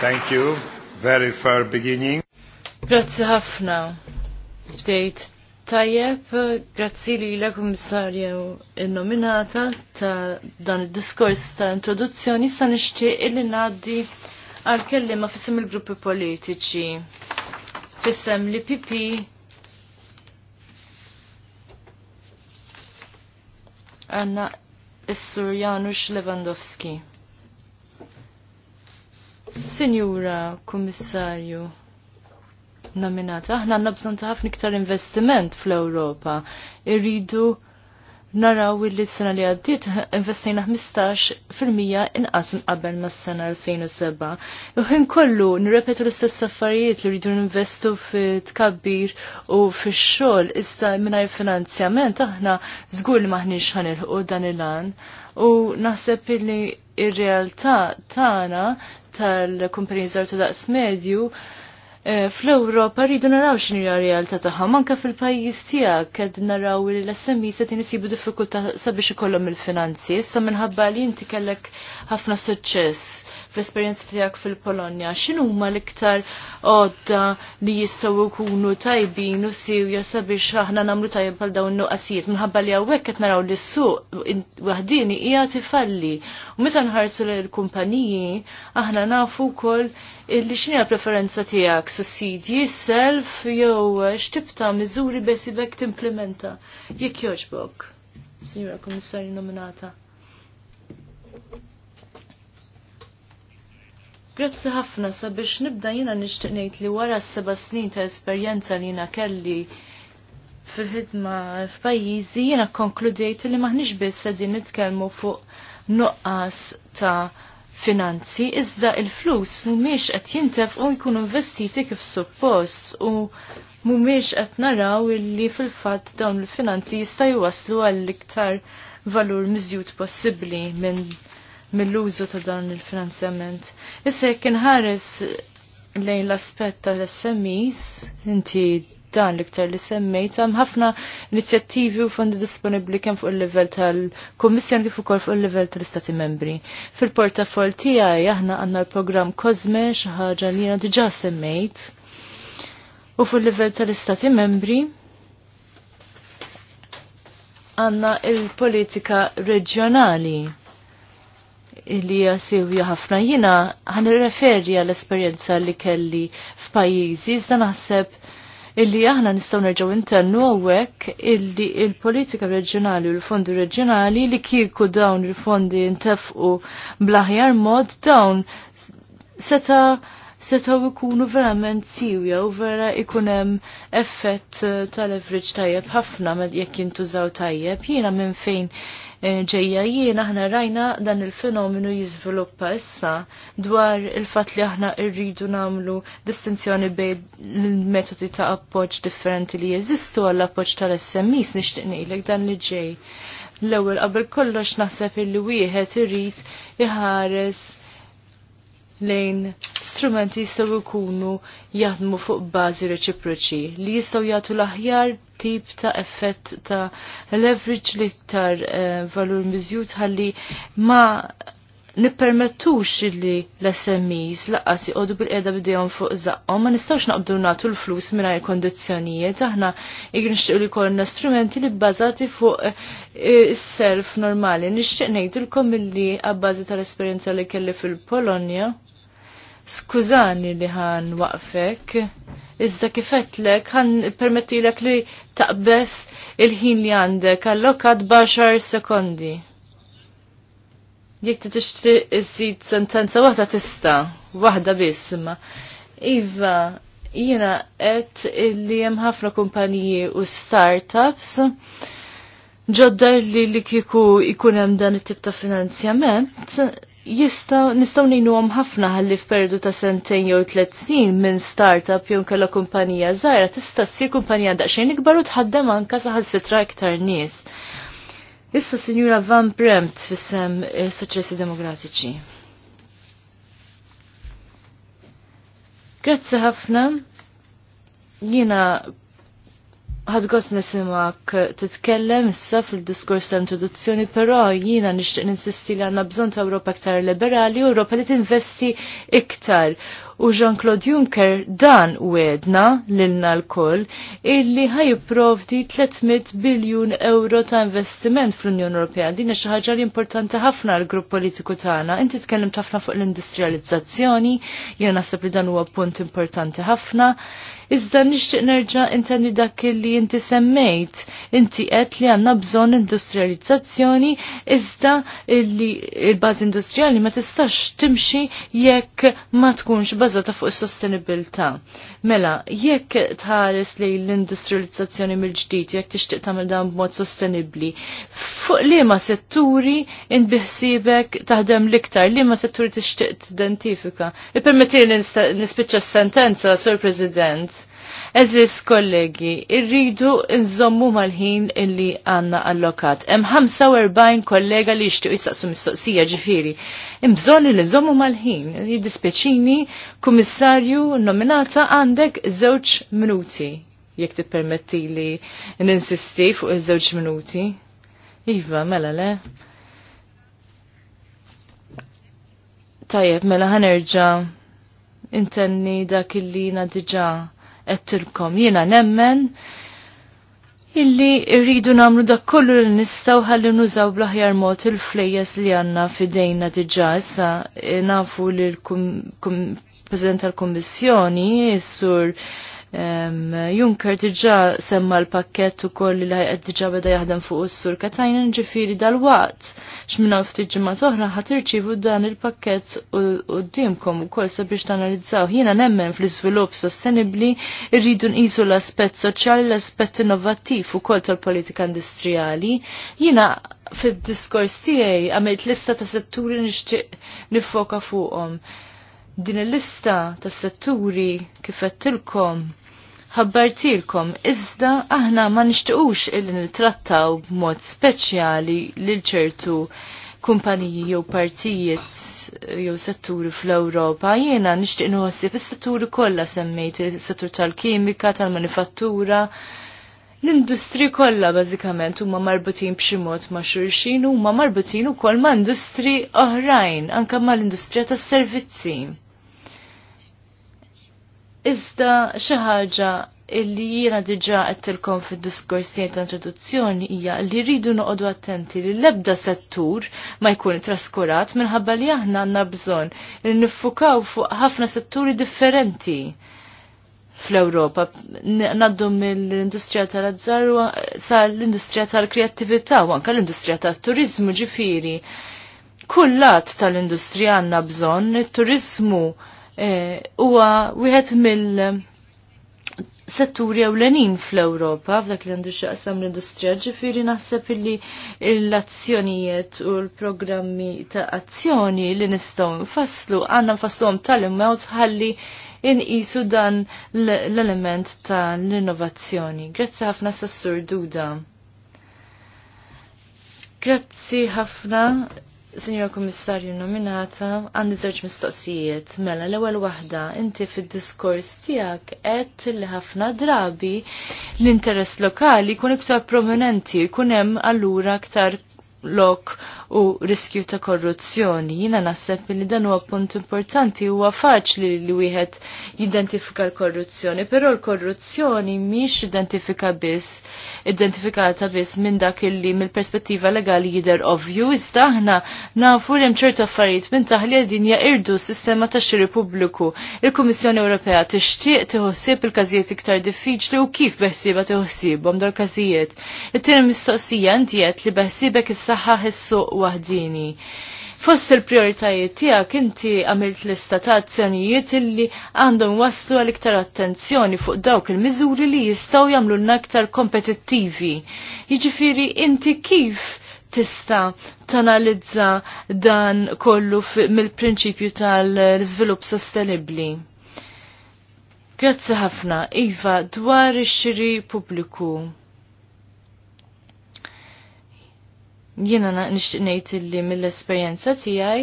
Thank you. Very fair beginning. Grazzi ħafna. Bdejt tajjeb, grazzi li la kummissarju nominata ta' dan il-diskors ta' introduzzjoni sa' nixtieq illi naddi għal kellima fissem il-gruppi politiċi. Fissim li PP għanna is-Sur Janusz Lewandowski. Sinjura Kummissarju nominata, aħna għanna bżonn ta' ħafna iktar investiment fl-Ewropa. Irridu naraw li s-sena li għaddiet investejna 15% inqas qabel ma s-sena 2007. Uħin kollu nirrepetu l-istess affarijiet li rridu investu fit-tkabbir u fix-xogħol issa mingħajr finanzjament aħna żgur li maħniex ħanilħu dan il-an. il għan u naħseb li ir-realtà tagħna tal-kumpaniji żgħar ta' daqs medju eh, fl-Ewropa rridu naraw x'inhi r-realtà tagħhom anke fil-pajjiż tiegħek qed naraw li l-SMI se isibu diffikultà sabiex ikollhom il-finanzi, issa minħabba li inti kellek ħafna suċċess fl-esperjenza tiegħek fil-Polonja, xinu huma l-iktar odda li jistgħu jkunu tajbin u sewja sabiex aħna nagħmlu tajjeb bħal dawn nuqqasijiet minħabba li hawnhekk qed naraw li s-suq waħdini hija tifalli. U meta nħarsu l-kumpaniji aħna nafu wkoll illi x'inhi l-preferenza tiegħek sussidji, self jew x'tibta miżuri besibek timplementa. Jekk jogħġbok, Signora Kummissarju nominata. Grazzi ħafna sabiex nibda jina nixtieq ngħid li wara s-seba' snin ta' esperjenza li jiena kelli fil-ħidma f'pajjiżi jiena konkludejt li maħniex biss qegħdin nitkellmu fuq nuqqas ta' finanzi iżda il-flus mhumiex qed u jkunu investiti kif suppost u mhumiex qed naraw illi fil-fatt dawn il-finanzi jista' jwaslu għall iktar valur miżjud possibbli minn mill-użu ta' dan il-finanzjament. Issa jekk inħares lejn l-aspett tal-SMEs, inti dan l-iktar li semmejt, hemm ħafna inizjattivi u fondi disponibbli kemm fuq il-livell tal-Kummissjoni kif ukoll fuq il-livell tal-Istati Membri. Fil-portafol tiegħi aħna għandna l-programm Cosme xi ħaġa li jiena diġà semmejt. U fuq livell tal-Istati Membri għandna il-politika reġjonali li hija sewja ħafna. Jiena referi għall esperjenza li kelli f'pajjiżi iżda naħseb illi aħna nistgħu nerġgħu intennu hawnhekk illi il-politika reġjonali u l-fondi reġjonali li kieku dawn il-fondi ntefqu bl-aħjar mod dawn seta' setaw ikunu verament siwja u vera ikun hemm effett tal-leverage tajjeb ħafna jekk jintużaw tajjeb. Jiena minn fejn Eh, ġejja jiena aħna rajna dan il-fenomenu jiżviluppa issa dwar il-fatt li aħna rridu nagħmlu distinzjoni bejn l metodi ta' appoġġ differenti li jeżistu għall appoġġ tal smis nixtieq ngħidlek dan li ġej. L-ewwel qabel kollox naħseb illi wieħed irid iħares lejn strumenti jistgħu jkunu jaħdmu fuq bażi reċiproċi li jistgħu jagħtu l-aħjar tip ta' effett ta' leverage li iktar uh, valur miżjud ħalli ma nippermettux li l-SMEs laqqas jqogħdu bil qeda bidejhom fuq żaqhom ma nistgħux naqbdu nagħtu l-flus mingħajr kondizzjonijiet aħna nixtiequ li jkollna strumenti li bbażati fuq eh, is-self normali. Nixtieq ngħidilkom illi għabbażi tal-esperjenza li kelli fil-Polonja Skużani li ħan waqfek, iżda lek, ħan permettilek li taqbess il-ħin li għandek allokat baxar sekondi. Jek t-tixti iżid sentenza waħda tista, waħda biss imma. Iva, jiena qed li hemm ħafna kumpaniji u startups ġodda li li kiku ikunem hemm dan it-tip ta' finanzjament jista nistaw nejnu għam ħafna ħalli f'perdu ta' sentejn jew tliet snin minn startup jew kella kumpanija żgħira tista' ssir kumpanija daqsxejn ikbar u tħaddem anke saħal sitra iktar nies. Issa Sinjura Van Bremt fissem il-Soċessi Demokratiċi. Grazzi ħafna. Jina ħadgos nisimak titkellem issa fil-diskors ta' introduzzjoni, però jina nixtieq ninsisti li għandna bżonn ta' Ewropa aktar liberali, Ewropa li tinvesti iktar. U Jean-Claude Juncker dan wedna lilna l-koll illi ħajprovdi 300 biljun euro ta' investiment fl-Unjoni Ewropea. Din xi ħaġa li importanti ħafna l grupp politiku tagħna. Inti tkellem ħafna fuq l-industrializzazzjoni, jiena naħseb li dan huwa punt importanti ħafna. Iżda nixtieq nerġa' intenni dak li inti semmejt. Inti qed li għandna bżonn industrializzazzjoni iżda li l-bażi industrijali ma tistax timxi jekk ma tkunx bażata fuq is-sostenibilità. Mela, jekk tħares li l-industrializzazzjoni mill-ġdid jekk tixtieq tagħmel dan b'mod sostenibbli, fuq liema setturi inbiħsibek taħdem l-iktar, liema setturi tixtieq tidentifika. Ippermetti li nispiċċa s-sentenza, Sur President. Eżis kollegi, irridu nżommu mal-ħin illi għanna allokat. Hemm 45 kollega li jixtieq jistaqsu mistoqsija ġifieri. Imbżonn li nżommu mal-ħin. Jiddispeċini kummissarju nominata għandek żewġ minuti jekk tippermetti li ninsisti fuq iż-żewġ minuti. Iva, mela le. Tajjeb, mela ħanerġa' intenni dak illi na diġa' għettilkom jina nemmen illi rridu namlu dak kollu li nistaw ħalli nużaw blaħjar mod il-flejjes li għanna fidejna diġa issa eh, nafu li l-President tal-Kommissjoni, sur Junker diġa semma l-pakket u koll li ħajqed diġa beda jaħdem fuq is-sur katajn ġifiri dal-waqt. X'minna ftit ġimgħa toħra ħadd irċievu dan il-pakket qudiemkom ukoll sabiex tanalizzaw. Jiena nemmen fl-iżvilupp sostenibbli rridu nqisu l-aspett soċjali, l-aspett innovattiv ukoll tal-politika industrijali. Jiena fid-diskors tiegħi għamilt lista ta' setturi nixtieq nifoka fuqhom din il-lista ta' setturi kifettilkom ħabbartilkom iżda aħna ma nixtiqux illi nittrattaw b'mod speċjali lil ċertu kumpaniji jew partijiet jew setturi fl-Ewropa. Jiena nixtieq nħossib is-setturi kollha semmejt is-settur tal-kimika, tal-manifattura, l-industri kollha bażikament huma marbutin b'xi mod ma' xulxin huma marbutin ukoll ma' industri oħrajn, anke mal-industrija tas-servizzi. Iżda xi ħaġa illi jiena diġà qedtilkom fid-diskors tiegħi ta' introduzzjoni hija li rridu noqogħdu attenti li l-ebda settur ma jkun traskurat minħabba li aħna għandna bżonn li niffukaw fuq ħafna setturi differenti fl ewropa Naddu mill-industrija tal-azzar sa l-industrija tal kreattività u anka l-industrija tal-turizmu ġifiri. Kullat tal-industrija għandna bżonn il-turizmu Eh, huwa wieħed mill- setturi ewlenin fl-Europa f'dak li għandu xaqsam l-industrija ġifiri naħseb illi l-azzjonijiet u l-programmi ta' azzjoni li nistgħu nfasslu għandna nfassluhom tal-immew tħalli inqisu dan l-element ta' l-innovazzjoni. Grazzi ħafna Sassur Duda. Grazzi ħafna Signor Kommissarju nominata, għandi żewġ mistoqsijiet. Mela, l-ewwel waħda, inti fid-diskors tiegħek qed li ħafna drabi l-interess lokali jkun iktar prominenti, jkun hemm allura aktar lok u riskju ta' korruzzjoni. Jina naħseb li dan huwa punt importanti huwa faċli li wieħed jidentifika l-korruzzjoni, però l-korruzzjoni miex identifika biss identifikata biss minn dak illi mill-perspettiva legali jider ovvju, iżda aħna nafu li hemm ċertu affarijiet minn taħli din jaqirdu s-sistema ta' xiri pubbliku. Il-Kummissjoni Ewropea tixtieq tiħossieb il-każijiet iktar diffiċli u kif beħsieba tiħossibhom dal każijiet. It-tieni mistoqsija inti li beħsiebek is-saħħa ħissuq waħdini. Fost il-prioritajiet tiegħek inti għamilt lista ta' azzjonijiet illi għandhom waslu għal iktar attenzjoni fuq dawk il-miżuri li jistgħu jagħmlulna aktar kompetittivi. Jiġifieri inti kif tista' tanalizza dan kollu mill-prinċipju tal-iżvilupp sostenibbli. Grazzi ħafna, Iva, dwar ix-xiri pubbliku. Jiena nixtieq ngħid illi mill-esperjenza tiegħi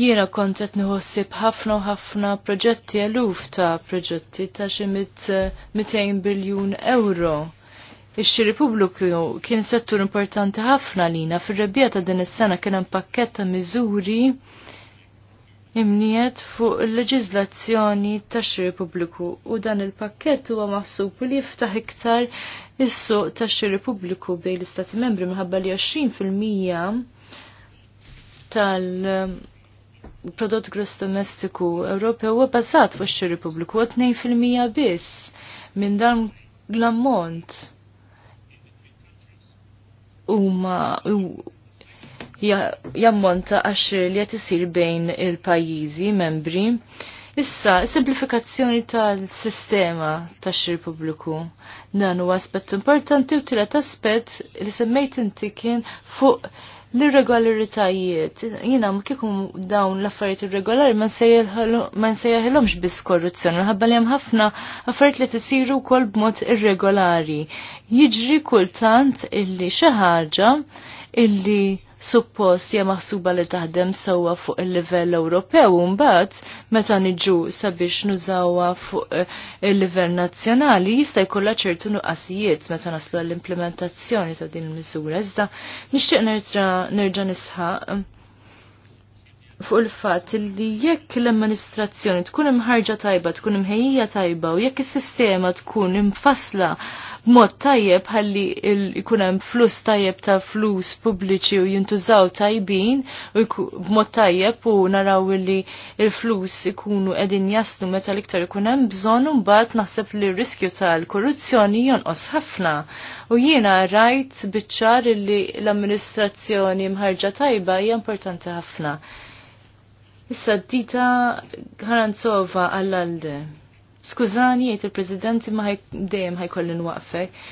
jiena kont qed nħossib ħafna u ħafna proġetti eluf ta' proġetti ta' xi 200 biljun euro. Ix-xiri pubbliku kien settur importanti ħafna lina fir-rebbija ta' din is-sena kien hemm pakkett ta' miżuri imniet fuq il-leġizlazzjoni tax-xiri pubbliku u dan il-pakket huwa maħsub li jiftaħ iktar is-suq tax-xiri pubbliku bejn l-Istati Membri minħabba li 20% tal- prodott gross domestiku Ewropew huwa bażat fuq ix-xiri pubbliku u 2% biss minn dan l-ammont huma jammonta għaxir li qed isir bejn il-pajjiżi membri. Issa, simplifikazzjoni tal-sistema tax-xir pubbliku. Dan huwa aspett importanti u ta' aspett li semmejt inti kien fuq l-irregolaritajiet, jina kikum dawn l-affarijiet irregolari ma nsejjaħilhomx bis korruzzjoni, Għabba li hemm ħafna affarijiet li tisiru wkoll b'mod irregolari. Jiġri kultant illi xi ħaġa illi suppost hija maħsuba li taħdem sewwa fuq il-livell Ewropew u mbagħad meta niġu sabiex nużawha fuq eh, il-livell nazzjonali jista' jkollha ċertu nuqqasijiet meta naslu għall-implementazzjoni ta' din il-miżura. Iżda nixtieq nerġa' nisħaq eh, fuq il-fat li jekk l-amministrazzjoni tkun imħarġa tajba, tkun imħejja tajba u jekk is-sistema tkun imfasla b'mod tajjeb ħalli jkun hemm flus tajjeb ta' flus pubbliċi u jintużaw tajbin u b'mod tajjeb u naraw li l-flus ikunu qegħdin jaslu meta l-iktar ikun hemm bżonn u mbagħad naħseb li r-riskju tal-korruzzjoni jonqos ħafna. U jiena rajt biċċar li l-amministrazzjoni mħarġa tajba hija importanti ħafna. Issa dita ħaranzova għall-għalde. Skużani, jgħid il-President imma dejjem ħajkolli waqfek.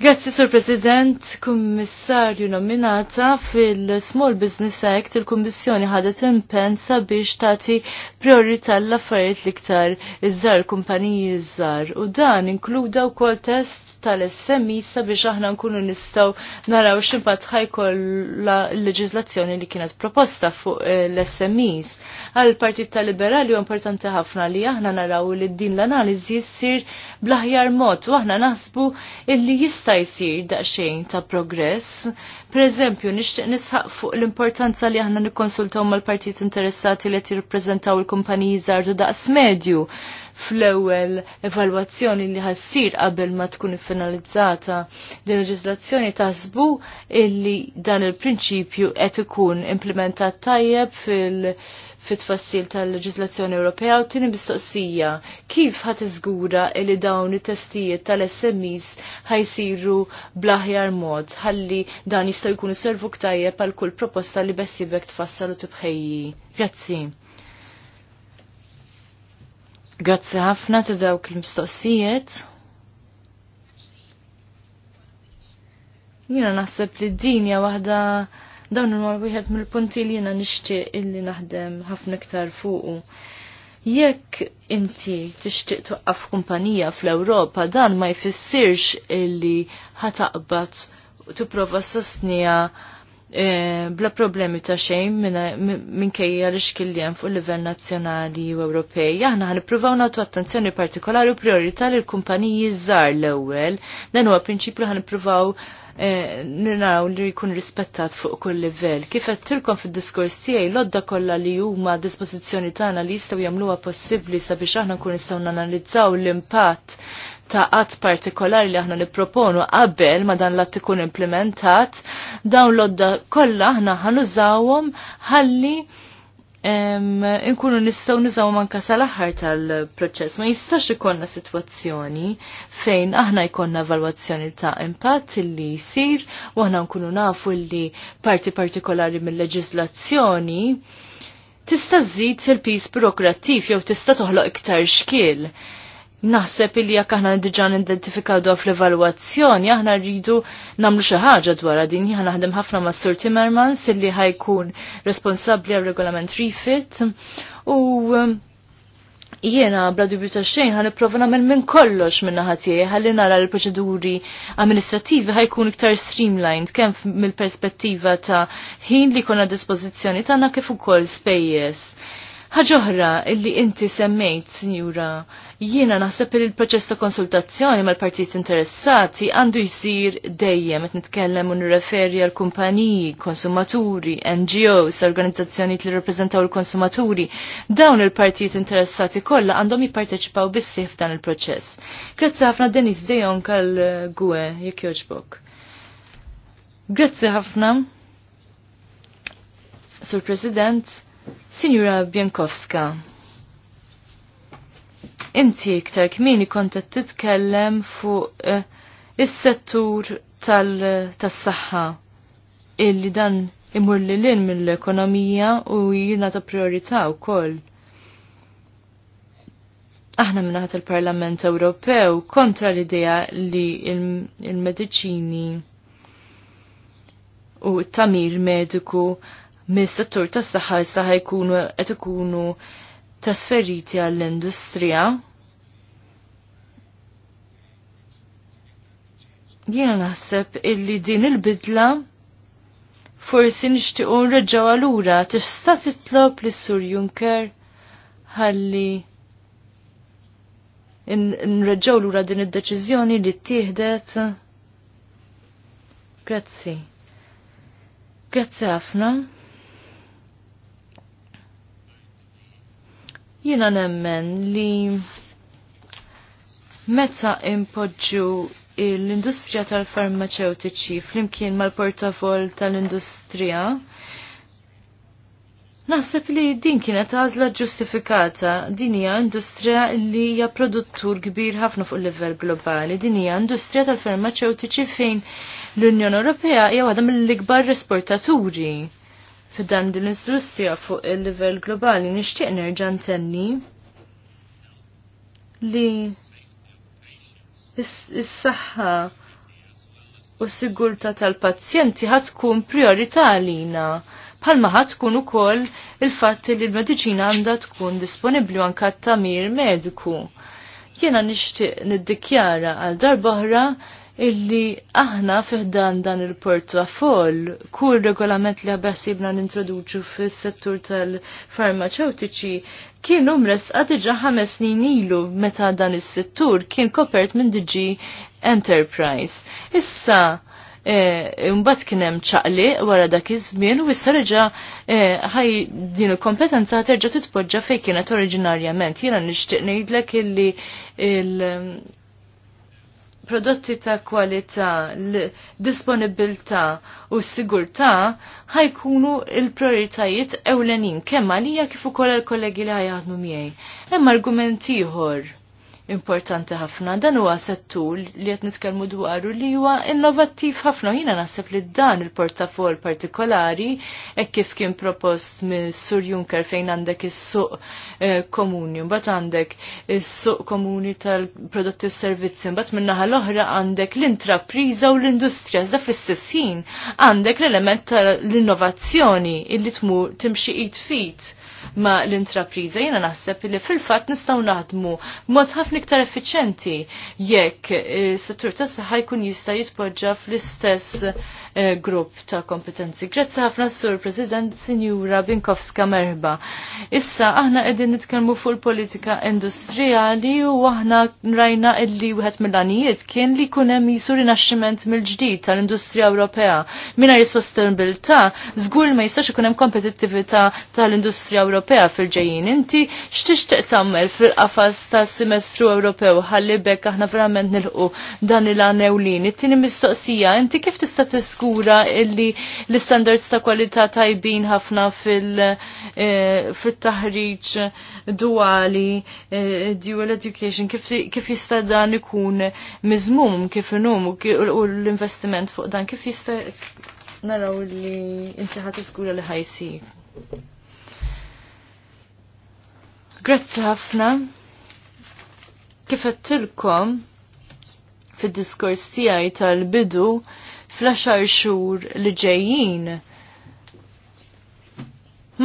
Grazzi, Sur President, Kummissarju nominata fil-Small Business Act, il-Kummissjoni ħadet impensa biex tagħti priorità l-affarijiet liktar iż-żar kumpaniji iż-żar. U dan inkluda wkoll test tal-SMI e sabiex aħna nkunu nistgħu naraw x'impatt ħajkollha l-leġiżlazzjoni li kienet proposta fuq eh, l-SMEs. Għal partit tal-Liberali huwa importanti ħafna li aħna naraw li din l-analiżi ssir bl-aħjar mod u aħna naħsbu illi jista' jsir daqsxejn ta' progress. Pereżempju, nixtieq nisħaq fuq l-importanza li aħna nikkonsultaw mal-partit interessati li qed jirrappreżentaw il-kumpaniji żgħar daqs medju fl-ewwel evalwazzjoni li ħassir qabel ma tkun iffinalizzata din leġislazzjoni taħsbu illi dan il-prinċipju qed ikun implementat tajjeb fil- fit-tfassil tal-leġislazzjoni Ewropea u tini bistoqsija kif ħat iżgura li dawn it-testijiet tal-SMEs ħajsiru blaħjar mod ħalli dan jistgħu jkunu servu ktajje għal kull proposta li bessibek tfassal u tibħejji. Grazzi. Grazzi ħafna ta' dawk il-mistoqsijiet. Jiena naħseb li d-dinja waħda Dawn huwa wieħed mill-punti li jiena nixtieq illi naħdem ħafna iktar fuqu. Jekk inti tixtieq toqqaf kumpanija fl-Ewropa dan ma jfissirx illi ħataqbad tipprova sostnija eh, bla problemi ta' xejn minkejja li xkilljem fuq livell nazzjonali u Ewropej. Aħna ħanippruvaw nagħtu attenzjoni partikolari u priorità l kumpaniji żgħar l-ewwel. Dan huwa prinċipju ippruvaw. Eh, niraw li jkun rispettat fuq kull livell. Kif qed tilkom fid-diskors tiegħi l-odda kollha li huma dispożizzjoni tagħna li jistgħu jagħmluha possibbli sabiex aħna nkun nistgħu nanalizzaw l-impatt ta' qatt partikolari li aħna nipproponu qabel ma dan l-att ikun implementat, dawn l-odda kollha aħna ħanużawhom ħalli nkunu nistaw nizaw manka sal-aħħar tal-proċess. Ma jistax ikonna situazzjoni fejn aħna jkonna valwazzjoni ta' impatt li jisir u aħna nkunu nafu li parti partikolari mill-leġizlazzjoni tista' zid il-pis burokrattiv jew tista' toħloq iktar xkil naħseb illi jekk aħna diġà identifikaw daw fl-evalwazzjoni aħna rridu nagħmlu xi ħaġa dwar din jien naħdem ħafna ma' Sur Timmermans illi ħajkun responsabbli għal regolament refit u um, jiena bla dubju ta' xejn ħan nipprova nagħmel minn kollox minn naħa tiegħi ħalli nara l-proċeduri amministrativi ħajkun iktar streamlined kemm mill-perspettiva ta' ħin li konna dispożizzjoni tagħna kif ukoll spejjeż. Ħaġoħra illi inti semmejt, sinjura, jiena naħseb li l-proċess ta' konsultazzjoni mal-partijiet interessati għandu jisir dejjem qed nitkellem u nirreferi għal kumpaniji, konsumaturi, NGOs, organizzazzjoni li rappreżentaw il-konsumaturi. Dawn il-partijiet interessati kollha għandhom jipparteċipaw bissi f'dan il-proċess. Grazzi ħafna Denis Dejon kal-Gwe jekk joġbok. Grazzi ħafna. Sur President, Signora Bjankowska, inti iktar kmini kontet titkellem fuq uh, is-settur tal-saħħa illi dan imur li lin mill-ekonomija u jina ta' priorita u koll. Aħna minnaħat il-Parlament Ewropew kontra l-idea li il-medicini il medicini u tamir mediku mis-settur tas-saħħa issa ħajkunu qed ikunu trasferiti għall-industrija. Jiena naħseb illi din il-bidla forsi nixtiequ nreġgħu għalura tista' titlob lis sur Juncker ħalli nreġgħu lura din id-deċiżjoni li ttieħdet. Grazzi. Grazzi ħafna. Jiena nemmen li meta impoġġu l-industrija tal-farmaceutiċi flimkien mal-portafol tal-industrija, Naħseb li din kienet għażla ġustifikata, din hija industrija li hija produttur kbir ħafna fuq livell globali, din hija industrija tal-farmaceutiċi fejn l-Unjoni Ewropea hija waħda mill-ikbar esportaturi dan din l-industrija fuq il-livell globali nixtieq nerġa' ntenni li is-saħħa u s-sigurta tal-pazjenti tkun priorità għalina bħalma tkun ukoll il-fatt li l-mediċina għandha tkun disponibbli anke tamir mediku. Jiena nixtieq niddikjara għal darboħra illi aħna fiħdan dan il-portafol, kull regolament li għabessibna nintroduċu fis-settur tal-farmaceutiċi kien umres għadġa ħames snin ilu meta dan is-settur kien kopert minn diġi Enterprise. Issa, e, Mbatt kien hemm ċaqli wara dak iż-żmien u issa reġa' e, ħaj din il-kompetenza terġa' titpoġġa fejn kienet oriġinarjament. Jiena nixtieq ngħidlek illi il- prodotti ta' kwalità, l-disponibilità u s-sigurtà ħajkunu il-prioritajiet ewlenin kemm għalija kif ukoll il-kollegi li ħajħadmu miegħi. Hemm argument ieħor importanti ħafna. Dan huwa settur li qed nitkellmu dwaru li huwa innovattiv ħafna. Jiena naħseb li dan il-portafol partikolari hekk kif kien propost minn Sur Juncker fejn għandek is-suq eh, komuni, mbagħad għandek is-suq komuni tal-prodotti u servizzi, mbagħad min-naħa l-oħra għandek l-intrapriża u l-industrija iżda fl-istess ħin għandek l-element tal-innovazzjoni illi tmur timxi it fit ma l intrapriza Jiena naħseb li fil-fatt nistgħu naħdmu mod ħafna iktar effiċenti jekk is-settur eh, tas-saħħa jkun jista' jitpoġġa fl-istess Eh, grupp ta' kompetenzi. Grazzi ħafna sur President Sinjura Binkowska Merba. Issa aħna qegħdin nitkellmu fuq il-politika industrijali u aħna rajna illi wieħed mill-għanijiet kien li jkun hemm jisu rinaxximent mill-ġdid tal-industrija Ewropea. Mina is-sostenibilità żgur ma jistax ikun hemm kompetittività tal-industrija Ewropea fil-ġejjin. Inti x'tixtieq tagħmel fil-qafas tas-semestru Ewropew ħalli bekk aħna verament nilħu dan il-għanewlin. It-tieni mistoqsija, inti kif tista' skura illi l-standards ta' kwalità tajbin ħafna eh, fil-taħriġ fil duali, eh, dual education, kif jista' dan ikun miżmum, kif inhom u l-investiment fuq dan, kif jista' naraw li inti ħadd iskura li ħajsi. Grazzi ħafna. Kif għattilkom fil-diskors tijaj tal-bidu fl-10 xhur li ġejjin.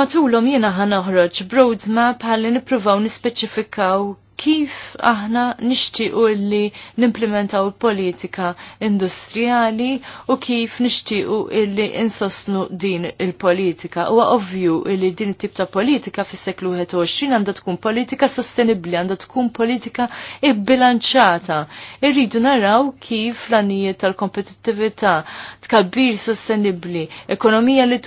Matulhom jiena ħanaħroġ noħroġ broadmap ħalli nippruvaw nispeċifikaw kif aħna nishtiqu li nimplementaw il-politika industrijali u kif nixtiequ illi insostnu din il-politika. Huwa ovvju li din it-tip ta' politika fis-seklu 21 għandha tkun politika sostenibbli, għandha tkun politika ibbilanċata. Irridu naraw kif l-anijiet tal-kompetittività tkabbir sostenibbli, ekonomija li,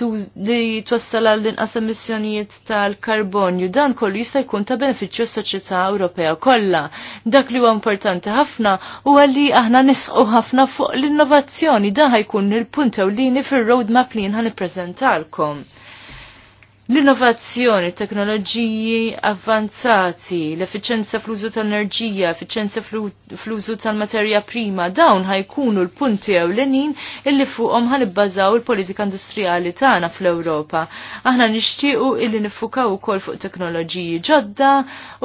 li twassal għall-inqas emissjonijiet tal-karbonju, dan kollu jista' jkun ta' benefiċċju s-soċjetà Ewropea Ewropea kollha. Dak li huwa importanti ħafna huwa li aħna nisqu ħafna fuq l-innovazzjoni da ħajkun il-punt ewlieni fir-roadmap li jien ħanippreżentalkom. L-innovazzjoni, teknoloġiji avvanzati, l-efficienza fl-użu tal-enerġija, efficienza fl-użu tal-materja prima, dawn ħajkunu l-punti ewlenin illi fuqhom ħanibbażaw il-politika industrijali tagħna fl-Ewropa. Aħna nixtiequ illi nifukaw ukoll fuq teknoloġiji ġodda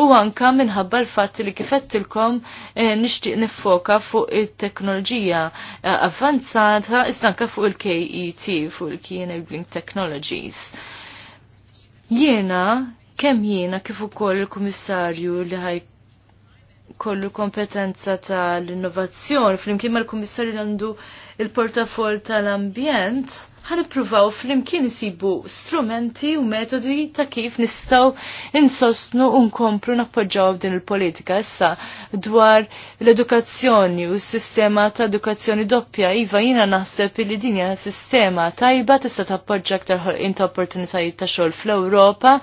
u anka minħabba l-fatt li kifettilkom eh, nixtieq nifoka fuq it-teknoloġija eh, avvanzata istanka fuq il-KET, fuq il-Key Enabling Technologies. Jiena, kemm jiena kif ukoll il-Kummissarju li ħaj kollu kompetenza tal-innovazzjoni flimkien mal-Kummissarju li għandu il-portafol tal-ambjent, ħanipruvaw fl-imkien isibu strumenti u metodi ta' kif nistaw insostnu unkomplu nappoġġaw din il-politika. Issa dwar l-edukazzjoni u s-sistema ta' edukazzjoni doppja, iva jina naħseb li din sistema tajba tista' tappoġġa aktar ħolqien ta' opportunitajiet ta' xogħol fl-Ewropa,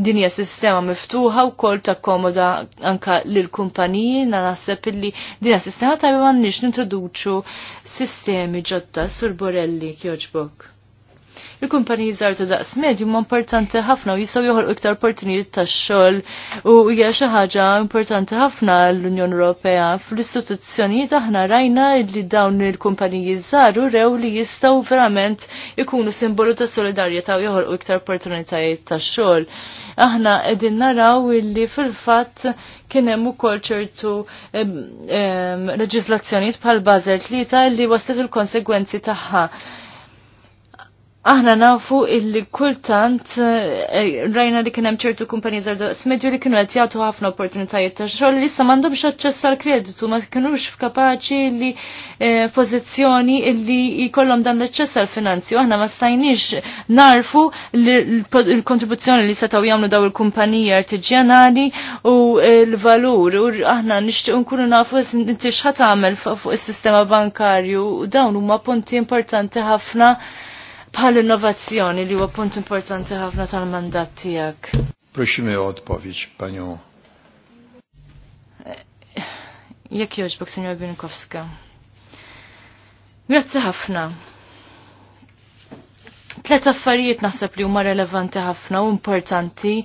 din hija sistema miftuħa wkoll takkomoda anka lil kumpaniji, na naħseb li din s sistema tajba m'għandniex nintroduċu sistemi ġodda sur Borelli kjoġbok. Il-kumpaniji żgħar ta' daqs medju huma importanti ħafna u jistgħu joħolqu iktar opportunijiet tax-xogħol u hija xi ħaġa importanti ħafna l-Unjoni Ewropea. Fl-istituzzjonijiet aħna rajna li dawn il-kumpaniji żgħar rew li jistgħu verament ikunu simbolu ta' solidarjetà u joħolqu iktar opportunitajiet tax-xogħol. Aħna qegħdin naraw illi fil-fatt kien hemm ukoll ċertu leġiżlazzjonijiet bħal bażel tlieta li waslet il-konsegwenzi tagħha. Aħna nafu illi kultant eh, rajna li kienem ċertu kumpani zardu smedju li kienu għet jgħatu ħafna opportunitajiet ta' xogħol li issa m'għandhom xaċċess għal kreditu ma kienux f'kapaċi li eh, pożizzjoni illi jkollhom dan l-aċċess finanzju. finanzi. Aħna ma stajniex narfu l-kontribuzzjoni li setgħu jagħmlu daw il-kumpaniji artiġjanali u l-valur u aħna nixtieq nkunu nafu inti x'ħat tagħmel fuq is-sistema bankarju dawn huma punti importanti ħafna bħal innovazzjoni li huwa punt importanti ħafna tal-mandat tiegħek. Proximi o odpowiedź panju. Jak joġbok, senjor Binkowska? Grazzi ħafna. Tlet affarijiet naħseb li huma relevanti ħafna u importanti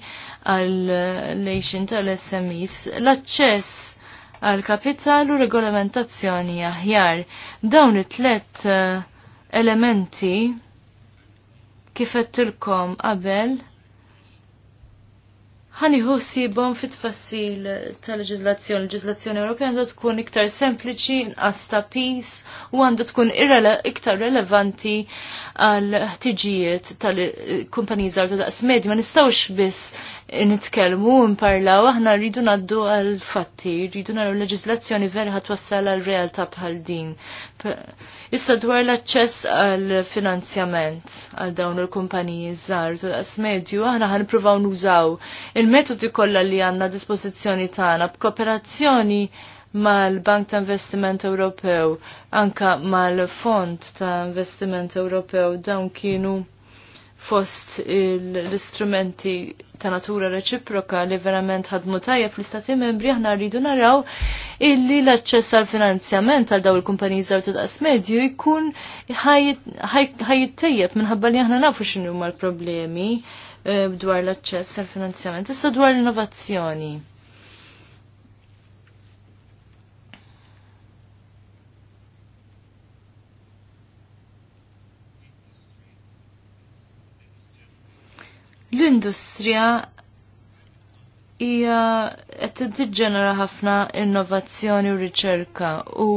għal lejxin tal-SMEs. L-aċċess għal kapital u regolamentazzjoni aħjar. Dawn it-tlet eh, elementi kif għedtilkom qabel ħaniħu sibom fit tfassil tal l leġizlazzjoni Ewropea għandha tkun iktar sempliċi, nqas pis u għandha tkun iktar relevanti għal ħtiġijiet tal-kumpaniji żgħar ta' daqs medji ma nistgħux biss nitkellmu u nparlaw aħna rridu ngħaddu għal fatti, rridu l-ġizlazzjoni vera twassal għal realtà bħal din Issa dwar l-aċċess għal finanzjament għal dawn il-kumpaniji żgħar tuqas medju aħna ħanipruvaw nużaw il-metodi kollha li għandna dispożizzjoni tagħna b'kooperazzjoni mal-Bank ta' Investiment Ewropew, anka mal-Fond ta' Investiment Ewropew, dawn kienu fost l-istrumenti ta' natura reċiproka li verament ħadmu tajja fl-istati membri aħna rridu naraw illi l-aċċess għal finanzjament għal daw il-kumpaniji żgħar ta' daqs medju jkun ħajjittejjeb minħabba li aħna nafu x'inhuma l problemi eh, dwar l-aċċess għal finanzjament. Issa dwar l-innovazzjoni. l-industrija hija qed tiġġenera ħafna innovazzjoni u riċerka u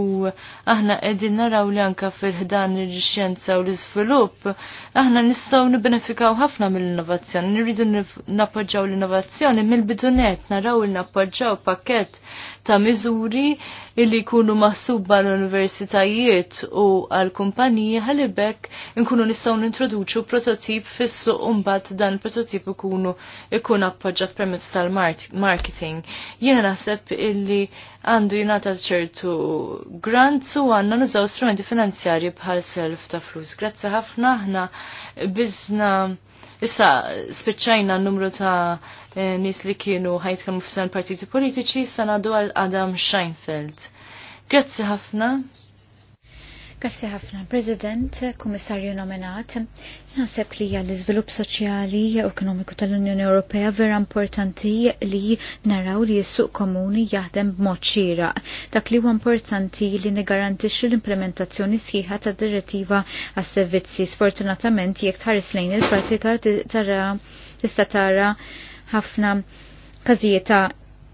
aħna qegħdin naraw li anke fil-ħdan il xjenza u l-iżvilupp aħna nistgħu nibenefikaw ħafna mill-innovazzjoni, nirridu nappoġġaw l-innovazzjoni mill-bidunet naraw li nappoġġaw pakkett ta' miżuri illi jkunu maħsuba għal universitajiet u għal-kumpaniji ħalibek nkunu nistgħu nintroduċu prototip fis-suq mbagħad dan il prototip ikunu ikun appoġġat permezz tal-mart marketing. Jiena naħseb illi għandu jingħata ċertu grant u għandna nużaw strumenti finanzjarji bħal self ta' flus. Grazzi ħafna aħna biżna issa spiċċajna n-numru ta' eh, nies li kienu ħajtkellmu f'san partiti politiċi sa nagħdu għal Adam Scheinfeld. Grazzi ħafna. Grazzi ħafna, President, Kummissarju nominat. Nasib li għall iżvilupp soċjali u ekonomiku tal-Unjoni Ewropea vera importanti li naraw li s-suq komuni jaħdem b'mod xieraq. Dak li huwa importanti li nigarantixxu l-implementazzjoni sħiħa tad direttiva għas servizzi Sfortunatament jekk tħares lejn il-pratika tista' tara ħafna każijiet ta'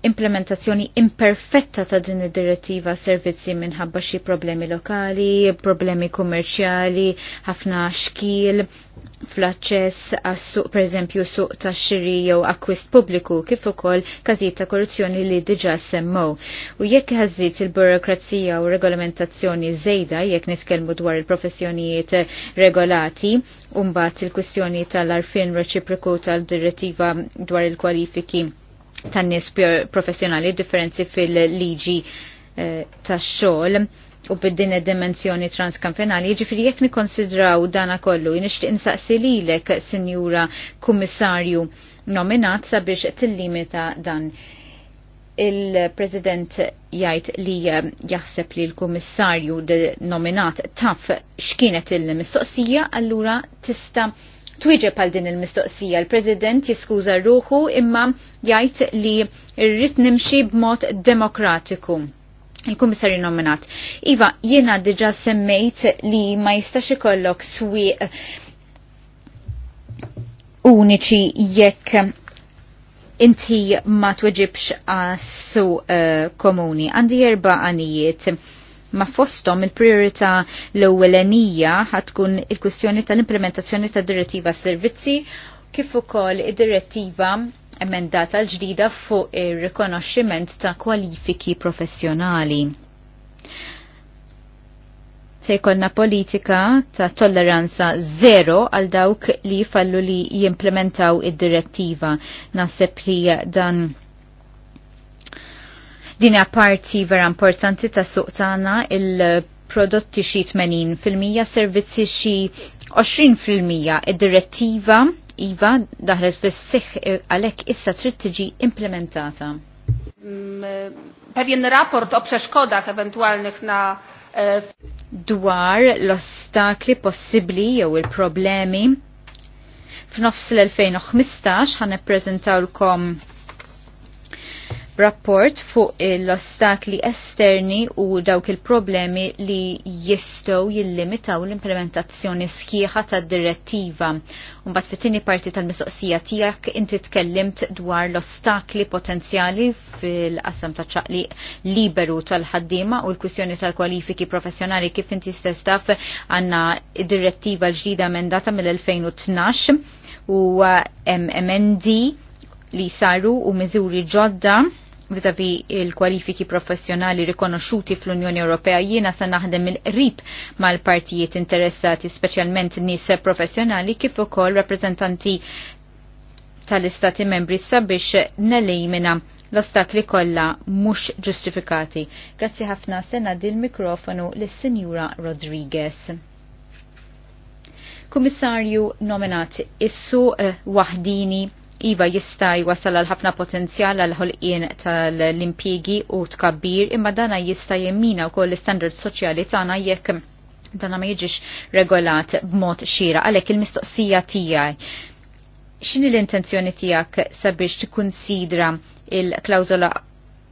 implementazzjoni imperfetta ta' din id-direttiva servizzi minħabba xi problemi lokali, problemi kummerċjali, ħafna xkil, fl-aċċess għas-suq pereżempju suq ta' xiri jew akkwist pubbliku kif ukoll każijiet ta' korruzzjoni li diġà semmow. U jekk ħażit il-burokrazija u regolamentazzjoni żejda jekk nitkellmu dwar il-professjonijiet regolati, u mbagħad il-kwistjoni tal-arfin reċipriku tal-direttiva dwar il-kwalifiki tan-nies professjonali differenzi fil-liġi eh, tax-xogħol u bid-din dimensjoni transkampenali, ġifiri jek nikonsidraw dana kollu, nishtiq insaqsi lilek, Sinjura Kummissarju nominat sabiex tillimita dan il-President jgħid li jaħseb li l-Kummissarju nominat taf x'kienet il-mistoqsija, allura tista' twieġeb għal din il-mistoqsija. Il-President jiskuża ruħu imma jgħid li rrid nimxi b'mod demokratiku il-komissarju nominat. Iva, jiena diġa semmejt li ma jistax ikollok swi uniċi jekk inti ma tweġibx għassu uh, eh, komuni. Għandi erba għanijiet ma fostom il-priorità l-ewwelenija ħatkun il-kwistjoni tal-implementazzjoni tad-direttiva servizzi kif ukoll id-direttiva emendata l-ġdida fuq ir-rikonoxximent ta' kwalifiki professjonali. Se jkollna politika ta' tolleranza zero għal dawk li fallu li jimplementaw id-direttiva. Naseb li dan Din parti vera importanti ta' suq tagħna il-prodotti xi 80%, servizzi xi 20%, id-direttiva IVA daħlet fis-seħħ għalhekk issa trid tiġi implementata. Mm, e, pewien rapport o przeszkodach ewentualnych na e, dwar l-ostakli possibbli jew il-problemi. F'nofs l-2015 ħan prezentawlkom rapport fuq l-ostakli esterni u dawk il-problemi li jistow jillimitaw l-implementazzjoni sħiħa ta' direttiva. Umbat fit-tini parti tal-misoqsija tijak inti tkellimt dwar l-ostakli potenzjali fil-qasam ta' ċaqli liberu tal-ħaddima u l-kwistjoni tal-kwalifiki professjonali kif inti stestaf għanna direttiva ġdida mendata mill-2012 u eh, MMND li saru u miżuri ġodda vizavi il-kwalifiki professjonali rikonoxuti fl-Unjoni Ewropea jiena sa naħdem il-qrib mal-partijiet interessati, speċjalment nies professjonali kif ukoll rappreżentanti tal-istati membri sabiex nelejmina l-ostakli kollha mhux ġustifikati. Grazzi ħafna sena dil mikrofonu lis-Sinjura Rodriguez. Kummissarju nominat issu uh, iva jista' jwasal għal ħafna potenzjal għal ħolqien tal-impjegi u tkabbir imma dana jista' jemmina wkoll l standard soċjali tagħna jekk dana ma jiġix regolat b'mod xira għalhekk il-mistoqsija tiegħi x'inhi l-intenzjoni tiegħek sabiex tikkunsidra il klawzola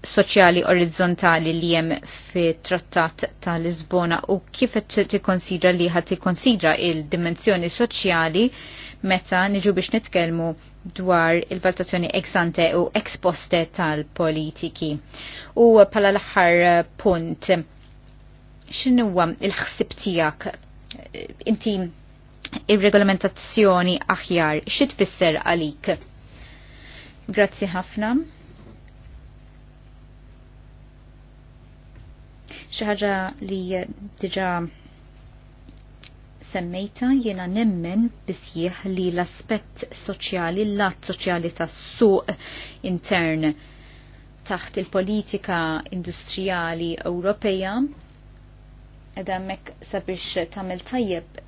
soċjali orizzontali li jem fi trattat tal Lisbona u kif tikkonsidra li ħat tikkonsidra il-dimensjoni soċjali meta niġu biex nitkellmu dwar il-valutazzjoni ex ante u ex poste tal-politiki. U pala l-aħħar punt, x'inhuwa il-ħsib tiegħek inti ir-regolamentazzjoni aħjar xi tfisser għalik? Grazzi ħafna. Xi ħaġa li diġa' semmejta jiena nemmen bisjieħ li l-aspett soċjali, l-lat soċjali tas-suq intern taħt il-politika industrijali Ewropeja edha mek sabiex tamil tajjeb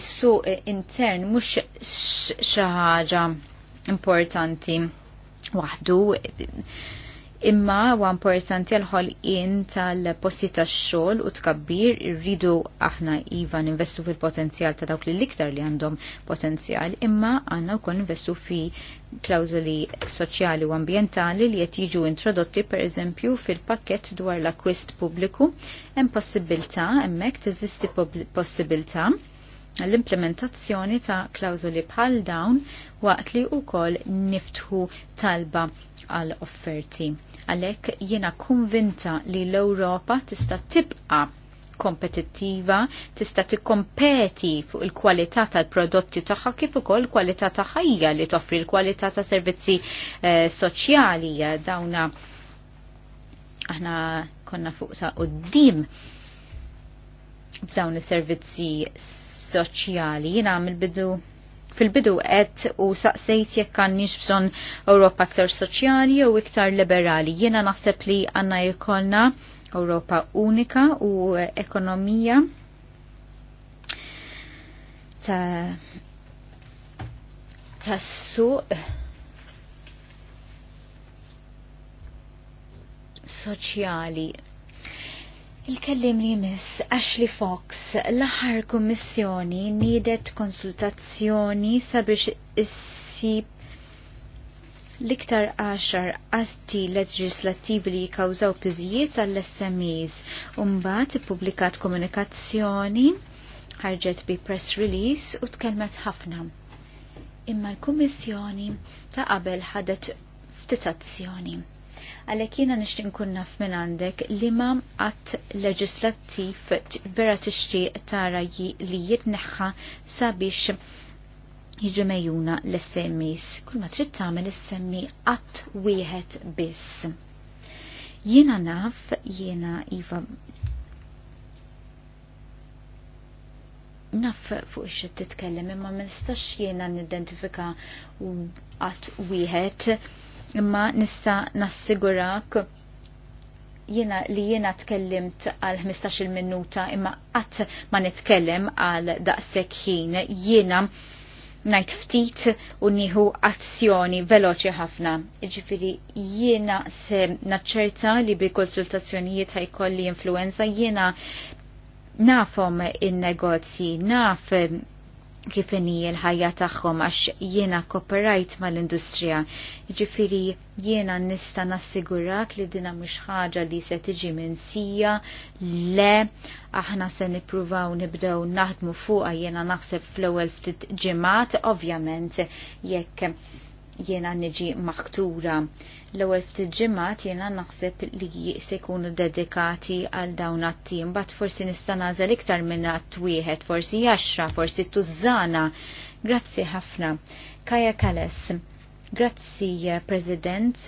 is-suq intern mhux xi ħaġa importanti waħdu imma huwa importanti għal-ħolqien tal-posti tax-xogħol u tkabbir irridu aħna iva investu fil-potenzjal ta' dawk li l-iktar li għandhom potenzjal, imma għandna wkoll investu fi klawżoli soċjali u ambjentali li qed jiġu introdotti pereżempju fil-pakkett dwar l-akwist pubbliku, hemm possibilità hemmhekk teżisti possibilità l-implementazzjoni ta' klawżoli bħal dawn waqt li wkoll niftħu talba għal offerti. Għalhekk jiena konvinta li l-Ewropa tista' tibqa' kompetittiva, tista' tikkompeti fuq il-kwalità tal-prodotti tagħha kif ukoll kwalità ta' ħajja li toffri l-kwalità ta' servizzi eh, soċjali dawna aħna konna fuq ta' qudiem f'dawn is-servizzi soċjali. Jina mill-bidu fil-bidu qed u saqsejt jekk għandniex bżonn Ewropa aktar soċjali u iktar liberali. Jiena naħseb li għandna jkollna Ewropa unika u ekonomija ta' tas-suq soċjali Il-kellim li jmiss Ashley Fox l-aħħar kummissjoni niedet konsultazzjoni sabiex issib l-iktar għaxar għasti leġislattivi li jkawżaw piżijiet għall-SMEs u mbagħad ippubblikat komunikazzjoni ħarġet bi press release u tkellmet ħafna. Imma l-Kummissjoni ta' qabel ħadet ftit azzjoni għalhekk jiena nishtin kunna naf minn għandek li ma qatt leġislattiv vera tixtieq tara li jitneħħa sabiex jiġu mejjuna l-SMIs. Kull ma trid tagħmel is-semmi qatt wieħed biss. Jiena naf, jiena iva naf fuq ix titkellem imma ma nistax jiena nidentifika qatt wieħed imma nista nassigurak jiena li jiena tkellimt għal 15 minuta imma qatt ma nitkellem għal daqshekk ħin jiena najt ftit u nieħu azzjoni veloċi ħafna. Jiġifieri jiena se naċċerta li bi konsultazzjonijiet ħajkolli influenza, jiena nafhom in-negozji, naf kif inhi l-ħajja tagħhom għax jiena copyright mal-industrija. Jiġifieri jiena nista' nassigurak li dina mhux ħaġa li se tiġi minn sija le aħna se nippruvaw nibdew naħdmu fuqha jiena naħseb fl-ewwel ftit ġimat ovvjament jekk jiena niġi maħtura. L-ewwel ftit ġimgħat jiena naħseb li se jkunu dedikati għal dawn għat-tim, bat forsi nista' nagħżel iktar minn għatt wieħed, forsi jaxra, forsi tużana. Grazzi ħafna. Kaja Kales. Grazzi, President,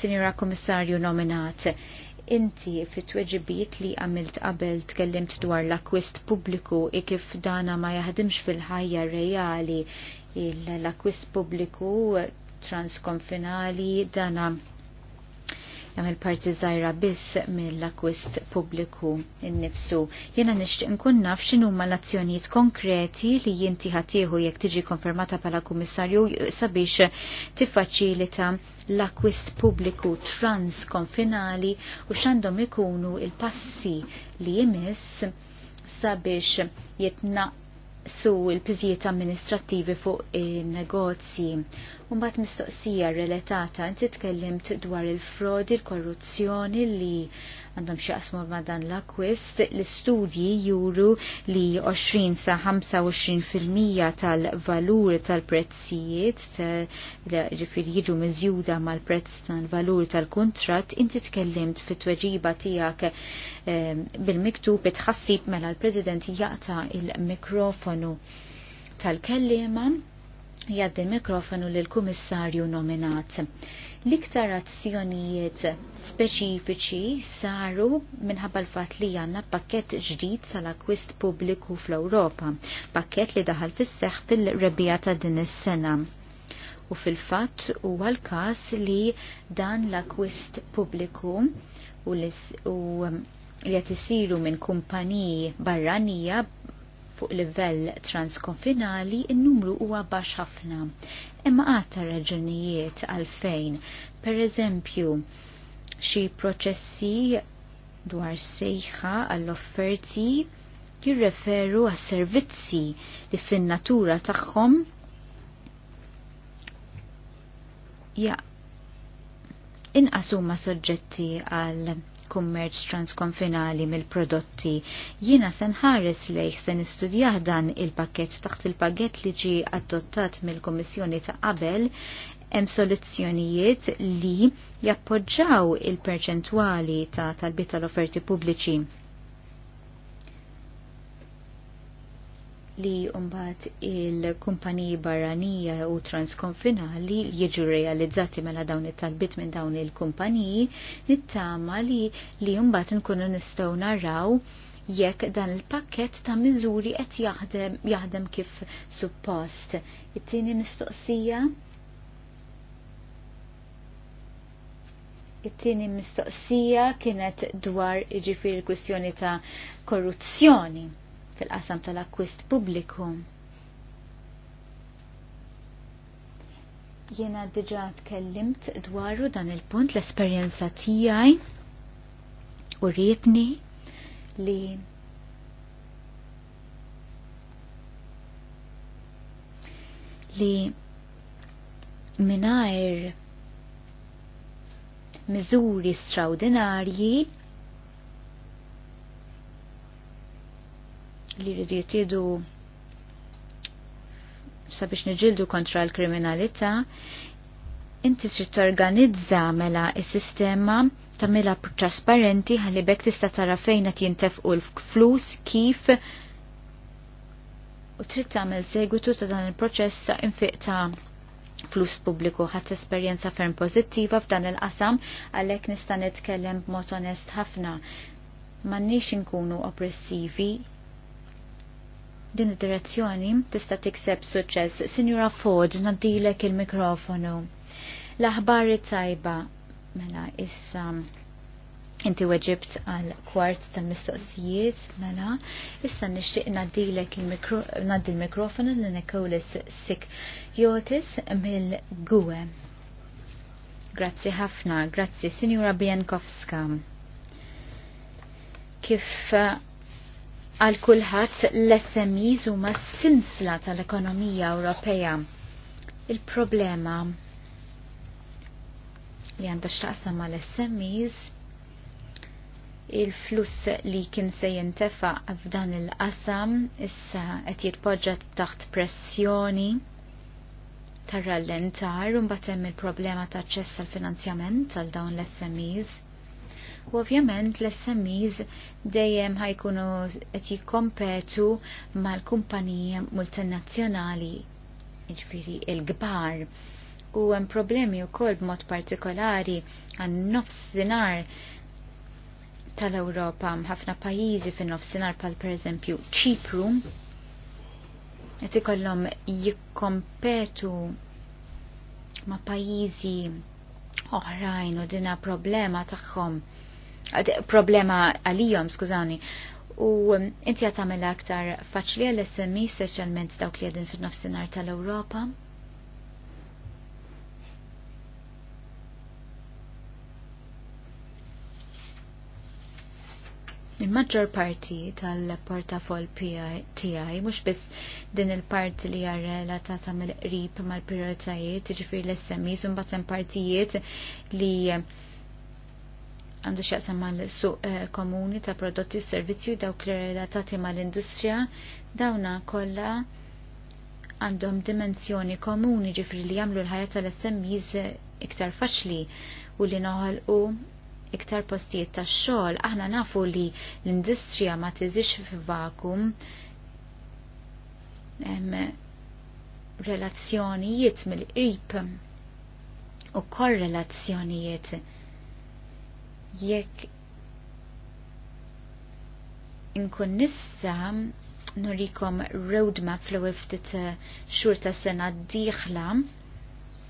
Sinjora Komissarju nominat inti fit tweġibiet li għamilt qabel tkellimt dwar l-akwist pubbliku i kif dana ma jaħdimx fil-ħajja reali l-akwist pubbliku transkonfinali dana jagħmel parti żgħira biss mill-akwist pubbliku innifsu. Jiena nixtieq nkun naf xinu ma l-azzjonijiet konkreti li jinti ħatiħu jekk tiġi konfermata bħala kummissarju sabiex tiffaċilita l-akwist pubbliku transkonfinali u xandom ikunu il-passi li jmiss sabiex jitnaq su l-piżijiet amministrativi fuq il-negozji. Umbat mistoqsija relatata inti tkellimt dwar il-frodi, il-korruzzjoni li għandhom xaqsmu ma dan l-akwist, l-istudji juru li 20 sa 25% tal-valur tal-prezzijiet, ġifir jiġu mizjuda mal-prezz tal-valur tal-kontrat, inti tkellimt fit tweġiba tijak ehm, bil-miktub itħassib mela l-President jaqta il-mikrofonu tal-kellima jaddi mikrofonu l-Kummissarju nominat. L-iktar azzjonijiet speċifiċi saru minħabba l-fat li għanna pakket ġdid sal-akwist pubbliku fl-Ewropa, pakket li daħal fis-seħ fil-rebija ta' din is-sena. U fil-fatt huwa l-każ li dan l-akwist pubbliku u li qed isiru minn kumpaniji barranija fuq livell transkonfinali in-numru huwa baxx ħafna. Imma għatta raġunijiet għalfejn, per eżempju, xi proċessi dwar sejħa għall-offerti jirreferu għas servizzi li fin-natura tagħhom ja inqasuma soġġetti għal kummerċ transkonfinali mill-prodotti. Jiena se nħares lejh se nistudjah dan il-pakket taħt il-pakket li ġi adottat mill-Kommissjoni ta' qabel hemm soluzzjonijiet li jappoġġaw il-perċentwali ta' talbita tal-offerti pubbliċi li umbat il-kumpaniji barranija u transkonfinali jiġu realizzati mela dawn it-talbit minn dawn il-kumpaniji nittama li li umbat nkunu nistgħu naraw jekk dan il-pakket ta' miżuri qed jaħdem jaħdem kif suppost. It-tieni mistoqsija It-tieni mistoqsija kienet dwar ġifir il-kwistjoni ta' korruzzjoni fil-qasam tal-akwist pubbliku. Jiena diġa tkellimt dwaru dan il-punt l-esperjenza tijaj u rietni li li minajr miżuri straordinarji li rridu jittidu sabiex niġildu kontra l-kriminalità, inti trid torganizza mela s-sistema tagħmilha trasparenti ħalli bekk tista' tara fejn qed jintefqu l-flus kif u trid tagħmel segwitu ta' dan il-proċess ta' infiq ta' flus pubbliku ħadd esperjenza ferm pożittiva f'dan il-qasam għalhekk nista' nitkellem b'mod onest ħafna. M'għandniex inkunu oppressivi din id-direzzjoni tista' tikseb suċċess. Sinjura Ford, nadilek il-mikrofonu. l aħbarit tajba mela issa inti weġibt għal kwart tal-mistoqsijiet mela issa nixtieq nadilek il-mikrofonu -mikro, l Nikolis Sik Jotis mill-Gwe. Grazzi ħafna, grazzi Sinjura Bienkowska. Kif għal kulħadd l-SMEs huma sinsla tal-ekonomija Ewropea. Il-problema li għandha x'taqsam mal smes il-fluss li kien se jintefa f'dan il-qasam issa qed jitpoġġa taħt pressjoni tar-rallentar u mbagħad hemm il-problema ta' ċess għal finanzjament għal dawn l-SMEs U ovvjament l-SMEs dejjem ħajkunu qed jikkompetu mal-kumpaniji multinazzjonali, jiġifieri il-kbar. U hemm problemi wkoll b'mod partikolari għan nofsinhar tal-Ewropa ħafna pajjiżi fin nofsinhar pal pereżempju Ċipru qed ikollhom jikkompetu ma' pajjiżi oħrajn u dina problema tagħhom problema għalijom, skużani, u um, inti għatamela aktar faċli għal-SMI, seċalment dawk li għedin fil-nofsinar tal-Europa? Il-maġġor parti tal-portafol tiegħi mhux biss din il-parti li hija relatata mill-qrib mal-prioritajiet, jiġifieri l-SMEs u mbagħad partijiet li għandu xaqsam l suq eh, komuni ta' prodotti servizzi servizju dawk li relatati mal-industrija dawna kolla għandhom dimensjoni komuni ġifri li jamlu l-ħajja tal-SMEs eh, iktar faċli u li u iktar postijiet ta' xogħol. Aħna nafu li l-industrija ma tiżix f'vakum relazzjonijiet mill-qrib u korrelazzjonijiet jekk inkun nista nurikom roadmap li ftit eh, xhur sena d-dieħla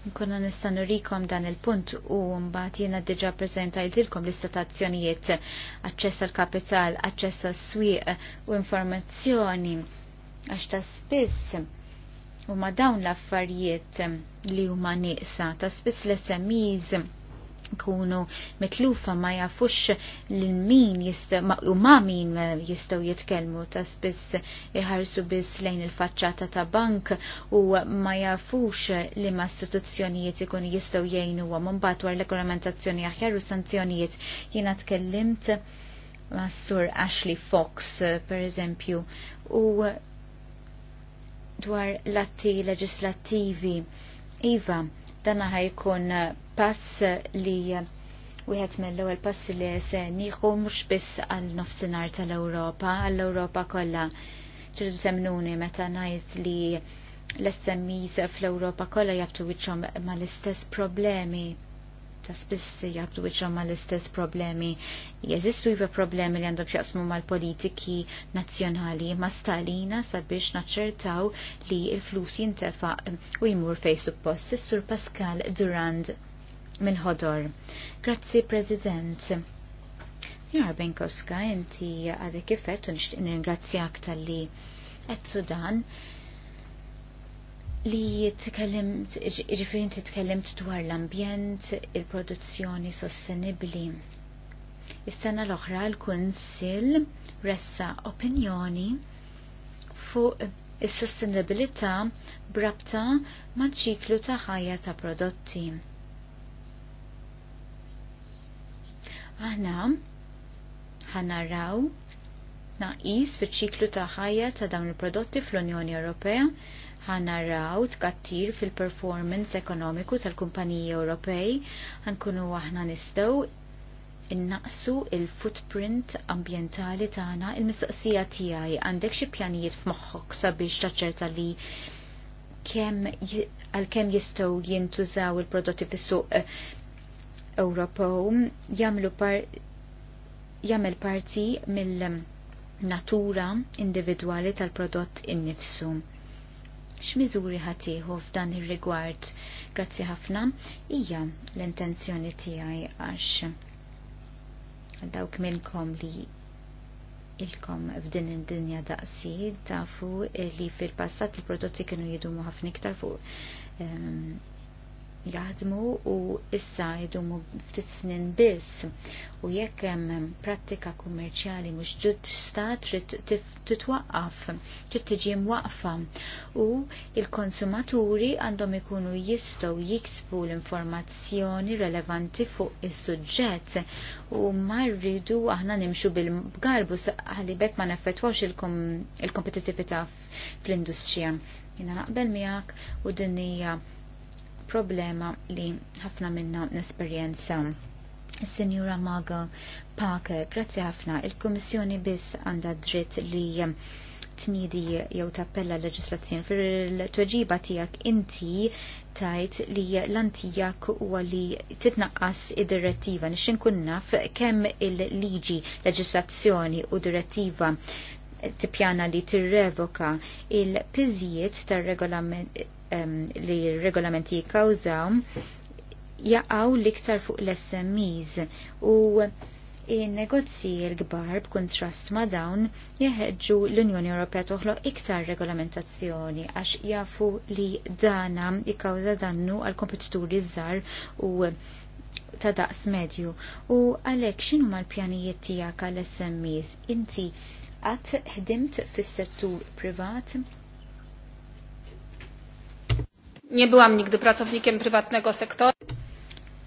Nkunna nista' nurikom dan il-punt u mbagħad jiena diġà preżentajtilkom l-istatazzjonijiet aċċess għal kapital, aċċess s swieq u informazzjoni għax ta' spiss u ma dawn l-affarijiet li huma nieqsa ta' spiss l-SMEs kunu mitlufa ma jafux l-min u ma min jistaw jitkelmu ta' spiss iħarsu biss lejn il-facċata ta' bank u ma jafux li ma istituzzjonijiet ikun jistaw jgħinu u mumbat war regolamentazzjoni aħjar u sanzjonijiet jina tkellimt ma' sur Ashley Fox per eżempju u dwar l-atti leġislattivi Iva, dana ħajkun pass li wieħed mill-ewwel pass li se nieħu mhux biss għal nofsinhar tal-Ewropa, għall-Ewropa kollha. Ċirdu semnuni meta ngħid li l-SMEs fl-Ewropa kollha jabtu wiċċhom mal-istess problemi ta' spiss jabdu wiċċhom mal-istess problemi. Jeżistu jiva problemi li għandhom xjaqsmu mal-politiki nazzjonali ma' stalina sabiex naċċertaw li l-flus jintefa' u jmur fej suppost. Sissur Pascal Durand minn ħodor. Grazzi, President. Signora Benkowska, inti għadek kifet, u nishtiq nirringrazzjak tal-li għettu dan li jitkellimt, ġifirin titkellimt dwar l-ambjent, il-produzzjoni sostenibli. Is-sena l-oħra l-Kunsil ressa opinjoni fuq is-sostenibilità brabta maċ-ċiklu ta' ħajja ta' prodotti. Aħna ħanaraw naqis fiċ-ċiklu ta' ħajja ta' dawn il-prodotti fl-Unjoni Ewropea ħanaraw tkattir fil-performance ekonomiku tal-kumpaniji Ewropej, ħankunu aħna nistgħu innaqsu il-footprint ambientali tagħna il-mistoqsija tiegħi għandek xi pjanijiet f'moħħok sabiex taċċerta li kemm għal kemm jistgħu jintużaw il-prodotti fis-suq Ewropew jagħmlu par jagħmel parti mill-natura individwali tal-prodott innifsu. X'miżuri ieħu f'dan ir-rigward? Grazzi ħafna hija l-intenzjoni tiegħi għax dawk minnkom li ilkom f'din id-dinja daqsi tafu li fil-passat il-prodotti kienu jidumu ħafna iktar fuq ehm, jaħdmu u issa jidumu ftit snin biss u jekk hemm prattika kummerċjali mhux ġusta trid titwaqqaf, trid tiġi mwaqfa u il-konsumaturi għandhom ikunu jistgħu jiksbu l-informazzjoni relevanti fuq is-suġġett u ma rridu aħna nimxu bil-garbu bekk ma neffettwax il-kompetitività fl-industrija. Jina naqbel miegħek u din problema li ħafna minna nesperjenza. Signora Maga Parker, grazzi ħafna. Il-Kommissjoni biss għandha dritt li tnidi jew tappella l-leġislazzjoni il tweġiba tiegħek inti tajt li l-antijak huwa li titnaqqas id-direttiva nixin kun naf kemm il-liġi leġislazzjoni u direttiva tippjana li tirrevoka il-piżijiet tar-regolament li regolamenti jikkawżaw jaqaw liktar fuq l-SMEs u il-negozji l-gbar b'kuntrast ma' dawn jeħeġġu l-Unjoni Ewropea toħloq iktar regolamentazzjoni għax jafu li dana jikkawża dannu għal kompetituri żgħar u ta' daqs medju. U għalhekk x'inhu l-pjanijiet tiegħek għall-SMEs? Inti qatt ħdimt fis-settur privat nie byłam nigdy pracownikiem prywatnego sektora.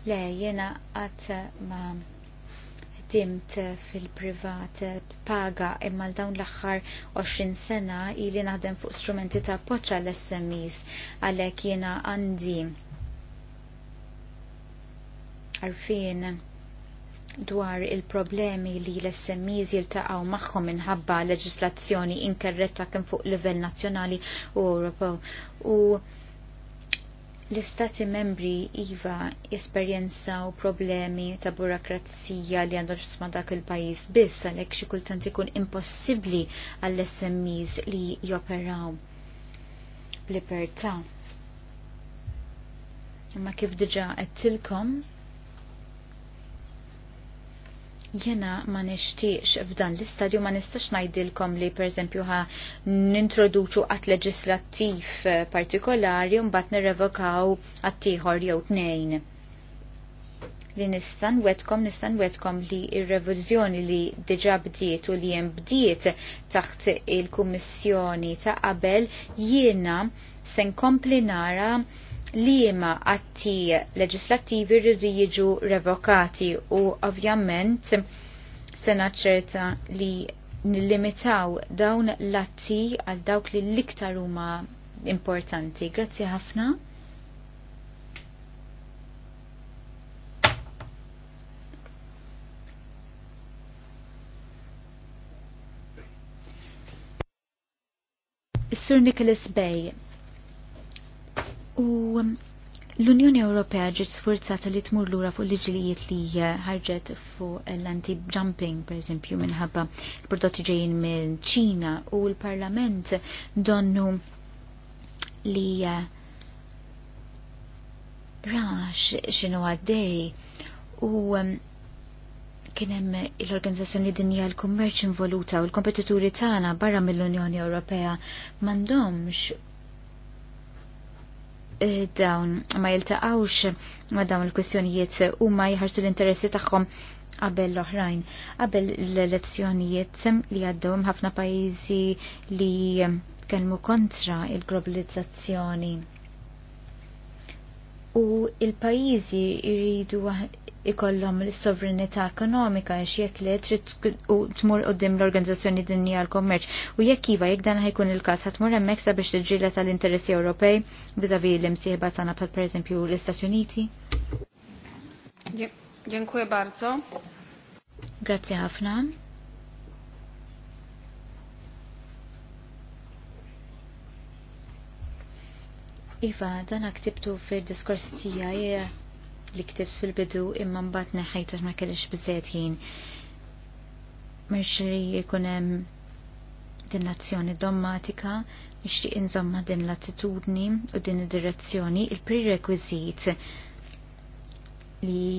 Le, jena għat ma ħdimt fil-privat paga imma l-dawn l-axħar 20 sena ili naħdem fuq strumenti ta' poċċa l-SMEs għalek jena għandi għarfien dwar il-problemi li l-SMEs jiltaqaw maħħom minħabba leġislazzjoni inkerretta kem fuq livell nazzjonali u Ewropew. U L-istati membri IVA esperjenzaw problemi ta' burokrazija li għandhom xisma dak il-pajis biss għalhekk xi kultant ikun impossibbli għall smis li joperaw libertà. Imma kif diġà għedtilkom? Jena ma nishtiqx f'dan l-istadju ma nistax najdilkom li per esempio ha nintroduċu għat leġislattiv eh, partikolari un bat nirrevokaw għattiħor jew tnejn. Li nistan wetkom, nistan wetkom li il-revizjoni li diġa bdiet u li jem bdiet taħt il-Kummissjoni ta' qabel jiena sen komplinara nara liema atti leġislattivi rridu jiġu revokati u ovvjament se naċċerta li nillimitaw dawn l-atti għal dawk li l-iktar huma importanti. Grazzi ħafna. sur Nicholas Bay, U um, l-Unjoni Ewropea ġiet sfurzata li tmur lura fuq liġilijiet li uh, ħarġet fuq l-anti-jumping, per eżempju, minħabba l-prodotti ġejjin minn ċina u l-Parlament donnu li uh, rax xinu għaddej u um, kienem l-Organizzazzjoni Dinja l-Kummerċ involuta u l-kompetituri tagħna barra mill-Unjoni Ewropea m'għandhomx Eh, dawn ma jiltaqawx ma dawn il-kwestjonijiet u ma jħarġu l-interessi tagħhom qabel l-oħrajn. Qabel l-elezzjonijiet li għaddhom ħafna pajjiżi li kelmu kontra il-globalizzazzjoni. U il-pajjiżi jridu ikollhom l-sovranità ekonomika għax jekk li trid tmur qudiem l-Organizzazzjoni Dinja għall-Kommerċ u jekk iva jekk dan ħajkun il-każ tmur hemmhekk sabiex tiġġiela tal-interessi Ewropej viżavi l-imsieħba tagħna bħal pereżempju l-Istati Uniti. Dziękuję bardzo. Grazie ħafna. Iva, dan ktibtu fid-diskors tiegħi li ktib fil-bidu imma mbagħad neħajtu ma kellix biżejjed jien. Mirxri jkun hemm din l-azzjoni dommatika nixtieq inżomma din l-attitudni u din id-direzzjoni il-prerequisit li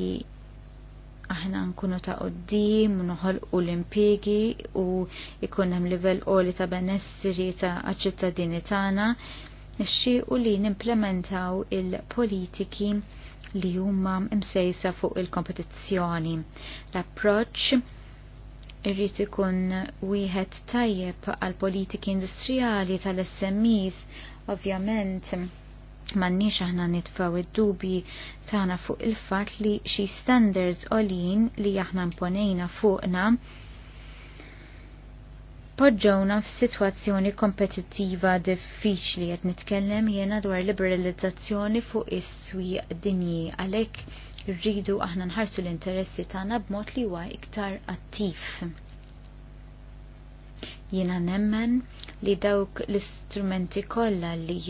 aħna nkunu ta' qoddim, nħol u l-impiegi u ikun hemm livell qoli ta' benessiri ta' ċittadini tagħna nixxiequ li nimplementaw il-politiki li huma msejsa fuq il-kompetizzjoni. L-approċ irrid ikun wieħed tajjeb għal politiki industrijali tal-SMEs, ovvjament m'għandniex aħna nitfaw id-dubi tagħna fuq il-fatt li xi standards għolin li aħna imponejna fuqna f f'sitwazzjoni kompetittiva diffiċli qed nitkellem jiena dwar liberalizzazzjoni fuq is-swieq dinji għalhekk irridu aħna nħarsu l-interessi tagħna b'mod li huwa iktar attiv. Jiena nemmen li dawk l-istrumenti kollha li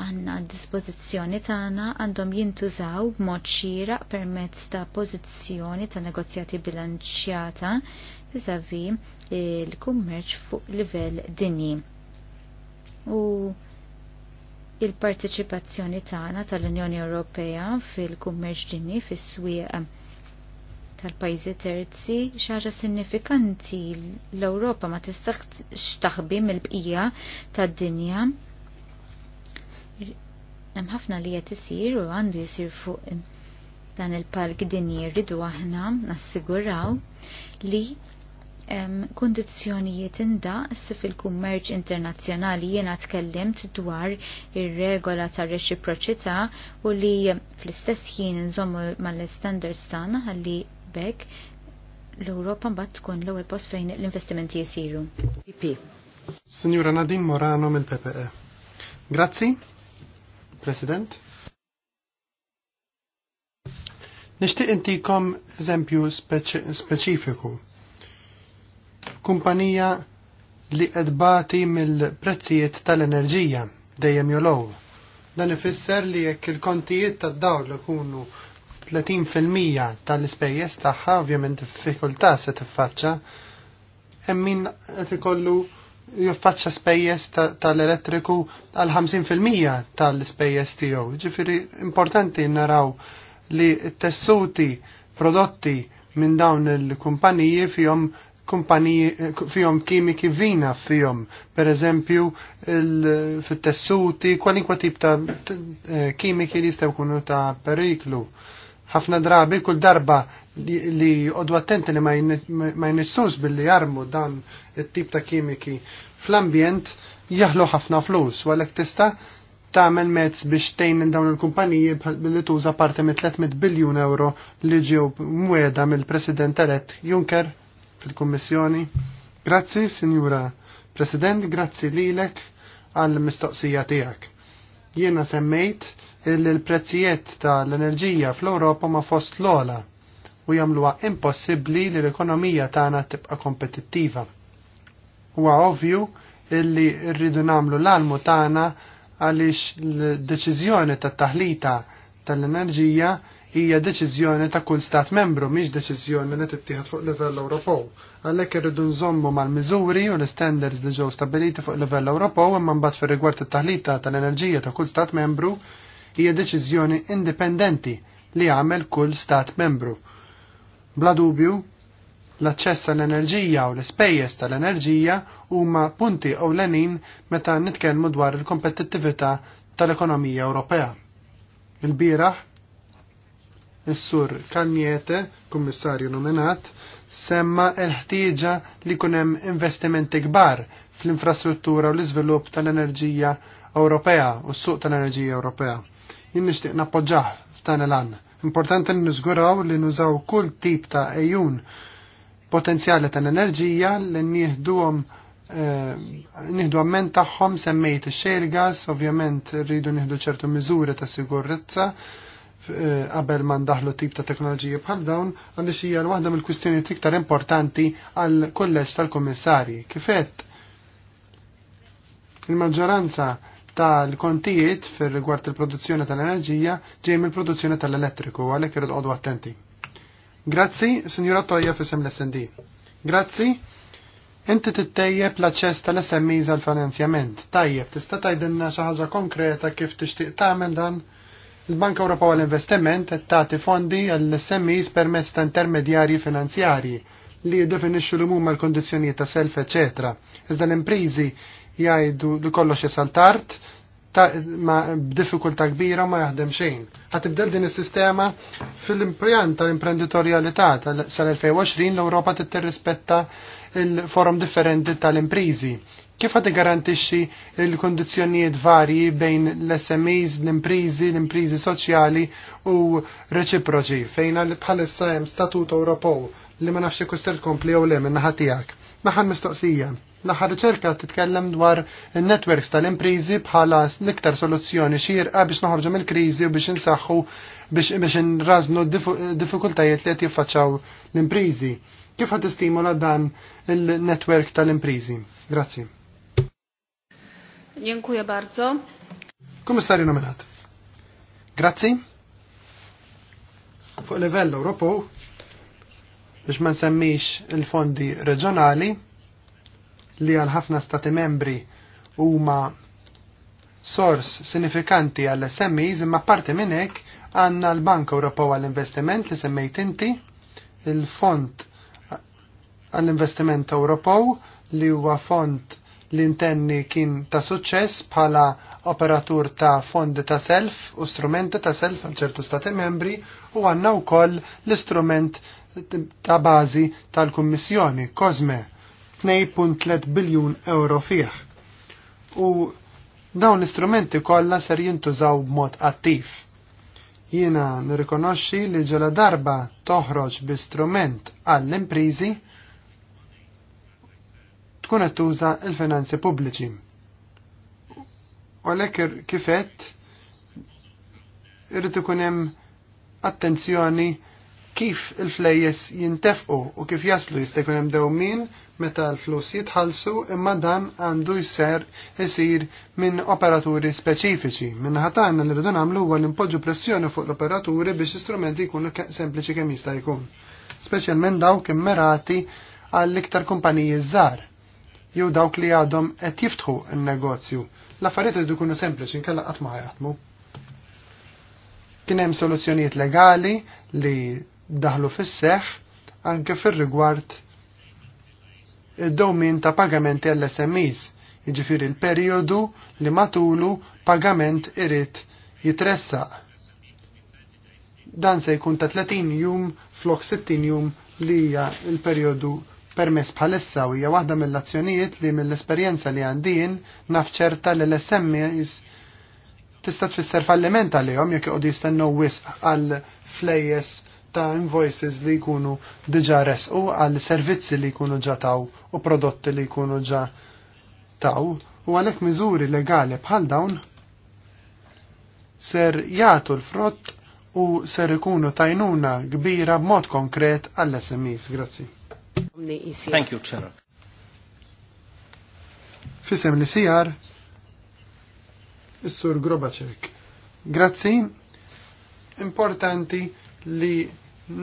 għanna dispożizzjoni tagħna għandhom jintużaw b'mod xieraq permezz ta' pożizzjoni ta' negozjati bilanċjata vizavi il-kummerċ fuq livell dinji. U il-parteċipazzjoni tagħna tal-Unjoni Ewropea fil-kummerċ dinji fis-swieq tal-pajzi terzi xaġa sinifikanti l ewropa ma tistax taħbi mill-bqija tad-dinja. Hemm ħafna li qed isir u għandu jisir fuq dan il-palk dinji rridu aħna nassiguraw li kondizjonijiet indaqs fil-kummerċ internazzjonali jiena tkellimt dwar ir-regola ta' reċiproċità u li fl-istess ħin nżommu mal-standards tagħna ħalli bekk l-Ewropa mbagħad tkun l-ewwel post fejn l-investimenti jisiru. Signora Nadine Morano mill-PPE. Grazzi, President. Nishtiq intikom eżempju speċifiku kumpanija li edbati mill-prezzijiet tal-enerġija dejjem jolow. Dan ifisser li jekk il-kontijiet tad-dawl li kunu 30% tal-ispejjeż tagħha ovvjament diffikultà se tiffaċċa, hemm min qed ikollu jiffaċċa spejjeż tal-elettriku għal 50% tal-ispejjeż tiegħu. Ġifieri importanti naraw li t-tessuti prodotti minn dawn il-kumpaniji fihom kumpaniji eh, fihom kimiki vina fihom, per eżempju fit-tessuti, kwalinkwa tip ta' eh, kimiki li jistgħu jkunu ta' periklu. Ħafna drabi kull darba li għodu attenti li ma jnissux billi jarmu dan it-tip ta' kimiki fl-ambjent jaħlu ħafna flus, għalhekk tista' tagħmel mezz biex tgħin dawn il-kumpaniji billi tuża parti mit 300 biljun euro li ġew mweda mill-President elett Juncker fil-Kummissjoni. Grazzi, Sinjura President, grazzi lilek għall-mistoqsija tiegħek. Jiena semmejt il l-prezzijiet tal-enerġija fl-Ewropa ma fost l-ola u jagħmluha impossibbli li l-ekonomija tagħna tibqa' kompetittiva. Huwa ovvju illi rridu nagħmlu l-almu tagħna għaliex l-deċiżjoni tat-taħlita tal-enerġija hija deċiżjoni ta' kull stat membru mhix deċiżjoni li tittieħed fuq livell Ewropew. Għalhekk irridu nżommu mal-miżuri u l-standards li ġew stabiliti fuq livell Ewropew imma mbagħad fir-rigward it-taħlita tal-enerġija ta' kull stat membru hija deċiżjoni indipendenti li għamel kull stat membru. Bla dubju, l-aċċess għall-enerġija u l-ispejjeż tal-enerġija huma punti ewlenin meta nitkellmu dwar il-kompetittività tal-ekonomija Ewropea. Il-bieraħ Is-sur Kalniete, kummissarju nominat, semma l-ħtieġa li kunem investimenti kbar fl-infrastruttura u l-iżvilupp tal-enerġija Ewropea u s-suq tal-enerġija Ewropea. Jien nixtieq nappoġġah f'dan il-għan. Importanti li niżguraw li nużaw kull tip ta' ejjun potenzjali tal-enerġija li nieħduhom eh, nieħdu għammen tagħhom semmejt ix-xejl gas, ovvjament rridu nieħdu ċertu miżuri ta' sigurezza Eh, qabel ma ndaħlu tip ta' teknoloġiji bħal dawn għaliex hija waħda mill-kwistjoni iktar importanti għal kollex tal-kummissarji. Kifet il-maġġoranza tal-kontijiet fir rigward il-produzzjoni tal-enerġija ġej mill-produzzjoni tal-elettriku għalhekk irid qogħdu attenti. Grazzi, Sinjura Toja f'isem l-SND. Grazzi, inti tittejjeb l-aċċess tal-SMEs għal-finanzjament. Tajjeb, tista' tgħidilna xi ħaġa konkreta kif tixtieq tagħmel dan? Il-Banka Ewropa għal investiment qed tagħti fondi għall-SMEs permezz ta' intermedjarji finanzjarji li jiddefinixxu l huma l-kondizzjonijiet ta' self, eċetera. Iżda l-imprizi jgħidu li kollox jesaltart tard ma b'diffikultà kbira ma jaħdem xejn. Ħatibdel din is-sistema fil-impjant tal-imprenditorjalità sal-2020 l-Ewropa tittirrispetta il-forum differenti tal-imprizi Kif għad garantixxi l-kondizjonijiet varji bejn l-SMEs, l-imprizi, l-imprizi soċjali u reċiproċi fejn bħalissa hemm statut Ewropew li ma nafx kusser tkompli jew le minn naħa tiegħek. mistoqsija. Naħar ricerka riċerka titkellem dwar in-netwerks tal-imprizi bħala l-iktar soluzzjoni xierqa biex noħorġu mill-kriżi u biex insaħħu biex biex nrażnu diffikultajiet li qed jiffaċċaw l-imprizi. Kif għad tistimula dan il-netwerk tal-imprizi? Grazzi. Dziękuję bardzo. Komissarju nominat. Grazzi. Fuq livell Ewropew biex ma nsemmix il-fondi reġjonali li għal ħafna stati membri huma sors sinifikanti għall SMEs imma parti minn hekk għandna l-Bank Ewropew għall-Investiment li semmejt inti, il-Fond għall-Investiment Ewropew li huwa fond l intenni kien ta' suċċess bħala operatur ta' fondi ta' self u strumenti ta' self għal ċertu stati membri u għanna wkoll l-istrument ta' bażi tal-Kummissjoni Kozme 2.3 biljun euro fih. U dawn l-istrumenti kollha ser jintużaw b'mod attiv. Jiena nirrikonoxxi li ġela darba toħroġ bi strument għall-imprizi tkun qed tuża l-finanzi pubbliċi. U għalhekk kifet irrid ikun hemm attenzjoni kif il-flejjes jintefqu u kif jaslu jista' jkun hemm dewmin meta l-flus jitħallsu imma dan għandu jser isir minn operaturi speċifiċi. Minn ħatan li rridu nagħmlu huwa li npoġġu pressjoni fuq l-operaturi biex istrumenti jkunu sempliċi kemm jista' jkun. Speċjalment dawk immerati għall iktar kumpaniji żgħar jew dawk li għadhom qed jiftħu n-negozju. L-affarijiet irid ikunu sempliċi inkella qatt ma jaħdmu. Kien hemm soluzzjonijiet legali li daħlu fis-seħħ anke fir-rigward id domin ta' pagamenti għall-SMEs, jiġifieri l-perjodu li matulu pagament irid jitressaq. Dan se jkun ta' 30 jum flok 60 jum li hija l-perjodu permess bħalissa u hija waħda mill-azzjonijiet li mill-esperjenza li għandin naf ċerta li l-SMEs tista' tfisser falliment għalihom jekk iqgħodu jistennew wisq għal flejjes ta' invoices li jkunu diġa resqu għal servizzi li jkunu ġa taw u prodotti li jkunu ġa taw u għalhekk miżuri legali bħal dawn ser jagħtu l-frott u ser ikunu tajnuna kbira b'mod konkret għall-SMEs. Grazzi. E Thank you, Chair. Fisem li sijar, Is-Sur Grobacek. Grazzi, importanti li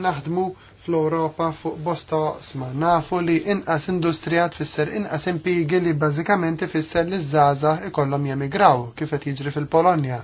naħdmu fl-Europa fuq bosta sma Nafu li inqas industrija tfisser inqas impigi li bażikament tfisser li żaza ikollhom jemigraw kif qed jiġri fil-Polonja.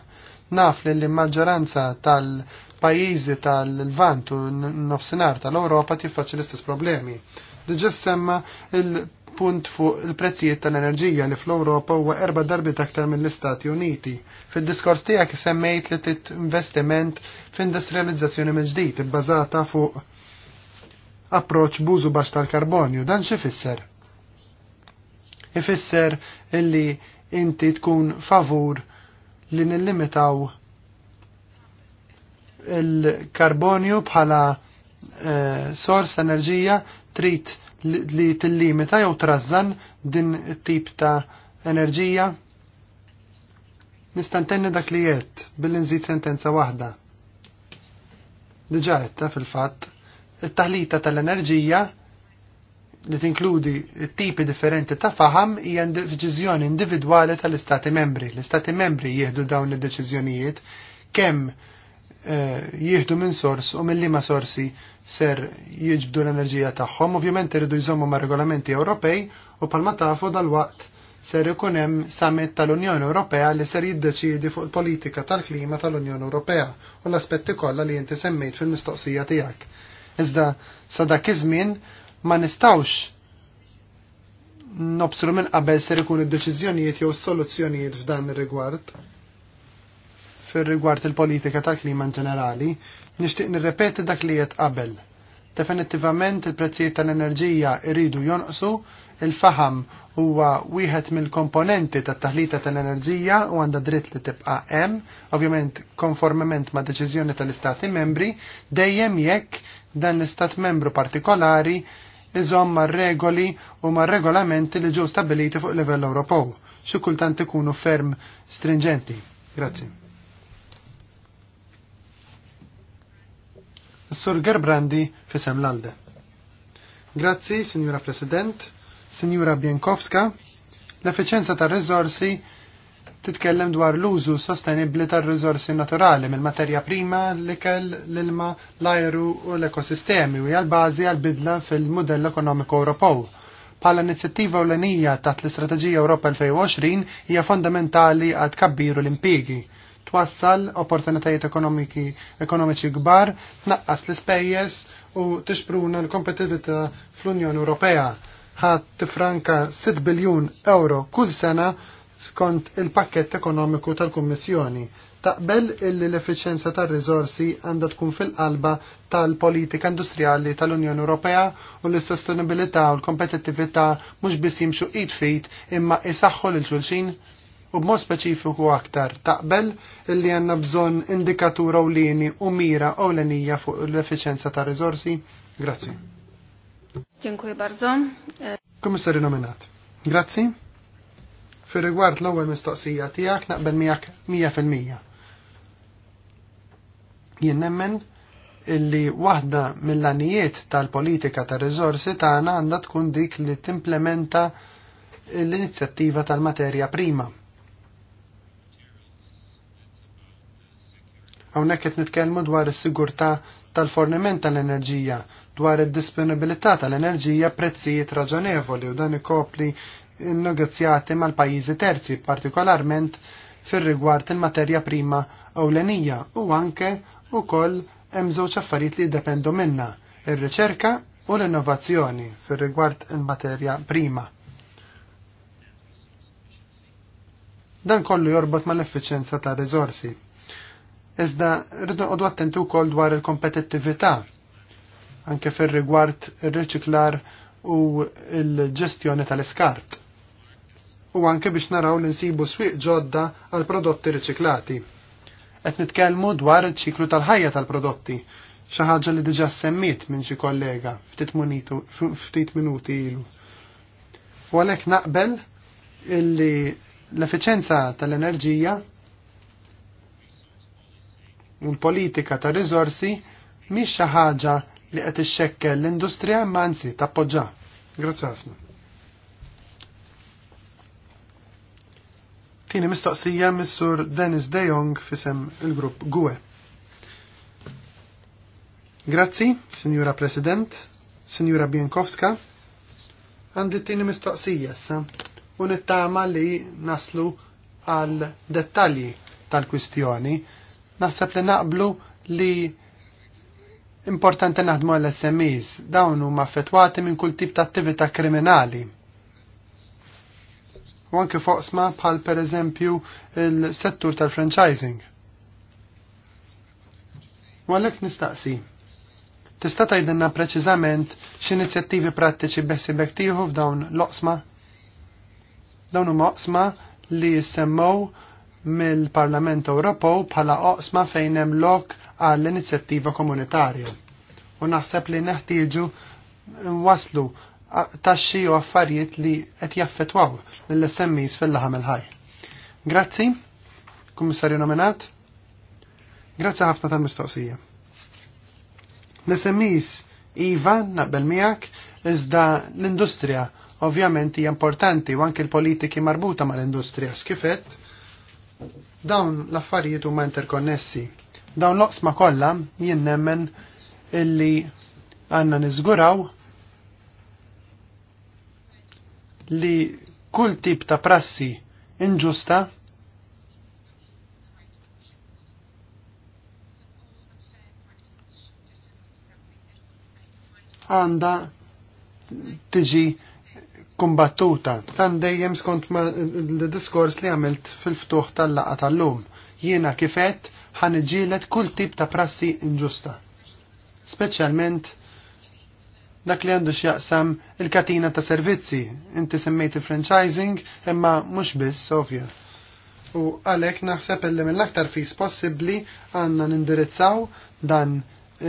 Naf li l-maġġoranza tal-pajjiżi tal-Lvant u n-nofsinhar tal-Ewropa tiffaċċi l-istess problemi. Diġa semma il-punt fuq il-prezzijiet tal-enerġija li fl-Ewropa huwa erba darbi aktar mill-Istati Uniti. Fil-diskors tiegħek semmejt li tit investiment f'industrializzazzjoni mill-ġdid ibbażata fuq approċ bużu baxx tal-karbonju. Dan x'ifisser. Ifisser illi inti tkun favur li nillimitaw il-karbonju bħala e, sors enerġija trid li tillimita jew trażżan din it-tip ta' enerġija? Nistantenni dak li jett billi nżid sentenza waħda. Diġa għetta, fil-fatt, it-taħlita tal-enerġija li tinkludi tipi differenti ta' faham hija deċiżjoni individwali tal-Istati membri. L-Istati membri jieħdu dawn id-deċiżjonijiet kemm Eh, jieħdu minn sors u mill liema sorsi ser jiġbdu l-enerġija tagħhom. Ovvjament iridu jżommu ma' regolamenti Ewropej u palma tafu dal-waqt ser ikun hemm summit tal-Unjoni Ewropea li ser jiddeċiedi fuq il-politika tal-klima tal-Unjoni Ewropea u l-aspetti kollha li inti semmejt fil-mistoqsija tiegħek. Iżda sa dak iż-żmien ma nistawx nobsru minn qabel ser ikun id-deċiżjonijiet jew s-soluzzjonijiet f'dan ir-rigward fir rigward il-politika tal-klima ġenerali, nixtieq nirrepeti dak li qed qabel. Definittivament il-prezzijiet tal-enerġija iridu jonqsu, il-faham huwa wieħed mill-komponenti tat-taħlita tal-enerġija u għandha dritt li tibqa' hemm, ovvjament konformement ma' deċiżjoni tal-Istati membri, dejjem jekk dan l-Istat membru partikolari iżomm ma' regoli u ma' regolamenti li ġew stabiliti fuq livell Ewropew, xi kultant ikunu ferm stringenti. Grazie. Sur Gerbrandi fisem Semlalde. Grazzi, Signora President, Signora Bienkowska, l-efficienza tar rizorsi titkellem dwar l-użu sostenibli tar rizorsi naturali mill-materja prima, l-ikel, l-ilma, l-ajru u l-ekosistemi u għal-bazi għal-bidla fil-modell ekonomiku Ewropew. Pala inizjattiva u l-enija taħt l-Istrateġija Ewropa 2020 hija fondamentali għad kabbiru l-impigi twassal opportunitajiet ekonomiki ekonomiċi kbar, tnaqqas l-ispejjeż u tixpruna l-kompetitività fl-Unjoni Ewropea. Ħadd tifranka 6 biljun euro kull sena skont il-pakket ekonomiku tal-Kummissjoni. Taqbel illi l-efficienza tar-riżorsi għandha tkun fil-qalba tal-politika industrijali tal-Unjoni Ewropea u l-sostenibilità u l-kompetittività mhux biss jimxu id fit imma isaħħu lil xulxin u b'mod speċifiku aktar taqbel illi għanna bżon indikatura u lini u mira u l-enija fuq l-efficienza ta' rizorsi? Grazzi. Dziękuję bardzo. E, Komissarju nominat. Grazzi. Fi rigward l-ewwel mistoqsija tiegħek naqbel miegħek 100%. Jien nemmen illi waħda mill-anijiet tal-politika tar rizorsi tagħna għandha tkun dik li timplementa l-inizjattiva tal-materja prima Hawnhekk qed nitkellmu dwar is-sigurtà tal-forniment tal-enerġija, dwar id-disponibilità tal-enerġija prezzijiet raġonevoli u dan ikopli negozjati mal-pajjiżi terzi, partikolarment fir-rigward il-materja prima ewlenija u anke ukoll hemm żewġ affarijiet li jiddependu minna, ir-riċerka u l-innovazzjoni fir-rigward il-materja prima. Dan kollu jorbot mal-effiċenza ta' riżorsi. Iżda rridu għodu attenti wkoll dwar il-kompetittività anke fir-rigward ir-riċiklar u l-ġestjoni tal-iskart. U anke biex naraw li nsibu swieq ġodda għal prodotti riċiklati. Qed nitkellmu dwar il-ċiklu tal-ħajja tal-prodotti, xi ħaġa li diġà semmiet minn xi kollega ftit minuti ilu. U għalhekk naqbel illi l-efficienza tal-enerġija u l-politika ta' rizorsi mhix xi ħaġa li qed ixxekkel l-industrija imma anzi tappoġġa. Grazzi ħafna. Tieni mistoqsija mis-sur Dennis De Jong fisem il-grupp GUE. Grazzi, Sinjura President, Sinjura Bienkowska. Għandi tieni mistoqsija issa u nittama li naslu għal dettalji tal-kwistjoni Naħseb li naqblu li importanti naħdmu l-SMS, dawn huma affettwati minn kull tip ta' attività kriminali. U anke foqsma bħal pereżempju il-settur tal-franchising. U għalhekk nistaqsi. Tista' tgħidilna preċiżament x'inizjattivi prattiċi beħsibek tieħu f'dawn l-oqsma? Dawn huma oqsma li jissemmow mill-Parlament Ewropew bħala oqsma fejn hemm lok għall-inizjattiva komunitarja. U naħseb li neħtieġu waslu taxxi u affarijiet li qed jaffetwaw lill-SMEs fil-laħam il-ħaj. Grazzi, kummissarju nominat. Grazzi ħafna tal-mistoqsija. L-SMEs Iva, naqbel miegħek, iżda l-industrija ovvjament hija importanti u anke l-politiki marbuta mal-industrija. Skifet, Dawn l-affarijiet huma interkonnessi. Dawn l-oqsma kollha jien nemmen illi għandna niżguraw li kull tip ta' prassi inġusta għanda tiġi kumbattuta tan dejjem skont l-diskors li għamilt fil-ftuħ tal-laqa tal-lum. Jiena kifet ħan iġilet kull tip ta' prassi inġusta. Speċjalment dak li għandu x'jaqsam il-katina ta' servizzi. Inti semmejt il-franchising imma mhux biss ovvja. U għalhekk naħseb li mill-aktar fis possibbli għandna nindirizzaw dan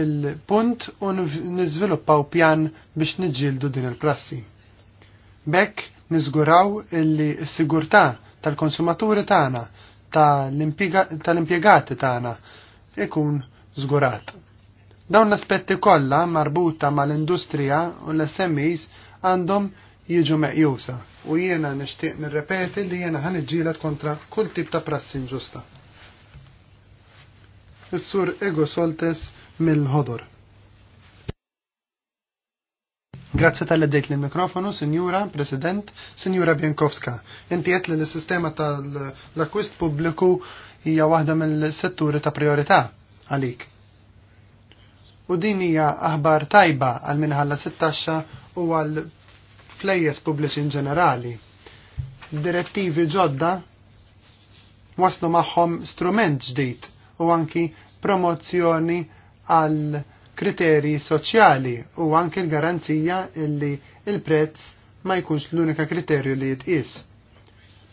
il-punt u nizviluppaw pjan biex niġġieldu din il-prassi. Bekk niżguraw illi s-sigurtà tal-konsumaturi tagħna tal-impjegati tagħna ikun żgurat. Dawn l-aspetti kollha marbuta mal-industrija u l-SMEs għandhom jiġu meqjusa u jiena nixtieq nirrepeti li jiena ħan iġġielet kontra kull tip ta' prassi inġusta. Is-sur Ego Soltes mill-ħodor. Grazzi tal-eddejt l-mikrofonu, Signora President, Sinjura Bienkowska. Inti għet li l-sistema tal-akwist pubbliku hija waħda mill-setturi ta' priorità għalik. U din hija aħbar tajba għal minħalla 16 u għal flejjes pubbliċi in ġenerali. Direttivi ġodda waslu magħhom strument ġdid u anki promozzjoni għal kriteri soċjali u anke l-garanzija illi il-prezz ma jkunx l-unika kriterju li jitqis.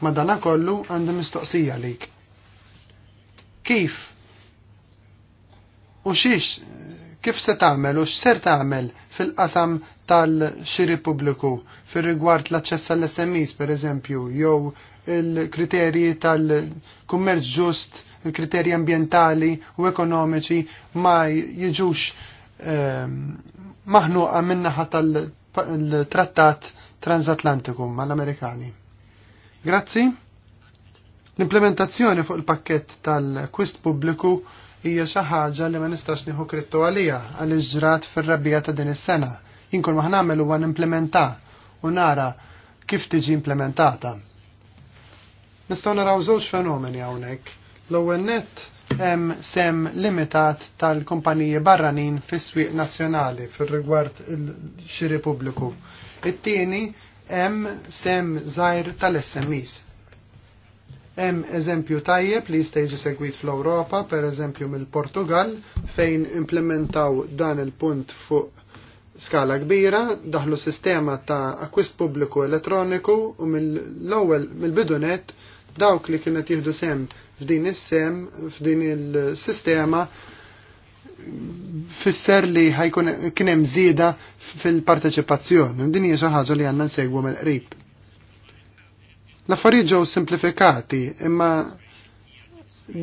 Madana kollu għandu mistoqsija lik. Kif? U xiex kif se tagħmel u x'ser tagħmel fil-qasam tal-xiri pubbliku fir-rigward l-aċċess għall per pereżempju jew il-kriterji tal-kummerċ ġust, il-kriterji ambientali u ekonomiċi ma jiġux Ehm, maħnuqa minnaħa tal-trattat transatlantiku mal-Amerikani. Grazzi. L-implementazzjoni fuq il-pakket tal-kwist pubbliku hija xi ħaġa li ma nistax nieħu krittu għalija għal ġrat fir-rabbija ta' din is-sena. Inkun ma ħnamel huwa nimplementa u nara kif tiġi implementata. Nistgħu naraw żewġ fenomeni hawnhekk. L-ewwel nett hemm sem limitat tal-kumpaniji barranin fis-swieq nazzjonali fir-rigward il-xiri pubbliku. It-tieni hemm sem żgħir tal-SMEs. Hemm eżempju tajjeb li jista' jiġi segwit fl-Ewropa, pereżempju mill-Portugal, fejn implementaw dan il-punt fuq skala kbira, daħlu sistema ta' akwist pubbliku elettroniku u mill-ewwel mill-bidunet mill ewwel mill bidunet Dawk li kienet jieħdu sem f'din is-sem, f'din il-sistema, fisser li ħajkun kien hemm żieda fil-parteċipazzjoni. Din hija xi ħaġa li għandna nsegwu mill-qrib. L-affarijiet ġew simplifikati, imma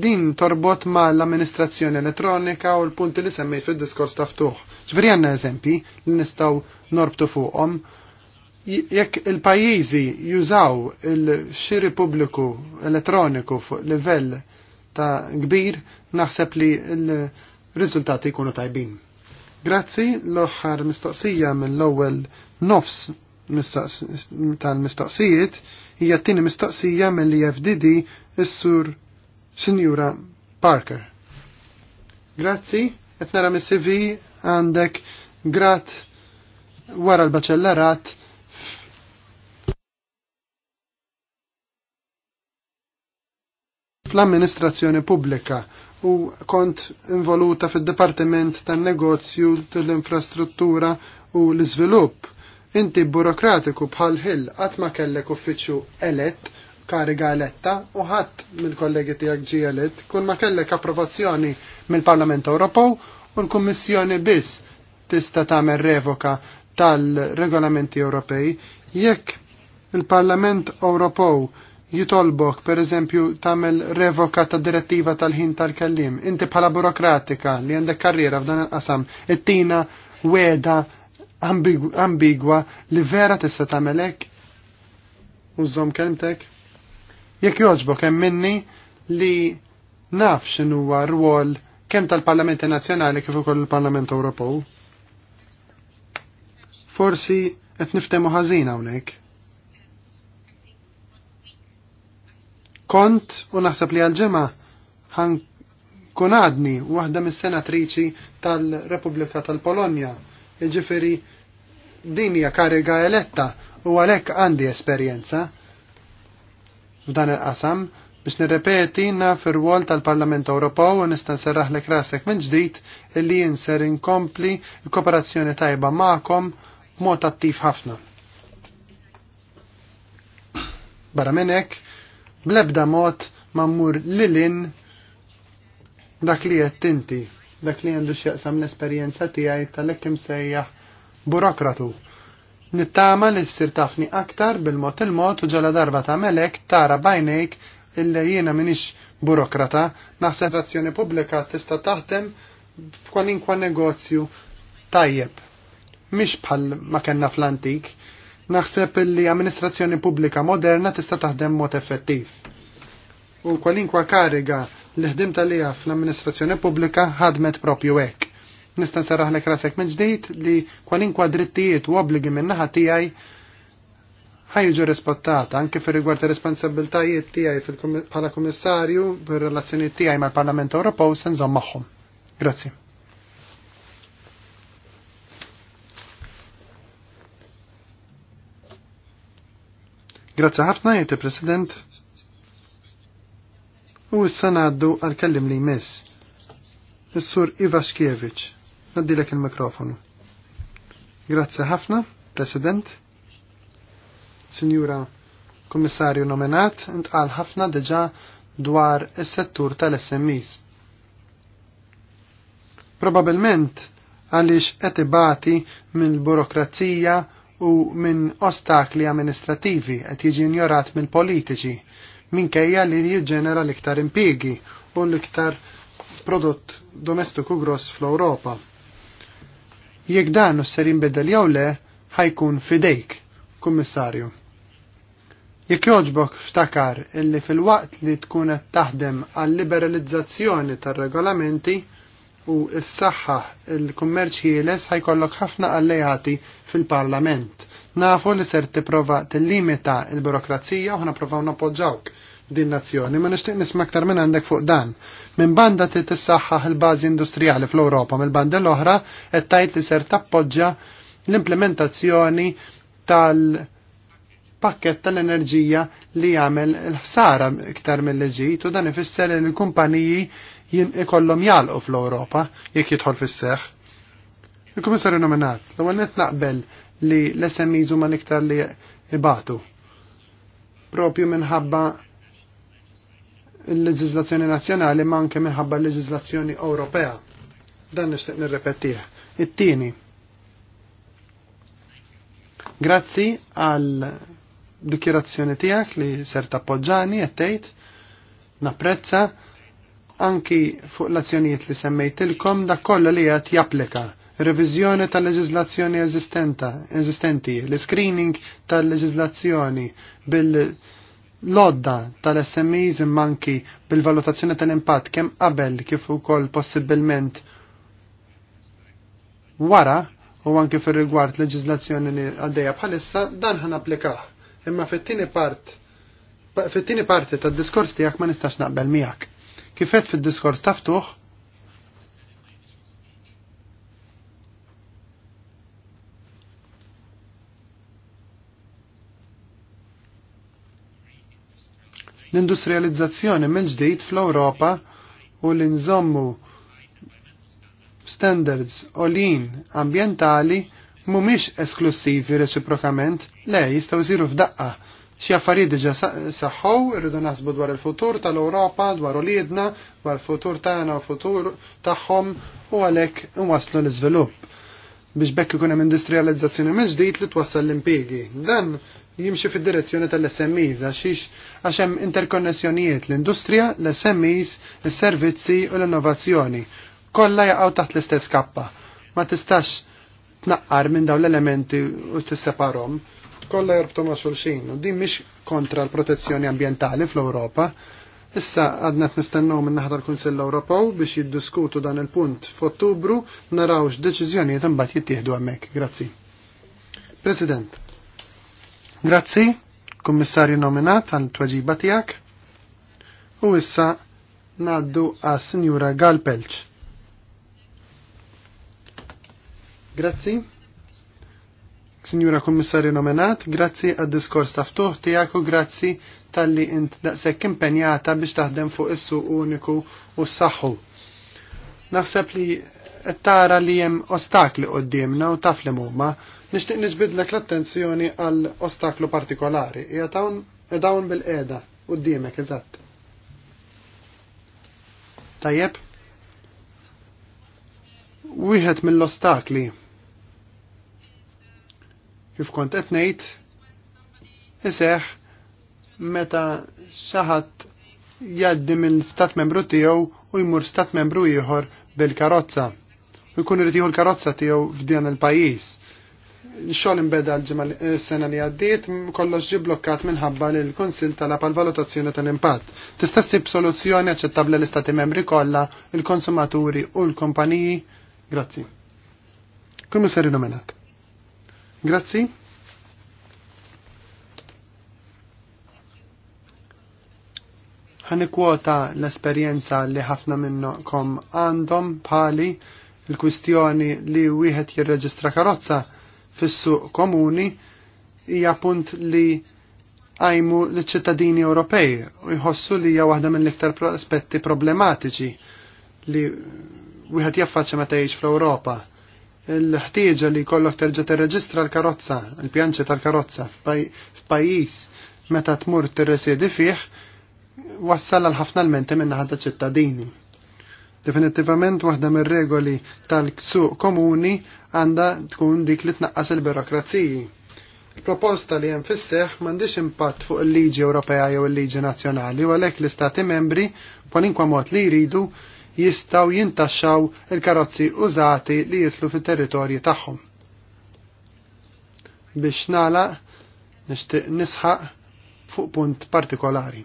din torbot ma l-amministrazzjoni elettronika u l-punti li semmejt fil-diskors taftuħ. ċveri għanna eżempi li nistaw norbtu fuqhom jekk il-pajjiżi jużaw il-xiri pubbliku elettroniku fuq livell ta' kbir, naħseb li l-riżultati jkunu tajbin. Grazzi, l-oħħar mistoqsija mill-ewwel nofs tal-mistoqsijiet hija t-tieni mistoqsija mill-FDD is-sur Sinjura Parker. Grazzi, qed nara mis-CV għandek grat wara l-baċellarat fl-amministrazzjoni pubblika u kont involuta fil-Departiment tan-Negozju tal-Infrastruttura u l-Iżvilupp. Inti burokratiku bħal ħil qatt ma kellek uffiċċju elett kariga eletta u ħadd mill-kollegi tiegħek ġi elett kun ma kellek approvazzjoni mill-Parlament Ewropew u l-Kummissjoni biss tista' tagħmel revoka tal-regolamenti Ewropej jekk il-Parlament Ewropew jitolbok, per eżempju, tamel revoka ta' direttiva tal-ħin tal-kellim. Inti bħala burokratika li għandek karriera f'dan il-qasam, it-tina weda ambigwa li vera tista' tamelek? Użom kelmtek? Jekk joġbok hemm minni li naf x'inhuwa rwol kemm tal-Parlamenti Nazzjonali kif ukoll il-Parlament Ewropew. Forsi qed niftemu ħażin hawnhekk kont u naħseb li għal-ġemma ħan kunadni waħda mis-senatriċi tal-Repubblika tal-Polonja. Iġifiri din hija kariga eletta u għalhekk għandi esperjenza f'dan il-qasam biex nirrepeti naf ir-rwol tal-Parlament Ewropew u nista' nserraħlek rasek minn ġdid illi jinser inkompli l-kooperazzjoni tajba magħkom b'mod attiv ħafna. Barra minn hekk, Blebda mod ma mmur lilin dak li qed inti, dak li jendu xieqsam l-esperjenza tiegħi tal-hekk imsejjaħ burokratu. Nittama li ssir tafni aktar bil-mod il-mod u ġala darba ta' melek tara bajnejk illa jiena minix burokrata, naħseb razzjoni pubblika tista' taħdem f'kwalinkwa negozju tajjeb. Mhix bħal ma kellna fl-antik, Naħseb li amministrazzjoni pubblika moderna tista' taħdem mod effettiv. U kwalinkwa kariga li ħdim talija fl-amministrazzjoni pubblika ħadmet propju hekk. Nista' nserraħlek rasek minn ġdid li kwalinkwa drittijiet u obbligi minn naħa tiegħi ħajġu rispettata anke fir rigward ir responsabbiltajiet tiegħi bħala kummissarju bir-relazzjonijiet tiegħi mal-Parlament Ewropew se nżomm magħhom. Grazzi. Grazzi ħafna jete President. U s-sana għaddu għal-kellim li jmiss. Is-sur Iva Xkiewicz. Naddilek il-mikrofonu. Grazzi ħafna, President. Sinjura Kommissarju nominat, intqal ħafna diġà dwar is-settur tal smis Probabilment għaliex qed ibati mill-burokrazija u minn ostakli amministrativi qed jiġi injorat mill-politiċi minkejja li jiġġenera l-iktar impiegi u l-iktar prodott domestiku gross fl-Ewropa. Jekk dan u ser jinbidel jew le, ħajkun fidejk, kummissarju. Jekk joġbok ftakar illi fil-waqt li tkun qed taħdem għal liberalizzazzjoni tar-regolamenti, u s-saħħa il-kummerċ ħieles ħajkollok ħafna allejati fil-parlament. Nafu li ser tipprova tillimita il-burokrazija u ħnaprovaw napoġawk din nazzjoni, ma nixtieq nisma' aktar minn għandek fuq dan. Minn banda t tissaħħaħ il-bażi industrijali fl-Ewropa, mill-banda l-oħra qed tajt li ser tappoġġa l-implementazzjoni tal- pakket tal-enerġija li jagħmel il ħsara iktar mill-leġit u dan ifisser li l-kumpaniji jien ikollhom jalqu fl-Ewropa jekk jidħol fis-seħħ. Il-Kummissarju nominat, l-ewwel qed naqbel li l-SMEs huma l-iktar li ibatu. Propju minħabba l-leġizlazzjoni nazzjonali ma anke minħabba l-leġizlazzjoni Ewropea. Dan nixtieq nirrepetih. It-tieni. Grazzi għal dikjerazzjoni tiegħek li ser tappoġġani qed tgħid napprezza anki fuq l-azzjonijiet li semmejtilkom dak kollha li qed japplika revizjoni tal-leġizlazzjoni eżistenti, l-screening tal-leġizlazzjoni bil-lodda tal-SMEs manki bil-valutazzjoni tal-impatt kemm qabel kif ukoll possibilment wara u anke fir rigward leġizlazzjoni li għaddejja bħalissa dan ħan applikaħ. Imma fit-tieni part fit-tieni parti tad-diskors tiegħek ma nistax naqbel miegħek. Kifet fil-diskors taftuħ, l-industrializzazzjoni mill-ġdid fl-Ewropa u l nżommu standards olin ambientali mhumiex esklusivi reċiprokament, le jistgħu jsiru f'daqqa Xi affarijiet diġà saħħu, irridu naħsbu dwar il-futur tal-Ewropa, dwar uliedna, dwar il-futur tagħna u futur tagħhom u għalhekk nwaslu l-iżvilupp biex bekk ikun hemm industrializzazzjoni minn ġdid li twassal l-impjiegi. Dan jimxi fid-direzzjoni tal-SMEs għax għax hemm interkonnessjonijiet l-industrija, l-SMEs, is-servizzi u l-innovazzjoni. Kollha jaqgħu taħt l-istess kappa. Ma tistax tnaqqar minn dawn l-elementi u tisseparhom kollha jorbtu ma' xulxin u din mhix kontra l-protezzjoni ambjentali fl-Ewropa. Issa għadna t-nistennaw minn naħdar Kunsill Ewropew biex jiddiskutu dan il-punt f'Ottubru naraw x'deċiżjonijiet imbagħad jittieħdu hemmhekk. Grazzi. President. Grazzi, Kummissarju nominat għal tweġiba tiegħek. U issa ngħaddu għas Sinjura Galpelċ. Grazzi. Sinjura Kummissarju nomenat, grazzi għad-diskors taftuħ tijak u grazzi tal-li int daqsek impenjata biex taħdem fuq issu uniku u s-saxhu. Naħseb li tara li jem ostakli qoddimna u taf li mumma, nishtiq nġbidlek l-attenzjoni għal ostaklu partikolari, dawn bil-eda qoddimek eżatt. Tajjeb? Wieħed mill-ostakli kif kont qed ngħid iseħħ meta xi ħadd jgħaddi mill-stat membru tiegħu u jmur stat membru ieħor bil-karozza. U jkun irid l-karozza tiegħu f'din il-pajjiż. Xogħol imbeda l-ġimgħa eh, sena li għaddiet kollox ġi blokkat minħabba li l-Kunsill talab għal valutazzjoni tal-impatt. Tista' ssib soluzzjoni aċċettabbli l-istati membri kollha, il-konsumaturi u l-kumpaniji? Grazzi. Kummissarju nominat. Grazzi. ħanikwota l-esperienza li ħafna minnkom għandhom pali il-kwistjoni li wieħed jirreġistra karozza fis-suq komuni hija punt li għajmu l-ċittadini Ewropej u jħossu li hija waħda mill-iktar aspetti problematiċi li wieħed jaffaċċja meta jgħix fl-Ewropa l-ħtieġa li kollok terġa' tirreġistra l-karozza, il-pjanċi tal-karozza f'pajjiż meta tmur tirresedi fih wassal għal ħafna l-menti minna ħadda ċittadini. Definittivament waħda mir-regoli tal-suq komuni għandha tkun dik li tnaqqas il-birokrazziji. Il-proposta li hemm fisseħ m'għandix impatt fuq il-liġi Ewropea jew il-liġi nazzjonali u għalhekk l-istati membri kwalinkwa mod li jridu jistaw jintaxxaw il-karozzi użati li jitlu fit-territorji tagħhom. Biex nagħlaq nixtieq nisħaq fuq punt partikolari.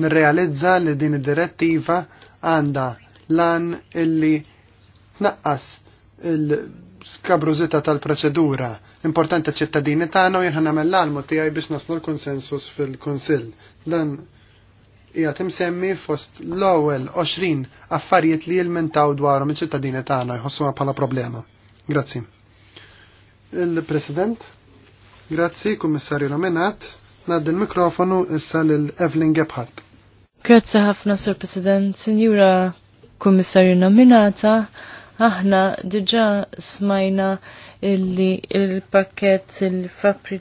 Nirrealizza li din id-direttiva għandha lan illi tnaqqas il-skabrużita tal-proċedura importanti ċittadini tagħna u jien nagħmel l-almu tiegħi biex naslu l-konsensus fil-Kunsill. Dan hija timsemmi fost l-ewwel 20 affarijiet li jilmentaw dwarhom iċ-ċittadini tagħna jħossuha bħala problema. Grazzi. Il-President, grazzi Kummissarju Lamenat, nad il-mikrofonu issa lil Evelyn Gebhardt. Grazzi ħafna Sur President, Sinjura Kummissarju Nominata. Aħna diġa smajna illi il-pakket il-fabri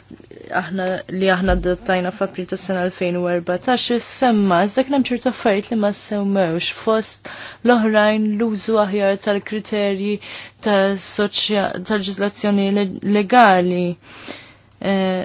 aħna li aħna dottajna fabri ta' sena 2014 semma iżda kien hemm ċertu affarijiet li ma semmewx fost l-oħrajn l-użu aħjar tal-kriterji tal-leġislazzjoni legali. Eh,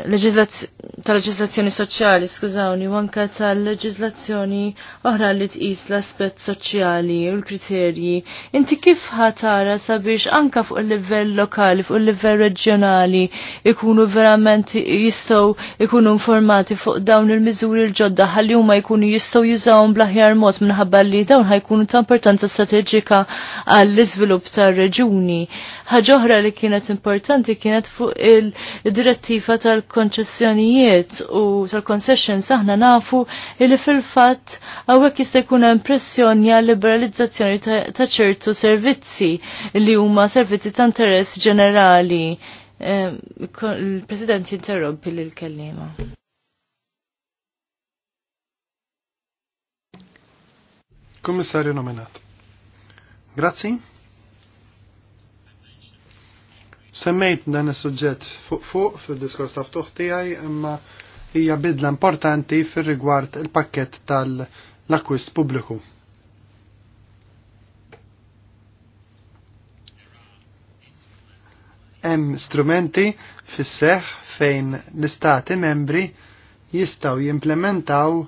tal-leġizlazzjoni soċjali, skużawni, u anke tal-leġizlazzjoni oħra li tqis l-aspett soċjali u l-kriterji. Inti kif ħatara sabiex anka fuq il-livell lokali, fuq il-livell reġjonali ikunu verament jistgħu ikunu informati fuq dawn il-miżuri l-ġodda ħalli huma jkunu jistgħu jużawhom blaħjar aħjar mod minħabba li dawn ħajkunu ta' importanza strateġika għall-iżvilupp tar-reġuni. Ħaġa oħra li kienet importanti kienet fuq il-direttiva tal-konċessjonijiet tal u tal-concessions aħna nafu li fil-fatt hawnhekk jista' jkun hemm għal liberalizzazzjoni ta' ċertu servizzi li huma servizzi ta' interess ġenerali. Il-President jinterrompi l kellima. Kummissarju nominat. Grazzi. Semmejt dan is-suġġett fuq fuq fil-diskors ta' ftuħ tiegħi imma hija bidla importanti fir-rigward il-pakkett tal-akwist pubbliku. Hemm strumenti fis-seħħ fejn l-istati membri jistaw jimplementaw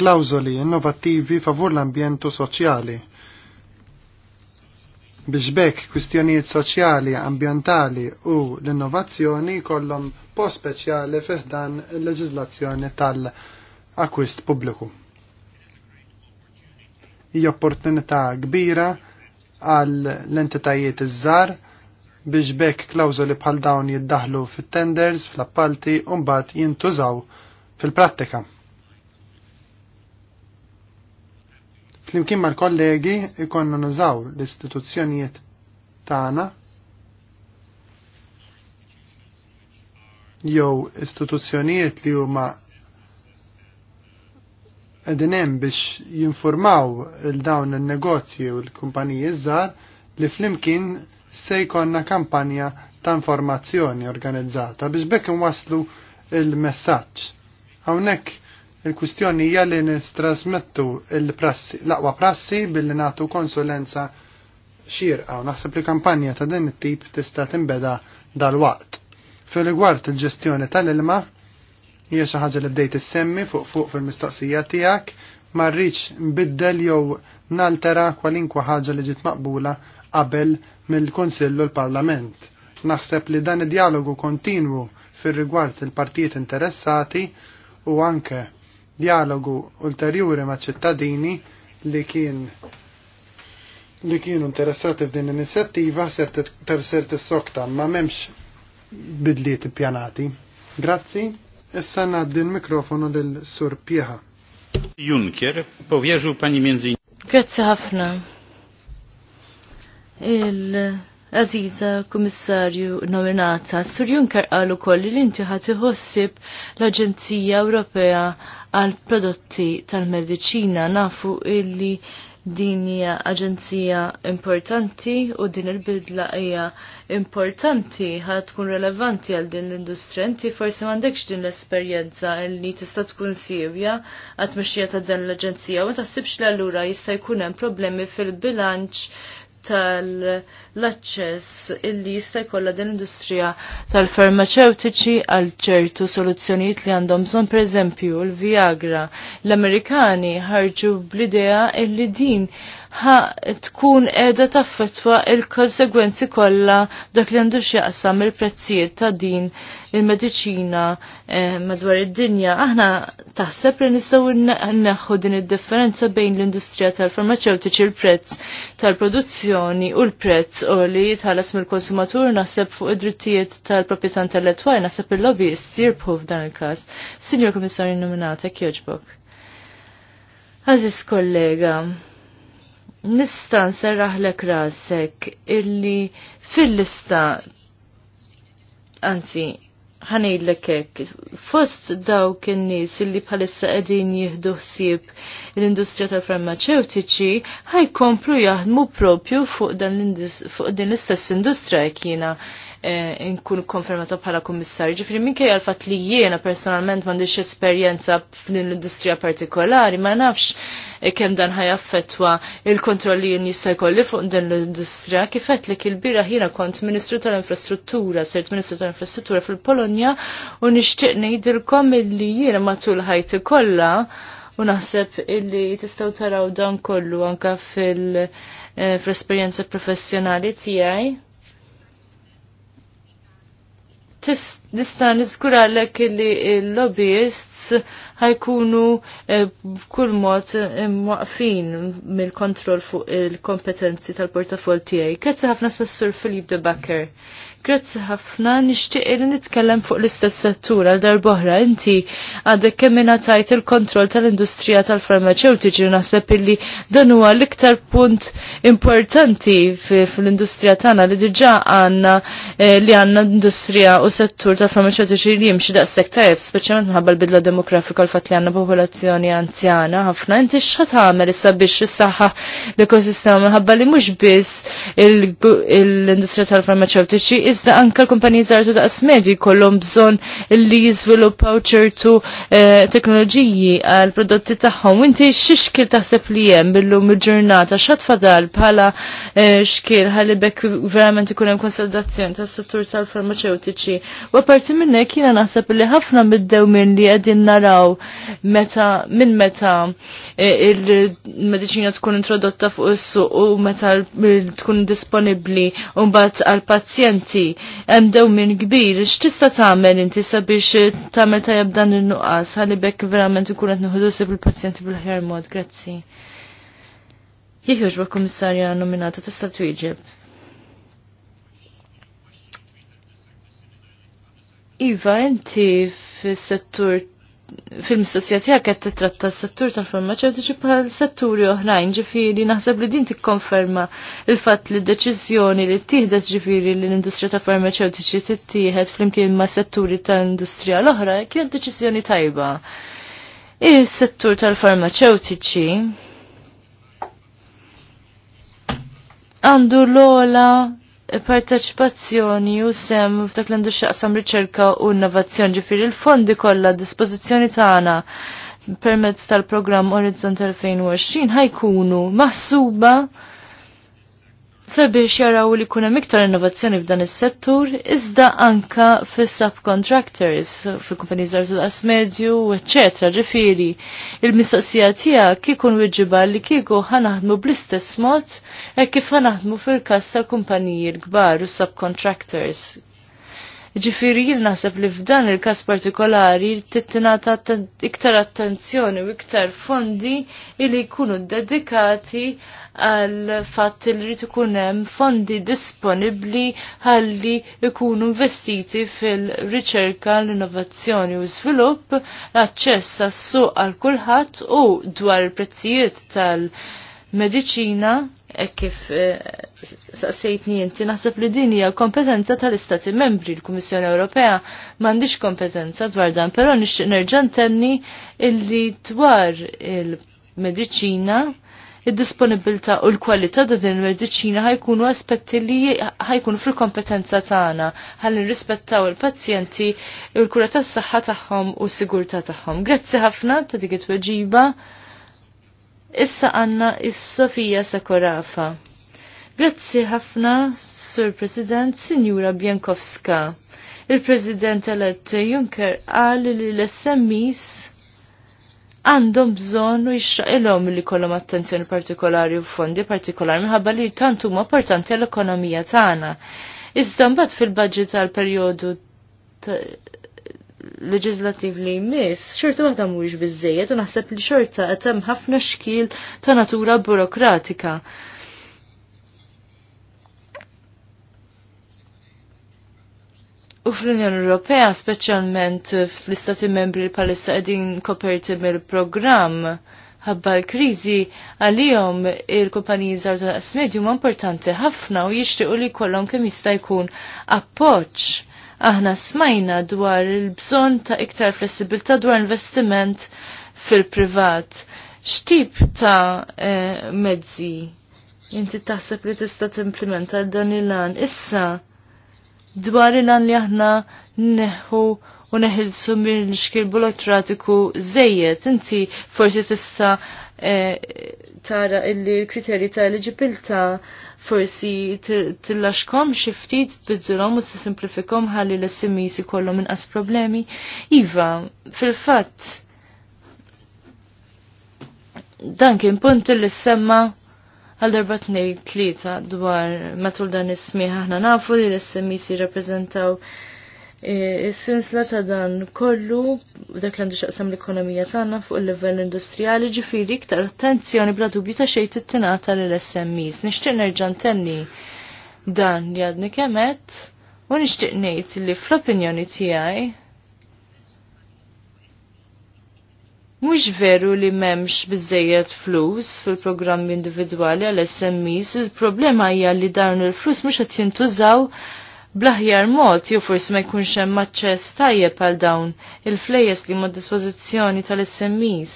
klawżoli innovattivi favur l-ambjentu soċjali. Biex bekk kwistjonijiet soċjali, ambjentali u l-innovazzjoni kollom post speċjali fiħdan il leġizlazzjoni tal-akwist pubbliku. Hija opportunità kbira għal l-entitajiet iż-żar biex bekk klawżoli bħal dawn jiddaħlu fit-tenders, fl-appalti u mbagħad jintużaw fil-prattika. Flimkien mal-kollegi ikonna nużaw l-istituzzjonijiet tagħna jew istituzzjonijiet li huma qegħdin hemm biex jinformaw il dawn in-negozji u l-kumpaniji żgħar li flimkien se jkollna kampanja ta' informazzjoni organizzata biex bekk waslu il-messaġġ. Hawnhekk Il-kwistjoni hija li nistrasmettu l-prassi, l-aqwa prassi billi nagħtu konsulenza xirqa u naħseb li kampanja ta' din it-tip tista' tinbeda dal-waqt. Fil-rigward il-ġestjoni tal-ilma hija xi ħaġa li bdejt issemmi fuq fuq fil-mistoqsija tiegħek ma rridx nbiddel jew naltera kwalinkwa ħaġa li ġiet maqbula qabel mill-Kunsill u l-Parlament. Naħseb li dan id-dialogu kontinwu fir-rigward il-partijiet interessati u anke dialogu ulterjuri ma' ċittadini li kien li kienu interessati f'din l-inizjattiva ter ser tissokta ma memx bidliet ippjanati. Grazzi, issa naddi l-mikrofonu lil Sur Pieħa. Junker, powierzył pani między Grazzi ħafna. Il-Aziza Komissarju nominata, Sur Junker qalu kolli li inti ħati l-Aġenzija Ewropea għal prodotti tal-medicina nafu illi din hija aġenzija importanti u din il-bidla hija importanti ħad tkun relevanti għal din l-industrija. Inti forsi m'għandekx din l-esperjenza li tista' tkun sivja għad mexxija ta' din l-aġenzija u ma taħsibx li allura jista' jkun hemm problemi fil-bilanċ tal- l-aċċess illi jista' jkollha din industrija tal-farmaceutiċi għal ċertu soluzzjonijiet li għandhom bżonn pereżempju l-Viagra. L-Amerikani ħarġu bl-idea illi din Ħa tkun edha taffetwa il-konsegwenzi kollha dak li għandu x'jaqsam il-prezzijiet ta' din il-mediċina eh, madwar id-dinja. Aħna taħseb li nistgħu neħħu din id-differenza bejn l-industrija tal-farmaceutiċi il-prezz tal-produzzjoni u l-prezz u li jitħallas mill-konsumatur naħseb fuq id-drittijiet tal tal-letwaj naħseb il-lobbyist jirbħu f'dan il-każ. Signor Komissarju nominata, kjoġbok. Aziz kollega, nista' nserraħlek rasek illi fil-lista anzi ħanejlek hekk fost dawk in-nies illi bħalissa qegħdin jieħdu ħsieb l-industrija tal-farmaceutiċi ħajkomplu jaħdmu propju fuq din l-istess industrija kiena Eh, nkun konfermata bħala kummissarju. Ġifri minkejja l-fatt li jiena personalment m'għandix esperjenza f'din l-industrija partikolari, ma nafx eh, kemm dan ħajaffettwa il-kontrolli jien jista' jkolli fuq din l-industrija. Kif li kil-bira jiena kont Ministru tal-Infrastruttura, sirt Ministru tal-Infrastruttura fil-Polonja u nixtieq ngħidilkom li jiena matul ħajti kollha u naħseb illi tistgħu taraw dan kollu anke fil- eh, fl-esperjenza professjonali tiegħi nista niżguralek li l-lobbyists ħajkunu e, b'kull mod e, mwaqfin mill-kontroll fuq il-kompetenzi tal-portafol tiegħi. Grazzi ħafna sassur Filip de Bakker. Grazzi ħafna, nixtieq li nitkellem fuq l-istess settur għal darbohra. Inti għadek kemm tajt il-kontroll tal-industrija tal-farmaceutiċi naħseb illi dan huwa l-iktar punt importanti fl-industrija tagħna li diġà għandna eh, li għandna industrija u settur tal-farmaceutiċi li jimxi daqshekk tajjeb, speċjalment minħabba l-bidla demografika l-fatt li għandna popolazzjoni anzjana ħafna. Inti x'ha tagħmel issa biex issaħħa l-ekosistema minħabba li mhux biss l-industrija tal-farmaceutiċi iżda anka l-kumpaniji żgħar daqs medji kollhom bżonn li jiżviluppaw ċertu eh, teknoloġiji għal prodotti tagħhom. Inti x'ixkil taħseb li hemm billum il-ġurnata x'għad fadal bħala eh, xkil ħalli bekk verament ikun hemm konsolidazzjoni tas-settur tal-farmaceutiċi. U apparti minn hekk jiena naħseb li ħafna middew minn li qegħdin naraw meta minn meta eh, il-mediċina tkun introdotta fuq is-suq u meta tkun disponibbli u mbagħad għall-pazjenti inti hemm min kbir x'tista' tagħmel inti sabiex eh, tagħmel tajjeb dan in-nuqqas ħalli bekk verament ikun qed nieħu il-pazjenti bil-ħjar mod. Grazzi. Jieħu jogħġbok kummissarja nominata tista' twieġeb. Iva, inti fis-settur fil-mistoqsija tiegħek qed titratta s-settur tal-farmaceutiċi bħal setturi oħrajn, ġifiri naħseb li din tikkonferma il-fatt li d-deċiżjoni li ttieħdet ġifieri li l-industrija tal-farmaceutiċi tittieħed flimkien ma' setturi tal-industrija l-oħra kienet deċiżjoni tajba. Is-settur tal-farmaceutiċi għandu l-ola parteċipazzjoni u sem f'dak l xaqsam riċerka u innovazzjoni ġifiri l fondi kollha dispożizzjoni tagħna permezz tal-programm Horizon 2020 ħajkunu maħsuba sabiex jaraw li kuna miktar innovazzjoni f'dan is-settur, iżda anka fis subcontractors fil kumpani żgħar daqs medju, eċetera, ġifieri. Il-mistoqsija tiegħek kikun wieġiba li kieku ħanaħdmu bl-istess mod hekk kif ħanaħdmu fil-każ tal-kumpaniji l-kbar u subcontractors. Ġifiri jil naħseb li f'dan il-kas partikolari t-tinata iktar attenzjoni u iktar fondi li jkunu dedikati għal fatt li rrid ikun hemm fondi disponibbli għalli ikunu investiti fil-riċerka, l-innovazzjoni u żvilupp, l-aċċess għas-suq għal kulħadd u dwar il-prezzijiet tal-mediċina e kif e, saqsejtni inti naħseb li din hija kompetenza tal-Istati Membri l-Kummissjoni Ewropea m'għandix kompetenza dwar dan, però nixtieq nerġa' ntenni illi dwar il-mediċina id-disponibilità u l-kwalità ta' din il-mediċina ħajkunu aspetti li ħajkunu fil-kompetenza tagħna ħalli nrispettaw il-pazjenti u l-kura tas-saħħa tagħhom u s-sigurtà tagħhom. Grazzi ħafna ta' dik it-tweġiba. Issa għanna is-Sofija Sakorafa. Grazzi ħafna, Sur President, Sinjura Bjankowska. Il-President elett Juncker qal li l-SMIs għandhom bżonn u jixraqilhom li kollom attenzjoni partikolari u fondi partikolari minħabba li tant huma importanti għall-ekonomija tagħna. Iżda mbagħad fil-budget tal-perjodu legislativ li jmiss, xorta waħda mhuwiex biżejjed u naħseb li xorta qed hemm ħafna xkil ta' natura burokratika. U fl-Unjoni Ewropea, speċjalment fl-istati membri palissa qegħdin koperti mill-programm ħabba l-kriżi, għalihom il-kumpaniji żgħar ta' medju ma' importanti ħafna u jixtiequ li jkollhom kemm jista' jkun appoġġ. Aħna smajna dwar il-bżonn ta' iktar flessibilità dwar investiment fil-privat. X'tip ta' eh, mezzi inti taħseb li tista' timplementa dan il-lan issa? dwar il-għan li aħna neħu u neħilsu minn xkil bulotratiku zejjed. Inti forsi tista eh, tara illi kriterji ta' eligibilta forsi tillaxkom xiftit tbiddilhom u t-simplifikom ħalli l kollu ikollhom inqas problemi. Iva, fil-fatt dan kien punt li semma għal darba tnej tlieta dwar matul dan is-smieħ aħna nafu li l-SMIC jirrappreżentaw e, Is-sinsla ta' dan kollu, dak l-għandu xaqsam l-ekonomija tagħna fuq il-livell industrijali ġifiri iktar attenzjoni bla dubju ta' xejn tittinata lill SMEs. Nixtieq nerġa' ntenni dan li għadni kemet u nixtieq ngħid li fl-opinjoni tiegħi Mux veru li memx bizzejet flus fil-programmi individuali għal-SMEs, il-problema hija li dawn il-flus mux għat jintużaw blaħjar mod jew forsi ma jkunx hemm aċċess tajjeb għal dawn il-flejjes li huma dispożizzjoni tal-SMEs.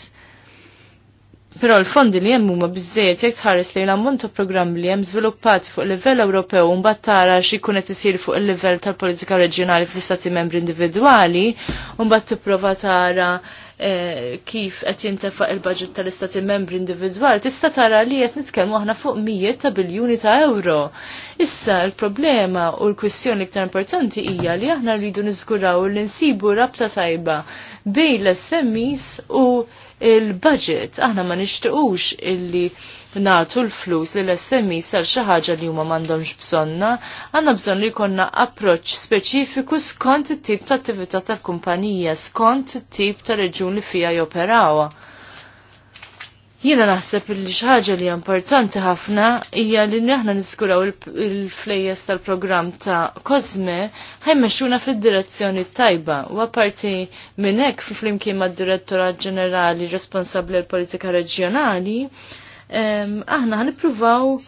Però l-fondi li hemm huma biżejjed jekk tħares lejn ammont ta' programmi li hemm żviluppati fuq livell Ewropew u mbagħad tara jkun qed isir fuq il-livell tal-politika reġjonali fl-istati membri individwali u mbagħad tipprova tara Eh, kif qed jintefaq il-budget tal-istati membri individwal, tista' tara li qed nitkellmu aħna fuq mijiet ta' biljuni ta' euro. Issa l-problema u l-kwistjoni iktar importanti hija li aħna rridu niżguraw li nsibu rabta tajba bejn l-SMEs u il-budget. Aħna ma nixtiqux illi natu l-flus li l-SMI sal xi ħaġa li huma m'għandhomx bżonna, għanna bżonn li jkollna approċċ speċifiku skont it-tip ta' attività tal-kumpanija, skont it-tip ta' reġun li fija joperawha. Jiena naħseb li xaħġa li importanti ħafna hija li aħna niskuraw il-flejjes tal-programm ta' Cosme ħajmexxuna fid-direzzjoni tajba u apparti minn hekk flimkien mad-Direttorat Ġenerali responsabbli l-Politika Reġjonali aħna ħanippruvaw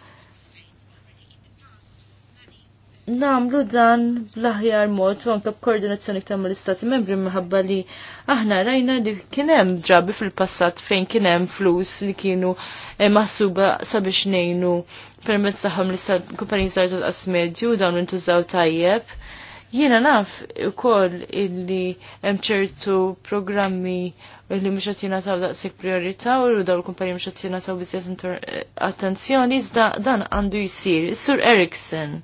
namlu dan bl aħjar mod u anke b'koordinazzjoni ta' mal-istati membri minħabba li aħna rajna li kien hemm drabi fil-passat fejn kien hemm flus li kienu eh, maħsuba sabiex ngħinu permezz tagħhom l-istat kumpaniji tal-qas medju dawn intużaw tajjeb Jiena naf ukoll illi hemm ċertu programmi li mhux qed jingħataw daqshekk priorità u dawn il-kumpaniji mhux qed jingħataw biżjed attenzjoni iżda dan għandu jsir. Sur Erickson.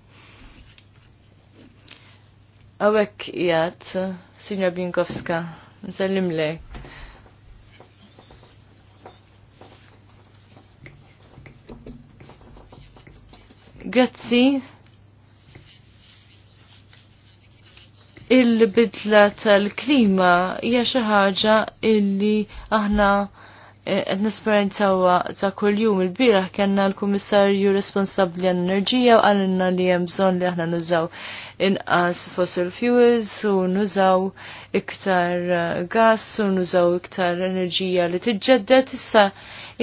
Awek jgħat, Sinja Binkowska, nsellim lek. Grazzi il-bidla tal-klima hija xi ħaġa illi aħna eh, qed nisperjenzawa ta' kuljum il-bieraħ kellna l-kummissarju responsabbli għall-enerġija u għalilna li hemm bżonn li aħna nużaw inqas fossil fuels u nużaw iktar eh, gas u nużaw iktar enerġija li tiġġedded issa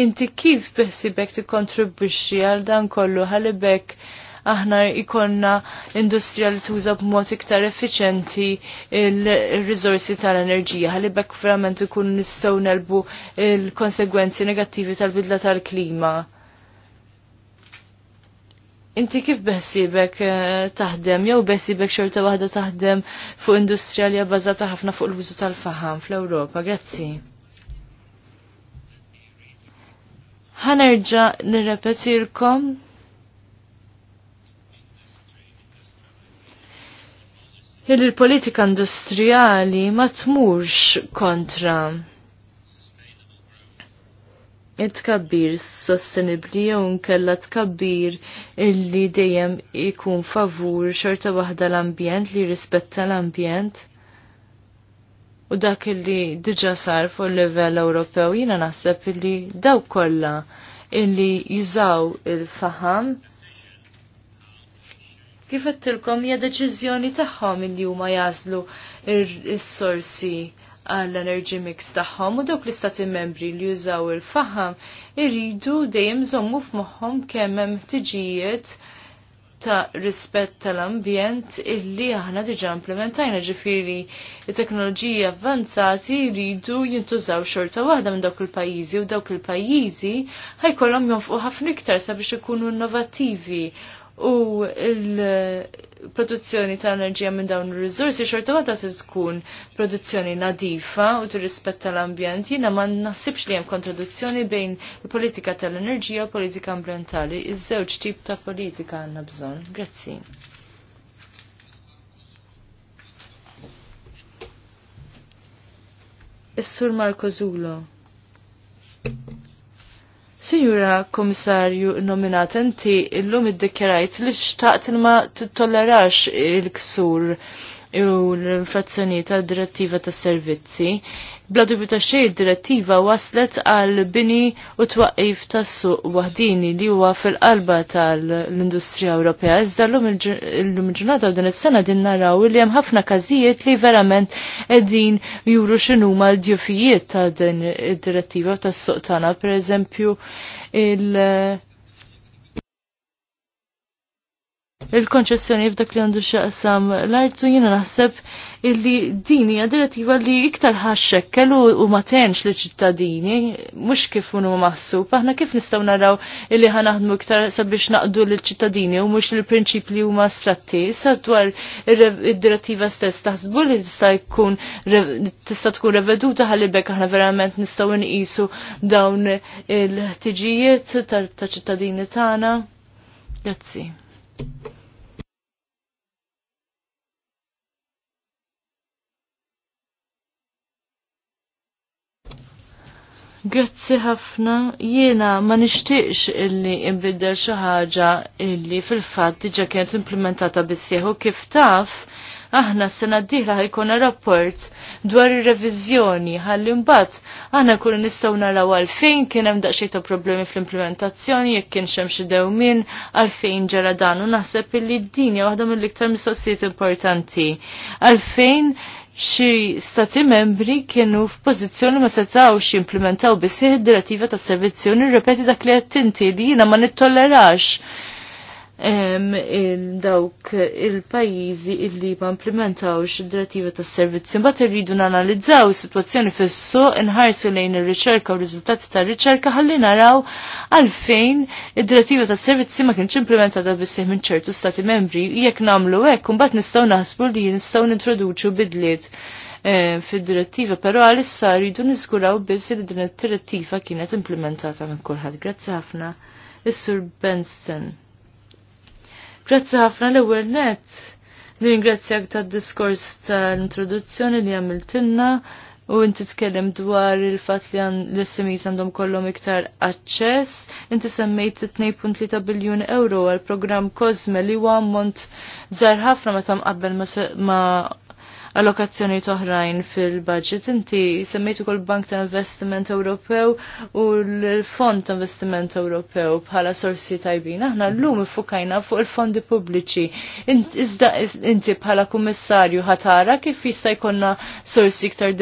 inti kif beħsibek tikkontribwixxi għal dan kollu ħalibek aħna ikonna industrija li tuża b'mod iktar effiċenti il-rizorsi tal-enerġija. Ħalli bekk verament ikun nistgħu nelbu il-konsegwenzi negattivi tal-bidla tal-klima. Inti kif beħsibek eh, taħdem, jew beħsibek xorta waħda taħdem fuq industrija li bbażata ħafna fuq l-użu tal-faham fl-Ewropa? Grazzi. Ħanerġa' nirrepetirkom. il politika industrijali ma tmurx kontra it-tkabbir sostenibli jew nkella tkabbir illi dejjem ikun favur xorta waħda l-ambjent li rispetta l-ambjent. U dak illi diġa sar fuq livell Ewropew jiena naħseb illi daw kollha illi jużaw il-faham il faham Kif għattilkom hija deċiżjoni tagħhom illi huma jażlu s sorsi għall energy mix tagħhom u dawk l-istati membri li jużaw il-faham irridu dejjem żommu f'moħħhom kemm hemm ħtiġijiet ta' rispett tal-ambjent illi aħna diġa implementajna ġifiri il-teknoloġiji avvanzati jridu jintużaw xorta waħda minn dawk il-pajjiżi u dawk il-pajjiżi ħajkollhom jonfqu ħafna iktar sabiex ikunu innovattivi u il-produzzjoni ta' enerġija minn dawn ir-riżorsi xorta waħda tkun produzzjoni nadifa u tirrispetta l-ambjent. Jiena ma naħsibx li hemm kontraduzzjoni bejn il-politika tal-enerġija u politika ambjentali. Iż-żewġ tip ta' politika għandna bżonn. Grazzi. Is-Sur Marco Zulo. Signora komissarju nominat, inti illum id-dikkerajt li xtaqt ma t-tollerax il-ksur u l-infrazzjoni ta' direttiva ta' servizzi. Bla dubju ta' xej direttiva waslet għal bini u twaqqif ta' suq waħdini li huwa fil-qalba tal-Industrija Ewropea. Iżda llum il-ġurnata u din is-sena din naraw li hemm ħafna każijiet li verament qegħdin juru x'inhuma l-djufijiet ta' din id-direttiva tas-suq tagħna, pereżempju il- il-konċessjoni f'dak li għandu xaqsam l-artu jina naħseb illi din hija direttiva li iktar ħaxxekkel u ma tenx li ċittadini mhux kif unu maħsub aħna kif nistgħu naraw illi ħanaħdmu iktar sabiex naqdu lil ċittadini u mhux il prinċip li huma stratti sa dwar id-direttiva stess taħsbu li tista' jkun tista' tkun reveduta ħalibek aħna verament nistgħu nqisu dawn il-ħtiġijiet ta' ċittadini tagħna. Grazzi. Grazzi ħafna, jiena ma nixtieqx illi imbidder xi ħaġa illi fil-fatt diġà kienet implementata bissieħu kif taf, aħna sena d dihla ħajkun rapport dwar ir-reviżjoni ħalli mbagħad aħna nkunu nistgħu naraw għalfejn kien hemm daqsxejn ta' problemi fl-implementazzjoni jekk kien hemm xi dewmien għalfejn ġara dan u naħseb illi d-dinja waħda mill-iktar mistoqsijiet importanti. Għalfejn xi stati membri kienu f'pożizzjoni ma xi implementaw biss id-direttiva tas servizzjoni u nirrepeti dak li qed tinti li jiena ma nittollerax dawk il-pajjiżi illi ma implementawx id-direttiva tas-servizzi. mbagħad irridu nanalizzaw is-sitwazzjoni fis-suq, inħarsu lejn ir-riċerka u r-riżultati tar-riċerka ħalli naraw għalfejn id-direttiva tas-servizzi ma kienx implementata bissieħ minn ċertu stati membri. Jekk nagħmlu hekk, imbagħad nistgħu naħsbu li nistgħu nintroduċu bidliet eh, fid-direttiva, però għalissa rridu niżguraw biss li din id-direttiva kienet implementata minn kulħadd. Grazzi ħafna. Is-Sur Benson. Grazzi ħafna l-ewwel net. Ningrazzjak ta' diskors tal-introduzzjoni li għamiltinna u inti tkellem dwar il-fat li għan l-SMEs għandhom kollom iktar access, inti semmejt 2.3 biljun euro għal program Cosme li huwa ammont żgħar ħafna meta mqabbel ma allokazzjoni toħrajn fil-budget. Inti semmejtu kol Bank ta' Investiment Ewropew u l-Fond ta' Investiment Ewropew bħala sorsi tajbin. Aħna l-lum fukajna fuq il-fondi pubbliċi. inti bħala kummissarju ħatara kif jista' jkollna sorsi iktar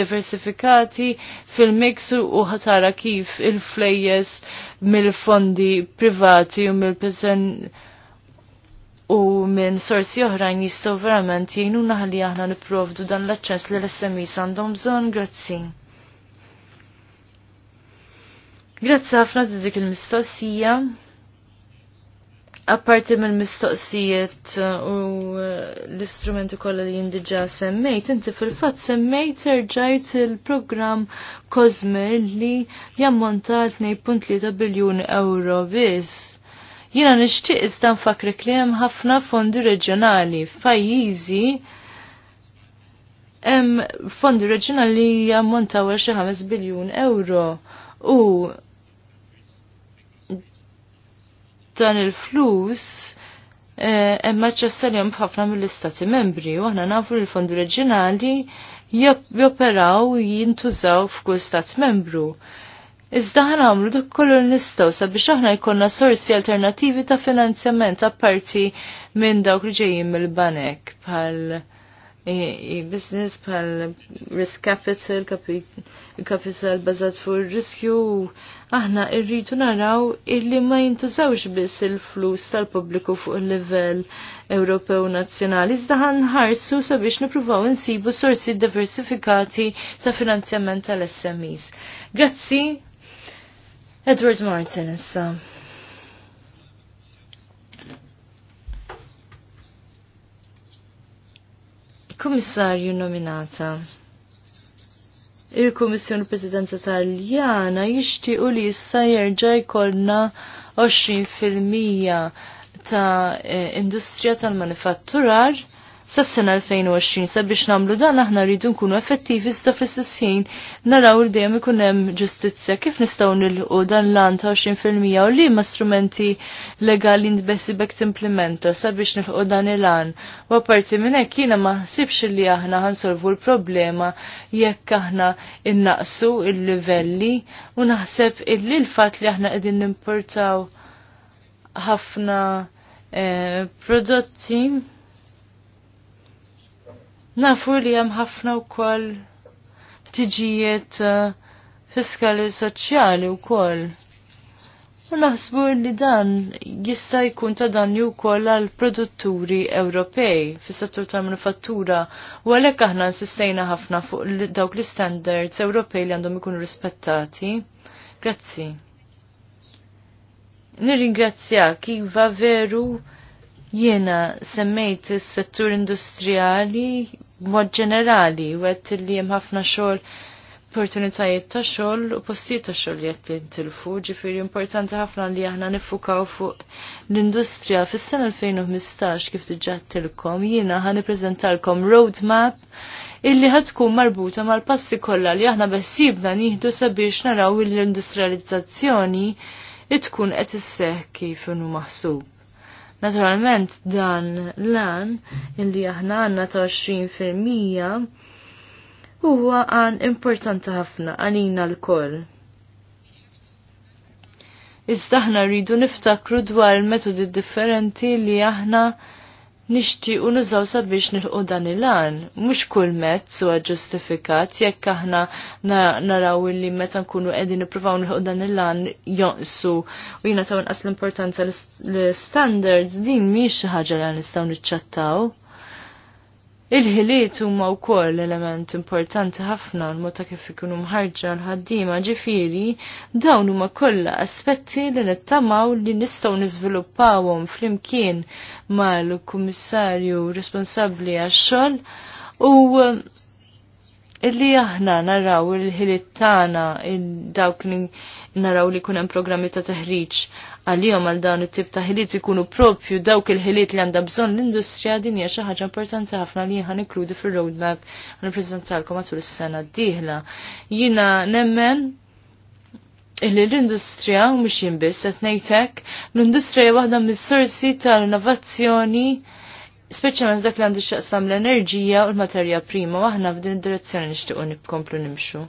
diversifikati fil-mix u ħatara kif il-flejjes mill-fondi privati u mill-pensjoni u minn sorsi oħrajn jistgħu verament jgħinu ħalli aħna nipprovdu dan l-aċċess li l smi għandhom bżonn, grazzi. Grazzi ħafna ta' dik il-mistoqsija. Apparti mill-mistoqsijiet u l-istrumenti kollha li jindiġa semmejt, inti fil-fatt semmejt erġajt il-programm Cosme li jammonta 2.3 biljun euro biss Jiena nixtieq istan fakri li hemm ħafna fondi reġjonali f'pajjiżi hemm fondi reġjonali jammontaw għal xi 5 biljun euro u dan il-flus hemm eh, aċċessarjhom b'ħafna mill-istati membri u aħna nafu li l-fondi reġjonali joperaw jintużaw f'kull stat membru. Iżda ħanamlu dak kollu nistgħu sabiex aħna jkollna sorsi alternattivi ta' finanzjament apparti minn dawk li ġejjin mill-banek bħal business bħal risk capital, capital bażat fuq riskju, aħna rridu naraw illi ma jintużawx biss il-flus tal-pubbliku fuq il-livell Ewropew nazzjonali, iżda ħanħarsu sabiex nippruvaw insibu sorsi diversifikati ta' finanzjament tal-SMEs. Grazzi Edward Martin issa. Kummissarju nominata. Il-Kummissjoni Presidenza Taljana jixtiequ li issa jerġa' jkollna 20% ta' eh, industrija tal-manifatturar sas-sena 2020 sabiex namlu dan aħna rridu nkunu effettivi iżda fl istessin ħin naraw li dejjem ikun hemm ġustizzja kif nistgħu nilqu dan l-an ta' 20% u li ma' strumenti legali nbessi bek timplementa sabiex nilqu dan il-an. U apparti minn hekk jiena ma ħsibx li aħna ħansolvu l-problema jekk aħna innaqsu il-livelli u naħseb illi l-fatt li aħna qegħdin nimportaw ħafna eh, prodotti Nafu li hemm ħafna wkoll tiġijiet eh, fiskali soċjali wkoll. U naħsbu li dan jista' jkun ta' ju wkoll għal produtturi Ewropej fis-settur ta' manufattura u għalhekk aħna nsistejna ħafna fuq dawk l-standards Ewropej li għandhom ikunu rispettati. Grazzi. Nirringrazzjak iva veru Jiena semmejt is-settur industrijali mod ġenerali u għed li hemm ħafna xogħol opportunitajiet ta' xogħol u postijiet ta' xogħol jekk li ntilfu, ġifiri importanti ħafna li aħna niffukaw fuq l-industrija fis-sena 2015 kif diġà tilkom jiena ħan nippreżentalkom roadmap illi ħatkun marbuta mal-passi kollha li aħna bessibna nieħdu sabiex naraw l-industrializzazzjoni tkun qed isseħħ kif inhu maħsub. Naturalment dan lan illi aħna għanna ta' 20% huwa għan importanti ħafna għalina l-koll. Iżda aħna rridu niftakru dwar metodi differenti li aħna nixti u nużaw sabiex nilqu dan il-għan. Mux kull mezz u ġustifikat jekk aħna naraw li meta nkunu edin nipruvaw nilqu dan il-għan jonqsu u jina taw nqas l-importanza l-standards din miex ħaġa li għan nistaw nitċattaw. Il-ħiliet huma wkoll element importanti ħafna l ta' kif ikunu mħarġa l-ħaddiema ġifiri, dawn huma kollha aspetti li nittamaw li nistgħu niżviluppawhom flimkien mal-kummissarju responsabbli għax-xogħol u eh, illi aħna naraw il-ħiliet tagħna dawk naraw li kunem programmi ta' teħriġ għal-jom għal dawn it-tip ta' ħiliet ikunu propju dawk il-ħiliet li għandha bżonn l-industrija din hija xi ħaġa importanti ħafna li ħan ikludi fir-roadmap nippreżentalkom matul is-sena d-dieħla. Jiena nemmen illi l-industrija mhux jinbiss qed ngħidlek, l-industrija waħda mis-sorsi tal-innovazzjoni speċjalment dak li għandu xaqsam l-enerġija u l-materja prima, waħna f'din id-direzzjoni nixtiequ nibkomplu nimxu.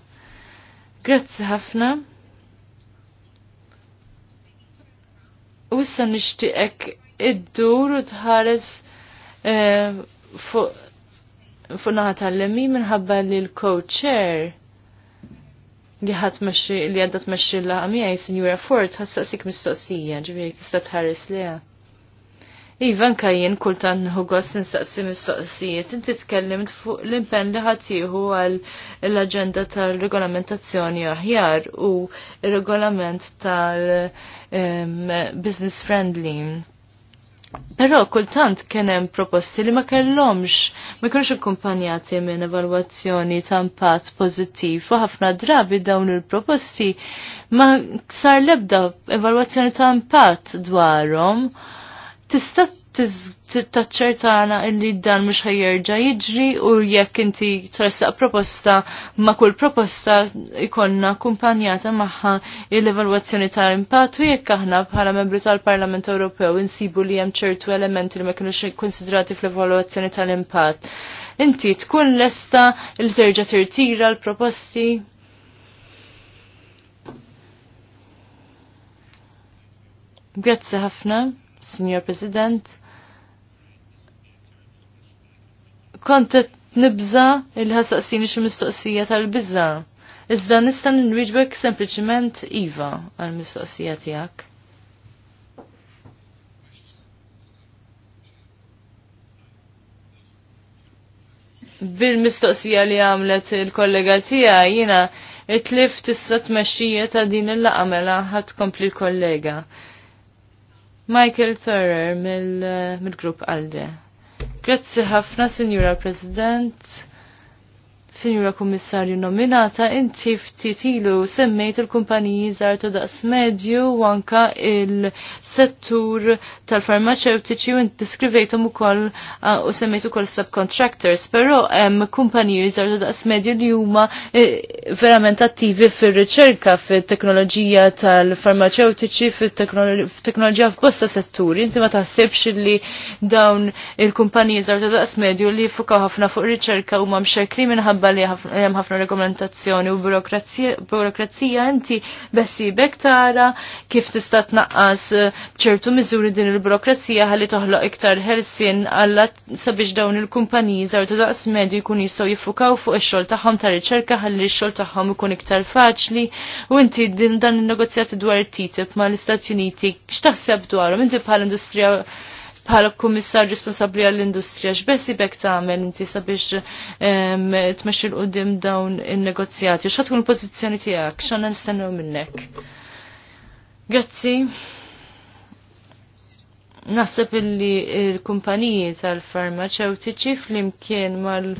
Grazzi ħafna. U issa nixtieqek id-dur u tħares eh, fuq naħa tal-lemi minħabba li l-co-chair li ħat li għadda tmexxi l-għamija, Signora Ford, ħassaqsik mistoqsija, ġiviri tista tħares liha. Ivan kajjen kultan hugos nsaqsi mis-soqsijiet, inti tkellimt fuq l-impenn li ħatiħu għal l-agenda tal-regolamentazzjoni aħjar u regolament tal-business friendly. Però kultant kien hemm proposti li ma kellhomx, ma kellux akkumpanjati minn evalwazzjoni ta' impatt pożittiv u ħafna drabi dawn il-proposti ma sar lebda evalwazzjoni ta' impatt dwarhom tista' taċċertana illi dan mhux ħajjerġa' jiġri u jekk inti tressaq proposta ma' kull proposta ikonna kumpanjata magħha l-evalwazzjoni tal-impatt u jekk aħna bħala membri tal-Parlament Ewropew insibu li hemm ċertu elementi li ma kinux konsidrati fl-evalwazzjoni tal-impatt. Inti tkun lesta li terġa' tirtira l-proposti? Grazzi ħafna. Signor President. kont nibza il-ħasaqsini xi mistoqsija tal-biża. Iżda nista' nriġbek sempliciment iva għal-mistoqsija tiegħek. Bil-mistoqsija li għamlet il-kollega tija jina it-tlif tissa t-mexxija ta' din il-laqamela ħat kompli l-kollega. Michael Thurer eh, mill-grupp mil Alde. Grazzi ħafna, Signora President. Sinjura Kummissarju nominata, inti ftit ilu semmejt il-kumpaniji żgħar daqs medju u anka il-settur tal-farmaceutiċi u deskrivejthom ukoll u semmejt ukoll subcontractors, però hemm kumpaniji żgħar daqs medju li huma e, verament attivi fir-riċerka fit-teknoloġija tal-farmaceutiċi fit-teknoloġija f'bosta setturi. Inti ma taħsibx li dawn il-kumpaniji żgħar daqs medju li fukaw ħafna fuq riċerka huma mxekli minħabba minħabba li hemm ħafna rekomendazzjoni u burokrazija inti bessibek tara kif tista' tnaqqas eh, ċertu miżuri din il-burokrazija ħalli toħloq iktar ħelsien għalla sabiex dawn il-kumpaniji żgħar ta' daqs medju jkun jistgħu jiffukaw fuq ix-xogħol tagħhom ta' riċerka ħalli x-xogħol tagħhom ikun iktar faċli u inti din dan in-negozjati dwar it-TTIP mal-Istati Uniti x'taħseb dwarhom inti bħal industrija bħala kummissar responsabbli għall-industrija x'bessi bek tagħmel inti sabiex tmexxi l-qudiem dawn in-negozjati. tkun il-pożizzjoni tiegħek? X'għandna nistennew minnek? Grazzi. Naħseb illi l-kumpaniji tal-farmaceutiċi flimkien mal-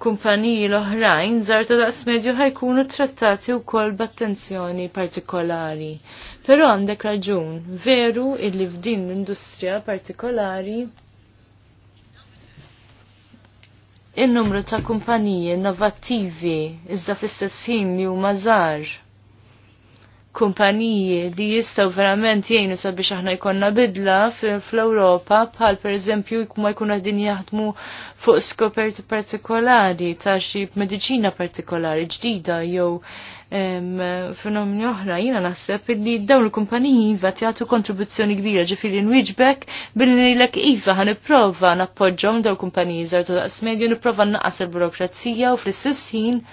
kumpaniji l-oħrajn żar ta' daqs medju ħajkunu trattati wkoll b'attenzjoni partikolari. Però għandek raġun, veru illi f'din l-industrija partikolari il-numru ta' kumpaniji innovattivi iżda fl-istess ħin li huma żgħar. Kumpaniji li jistgħu verament jgħinu sabiex aħna jkollna bidla fl-Ewropa bħal pereżempju ma jkunu qegħdin jaħdmu fuq skoperti partikolari ta' xi mediċina partikolari ġdida jew fenomeni oħra, jina naħseb li dawn il-kumpaniji iva jagħtu kontribuzzjoni kbira n nwiġbek billi ngħidlek iva ħan nipprova nappoġġhom dawn il-kumpaniji zartu daqs medju nipprova naqas il-burokrazija u fl-istess ħin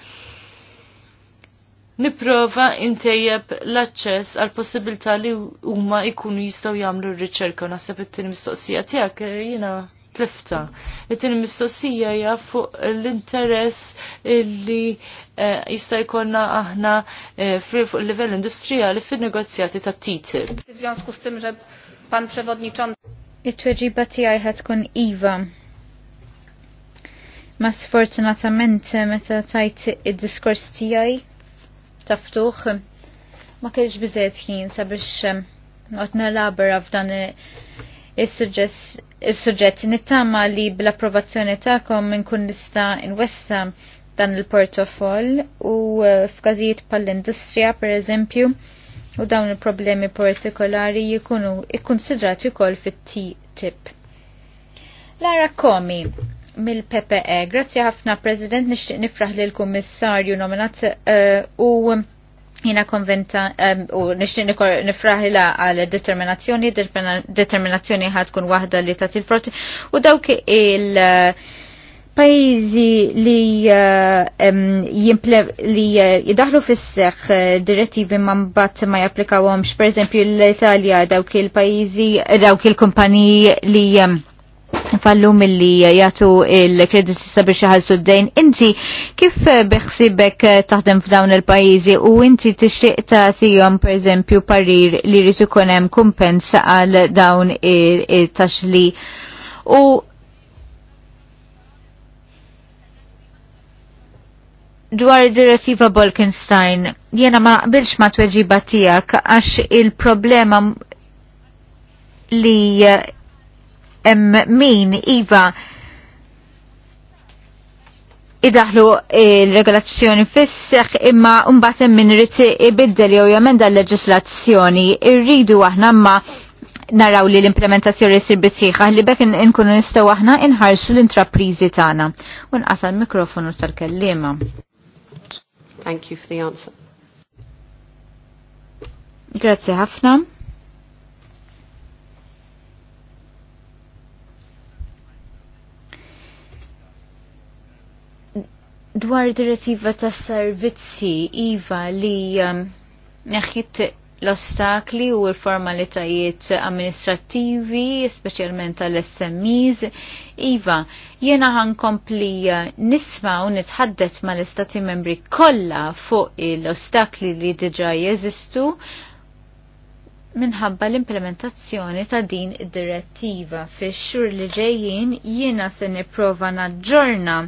Niprofa intejjeb l-aċċess għal possibilità li huma jkunu jistgħu jagħmlu r-riċerka u naħseb it-tieni mistoqsija tiegħek jina tlifta. it mistoqsija ja fuq l-interess illi eh, jista' jkollna aħna eh, fuq il-livell industrijali fin-negozjati ta' TTIP. Iżjansku s tim ġeb pan przewodniczący It-tweġiba tiegħi ħad tkun iva. Ma sfortunatament eh, meta tajt id-diskors tiegħi taftuħ ma kellx biżejjed ħin sabiex noqgħod nelabra f'dan il sujġet nittama li bl-approvazzjoni ta'kom minkun nista' nwessa dan il-portofoll u eh, f'każijiet pal-industrija per eżempju u dawn il-problemi partikolari jikunu ikkonsidrati wkoll fit-T-tip. Lara Komi mill-PPE, grazzi ħafna President nixtieq nifraħ lil kummissarju nominat uh, u jina konventa u nixtieq nifraħila għal determinazzjoni, determinazzjoni ħad tkun waħda li tagħti il-proti u dawk il- eh, pajizi li eh, li eh, jidaħlu fis-seħ direttivi man bat ma japplikawhomx, per l-Italja dawk il-pajizi, dawk il-kumpaniji li fallu mill-li jgħatu il-krediti sabiex jħalsu d-dejn. Inti kif eh, beħsibek eh, taħdem f'dawn il-pajizi u inti tixtieq ta' sijom per eżempju parir li rritu konem kumpens għal dawn il-taxli u dwar direttiva Bolkenstein, jena ma bilx ma tweġiba għax il-problema li eh, hemm min iva idaħlu il-regolazzjoni fisseħ imma mbagħad hemm min irid ibiddel jew jemenda l-leġislazzjoni irridu aħna ma naraw li l-implementazzjoni jsir bitieħa li bekk inkunu nistaw aħna inħarsu l-intrapriżi tagħna. U nqasal mikrofonu tal-kellima. Thank you for the answer. Grazie ħafna. dwar direttiva ta' servizzi iva li um, neħħit l-ostakli u l-formalitajiet amministrativi, specialment tal-SMEs. Iva, jena għan kompli uh, nisma u nitħaddet ma l-istati membri kolla fuq l-ostakli li diġa jeżistu minħabba l-implementazzjoni ta' din id-direttiva. Fi xur li ġejjin jiena se niprofa naġġorna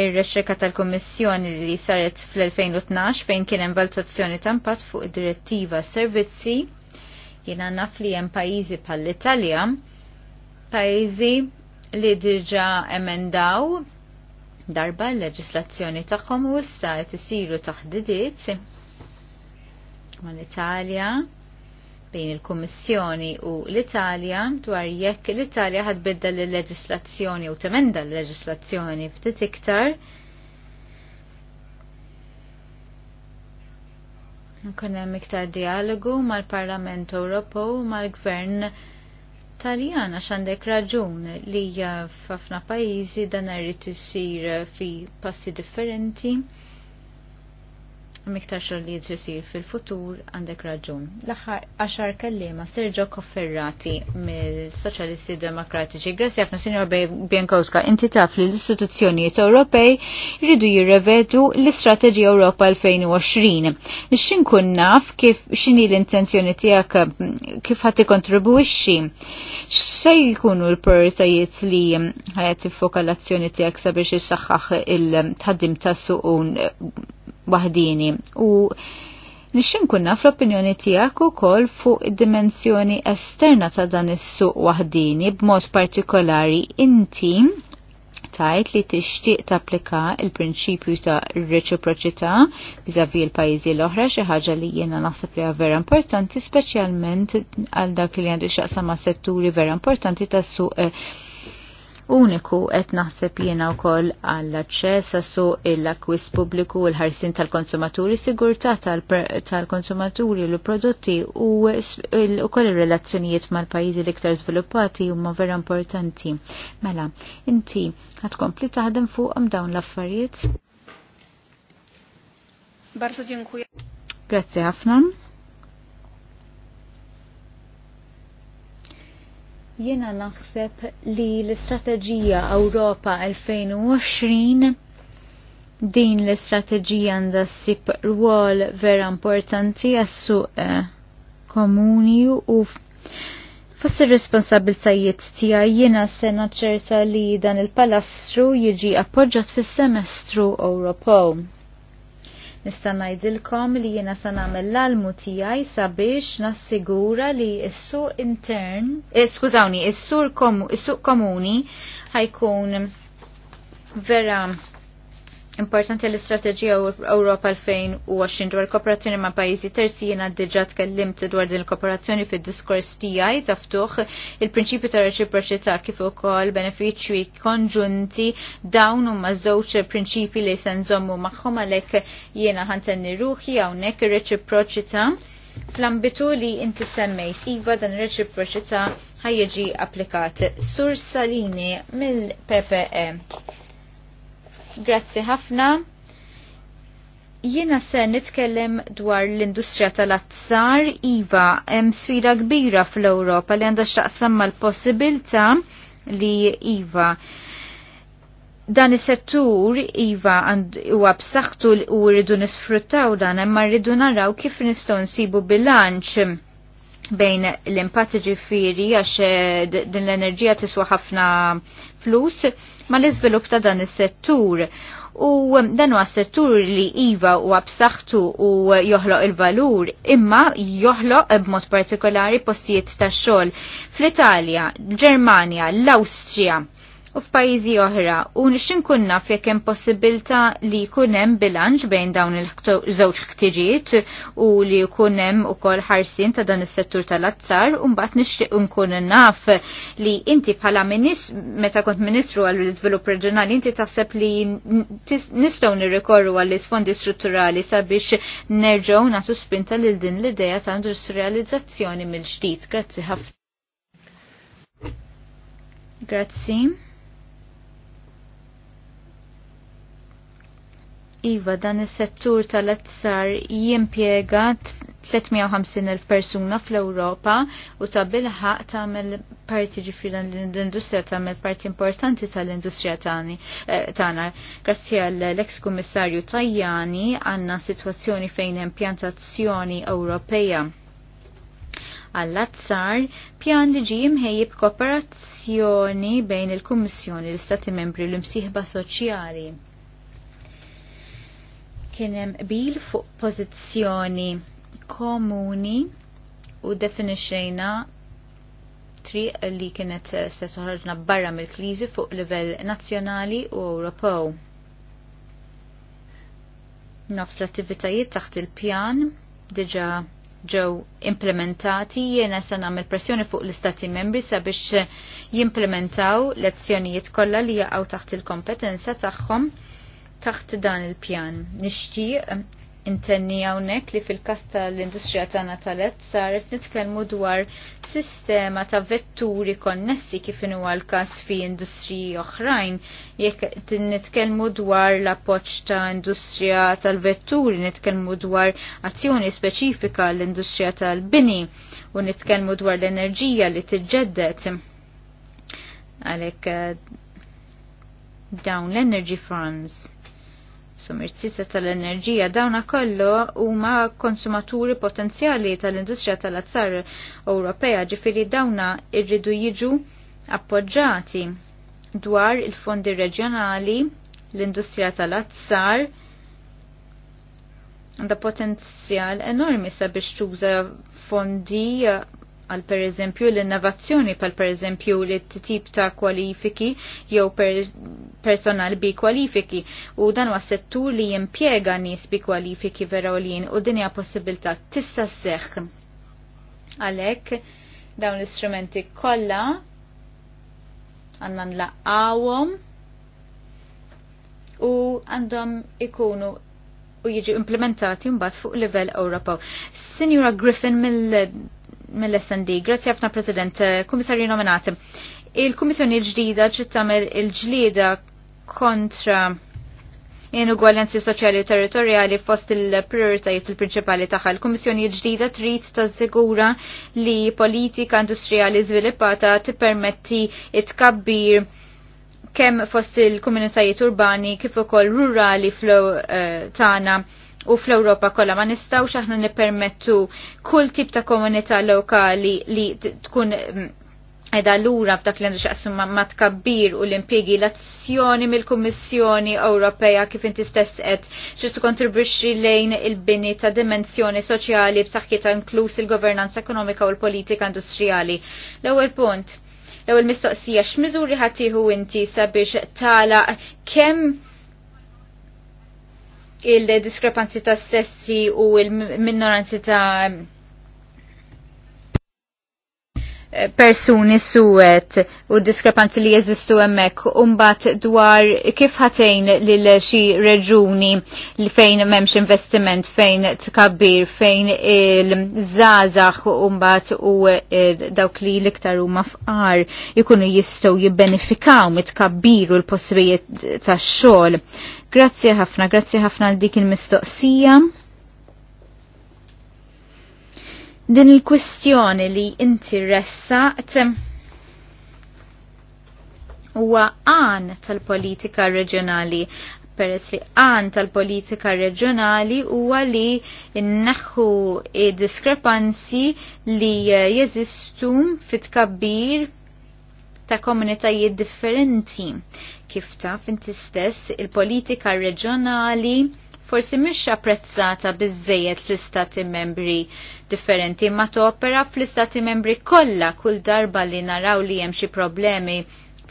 ir-rexxerka tal-Kummissjoni li saret fl-2012 fejn kien hemm valutazzjoni tampat fuq id-direttiva servizzi jiena naf li hemm pajjiżi bħall-Italja pajjiżi li diġà emendaw darba l-leġislazzjoni tagħhom u issa qed isiru taħdidiet mal-Italja bejn il-Kummissjoni u l-Italja dwar jekk l-Italja ħadbidda l-leġislazzjoni u temenda l-leġislazzjoni ftit iktar. Nkun hemm iktar dialogu mal-Parlament Ewropew mal-Gvern Taljan għax għandek raġun li f'ħafna pajjiżi dan irid isir fi passi differenti miktar xogħol li jisir fil-futur għandek raġun. L-aħħar għaxar kellima Sergio Kofferrati mill-Soċjalisti Demokratiċi. Grazie ħafna Sinjor Bienkowska, inti taf li l-istituzzjonijiet Ewropej jridu jirrevedu l-Istrateġija Ewropa 2020. Nixin kun naf kif xini l-intenzjoni tiegħek kif ħadd ikkontribwixxi. Xej jkunu l-prioritajiet li ħajati fokalazzjoni l-azzjoni tiegħek sabiex issaħħaħ il-tħaddim tas un waħdini u nixin kunna fl-opinjoni tijak u kol fuq dimensjoni esterna ta' dan is-suq waħdini b'mod partikolari intim tajt li tixtieq tapplika il-prinċipju ta' reċiproċità viżavi l-pajjiżi l-oħra xi ħaġa li jiena naħseb li vera importanti speċjalment għal dak li għandu x'aqsam ma' setturi vera importanti tas-suq eh, uniku qed naħseb jiena wkoll għall-aċċess għassu il-akwis pubbliku u l-ħarsin tal-konsumaturi, sigurtà tal-konsumaturi u l prodotti u wkoll ir-relazzjonijiet mal-pajjiżi l-iktar żviluppati huma vera importanti. Mela, inti ħadkompli taħdem fuqhom dawn l-affarijiet? Bardzo dziękuję. Grazie ħafna. Jena naħseb li l-istrateġija Ewropa 2020 din l-istrateġija għandha ssib rwol vera importanti għas-suq eh, komuni u fost ir responsabbiltajiet tiegħi jiena se naċċerta li dan il-palastru jiġi appoġġjat fis-semestru Ewropew. Nista' ngħidilkom li jiena se nagħmel l-almu tiegħi sabiex nassigura li s-suq intern, eh, skużawni, is komuni ħajkun vera Importanti l-istrateġija Ewropa 2020 dwar kooperazzjoni ma' pajjiżi terzi jiena diġà tkellimt dwar din kooperazzjoni fid-diskors tiegħi taftuħ il-prinċipju ta' reċiproċità kif ukoll benefiċċji konġunti dawn huma żewġ prinċipji li se nżommu magħhom għalhekk jiena ħantenni ruħi hawnhekk ir-reċiproċità fl-ambitu li inti semmejt iva dan reċiproċità ħajjeġi applikat. Sur Salini mill-PPE. Grazzi ħafna. Jiena se nitkellem dwar l-industrija tal-azzar, Iva, hemm sfida kbira fl-Ewropa li għandha x'aqsam mal-possibilità li Iva dan is-settur iva huwa b'saħħtu u rridu nisfruttaw dan imma rridu naraw kif nistgħu nsibu bilanċ bejn l-impatt ġifiri għax eh, din l-enerġija tiswa ħafna flus ma l-izvilup ta' dan is-settur. U um, dan huwa settur li iva u b'saħħtu u joħloq il-valur, imma joħloq b'mod partikolari postijiet ta' xogħol fl-Italja, l-Ġermanja, l-Awstrija u f'pajjiżi oħra u nixin kunna fjek hemm possibilità li jkun hemm bilanċ bejn dawn il-żewġ ħtiġijiet u li jkun hemm ukoll ħarsien ta' dan is-settur tal-azzar u mbagħad nixtieq nkun naf li inti bħala meta kont ministru għall iżvilupp reġjonali inti taħseb li nistgħu nirrikorru għall isfondi strutturali sabiex nerġgħu nagħtu spinta lil din l-idea ta' industrializzazzjoni mill-ġdid. Grazzi ħafna. Grazzi. Iva, dan is-settur tal-azzar jimpiega 350.000 persuna fl-Ewropa u ta' ta' tagħmel parti ġifieri l-industrija tagħmel parti importanti tal-industrija eh, tagħna. Grazzi għall-eks kummissarju Tajjani għandna sitwazzjoni fejn hemm Ewropeja Ewropea għall-azzar pjan li ġi mħejjib kooperazzjoni bejn il-Kummissjoni l-Istati Membri l-Imsieħba Soċjali kienem bil fuq pozizjoni komuni u definixxejna tri li kienet eh, se toħorġna barra mill-kliżi fuq livell nazzjonali u Ewropew. Nofs l-attivitajiet taħt il-pjan diġa ġew implementati jiena se nagħmel pressjoni fuq l-istati membri sabiex jimplementaw lezzjonijiet kollha li jaqgħu taħt il-kompetenza tagħhom taħt dan il-pjan. Nixtieq intenni hawnhekk li fil każ tal-industrija ta' tal saret nitkellmu dwar sistema ta' vetturi konnessi kif inhu l-każ fi industriji oħrajn jekk nitkellmu dwar l-appoġġ ta' industrija tal-vetturi, nitkellmu dwar azzjoni speċifika l-industrija tal-bini u nitkellmu dwar l-enerġija li tiġġedded. Għalhekk eh, dawn l-energy farms sumirzista tal-enerġija dawna kollu huma konsumaturi potenzjali tal-industrija tal-azzar Ewropea ġifiri dawna irridu jiġu appoġġati dwar il-fondi reġjonali l-industrija tal-azzar għandha potenzjal enormi sabiex tuża fondi għal per eżempju l-innovazzjoni pal per eżempju li t-tip ta' kwalifiki jew per personal bi kwalifiki u dan huwa settur li jimpiega nies bi kwalifiki vera u din hija possibilità tista' sseħħ. Għalhekk dawn l-istrumenti kollha għandna nlaqgħuhom u għandhom ikunu u jiġi implementati mbagħad fuq livell Ewropew. Sinjura Griffin mill mill-SND. Grazie għafna, President, eh, Komissarju nominati. Il-Komissjoni l-ġdida ċit tagħmel il-ġlida kontra inugwaljanzi soċjali u territorjali fost il-prioritajiet il-prinċipali tagħha. Il-Kummissjoni l-ġdida trid tażigura li politika industrijali żviluppata tippermetti it-tkabbir kemm fost il-komunitajiet urbani kif ukoll rurali flow eh, tagħna u fl-Europa kollha ma nistgħux aħna nippermettu kull tip ta' komunità lokali li tkun mm, edha lura f'dak li għandu xaqsum ma tkabbir u l-impiegi l-azzjoni mill-Kummissjoni Ewropea kif inti stess qed xi tkontribwixxi lejn il-bini ta' dimensjoni soċjali b'saħħitha inkluż il-governanza ekonomika u l-politika industrijali. L-ewwel punt, l-ewwel mistoqsija x'miżuri ħadd inti sabiex tala kemm il-diskrepanzi ta' sessi u il-minoranzi ta' persuni suwet u diskrepanzi li jeżistu emmek umbat dwar kif ħatejn lil xi reġuni li fejn memx investiment fejn tkabbir fejn il-żazax umbat u dawk li liktar huma fqar ikunu jistgħu jibbenefikaw mit-tkabbir u l possibijiet tax-xogħol. Grazzi ħafna, grazzi ħafna għal dik il-mistoqsija. Din il-kwistjoni li inti ressaqt huwa għan tal-politika reġjonali peress li għan tal-politika reġjonali huwa li nneħħu diskrepanzi li jeżistu fit-kabbir ta' komunitajiet differenti kif taf inti stess il-politika reġjonali forsi mhix apprezzata biżejjed fl-istati membri differenti ma topera fl-istati membri kollha kull darba li naraw li hemm xi problemi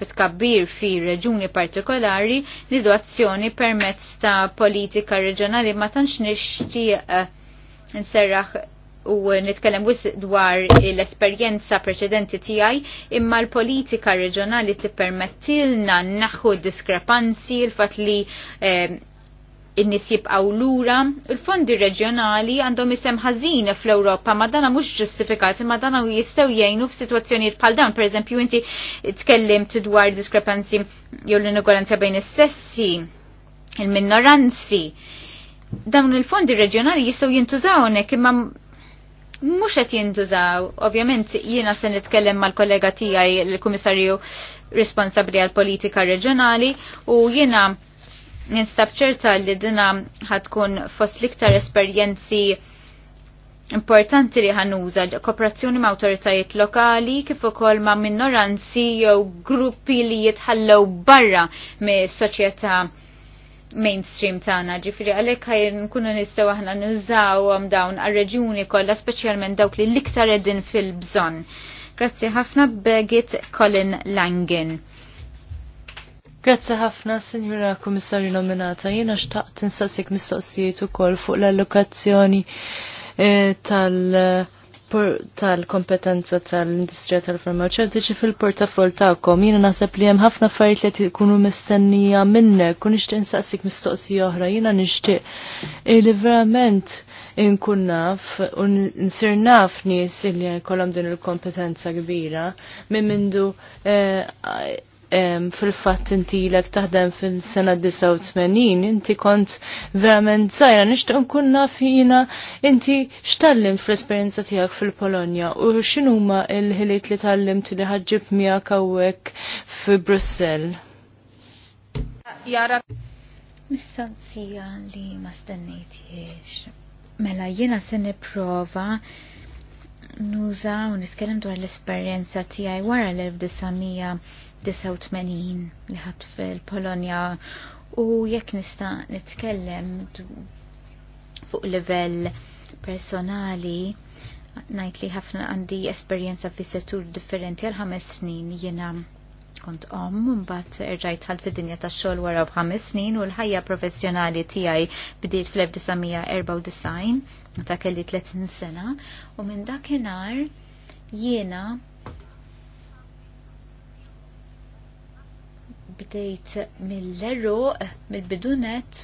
fit-kabbir fi reġuni partikolari li azzjoni permezz ta' politika reġjonali ma tantx nixtieq uh, u nitkellem wis dwar l-esperjenza preċedenti tiegħi imma l-politika reġjonali tippermettilna naħu diskrepanzi l fat li eh, in-nies jibqgħu lura. Il-fondi reġjonali għandhom isem ħażin fl-Ewropa, ma dana mhux ġustifikati, ma dana jistgħu jgħinu f'sitwazzjonijiet bħal dawn. Pereżempju inti tkellimt dwar diskrepanzi jew l inugolanza bejn is-sessi, il-minoranzi. Dawn il-fondi reġjonali jistgħu jintużawnek imma mux qed jintużaw, ovvjament jiena se nitkellem mal-kollega tiegħi l-Kummissarju responsabbli għal politika reġjonali u jiena nistab ċerta li dina ħatkun fost liktar esperjenzi importanti li ħanuża kooperazzjoni ma' autoritajiet lokali kif ukoll ma' minoranzi jew gruppi li jitħallew barra mis-soċjetà mainstream tagħna, ġifri għalhekk ħajr nkunu nistgħu aħna nużawhom dawn għal reġjuni kollha speċjalment dawk li l-iktar fil-bżonn. Grazzi ħafna Begit Colin Langin. Grazzi ħafna, Sinjura Kummissarju nominata. Jiena xtaqt insasik mistoqsijiet ukoll fuq l-allokazzjoni eh, tal- uh, tal-kompetenza tal-industrija tal-farmaceutiċi fil-portafol ta'kom. Jina naħseb li hemm ħafna affarijiet li jkunu mistennija minnek u nixtieq insaqsik mistoqsija oħra. Jina nixtieq li verament inkun naf u nsir naf nies li jkollhom din il-kompetenza kbira minn mindu eh, fil-fatt inti l-ek taħdem fil-sena 89, inti kont verament zaħra, nishtu nkun nafina inti xtallim fil-esperienza tijak fil-Polonja u xinuma il-ħiliet li tallim li ħadġib mija kawwek fil-Brussel. Jara. Missanzija li ma jiex. Mela jiena se nipprova nuża u nitkellem dwar l-esperjenza tiegħi wara l-1900 89 li ħadd fil-Polonja u jekk nista' nitkellem fuq livell personali ngħid li ħafna għandi esperjenza fi settur differenti għal ħames snin jiena kont om, mbagħad irġajt ħalt fid-dinja tax-xogħol wara b'ħames snin u l-ħajja professjonali tiegħi bdiet fl-1994 ta' kelli 30 sena u minn dakinhar jiena bdejt mill-eruq, mill-bidunet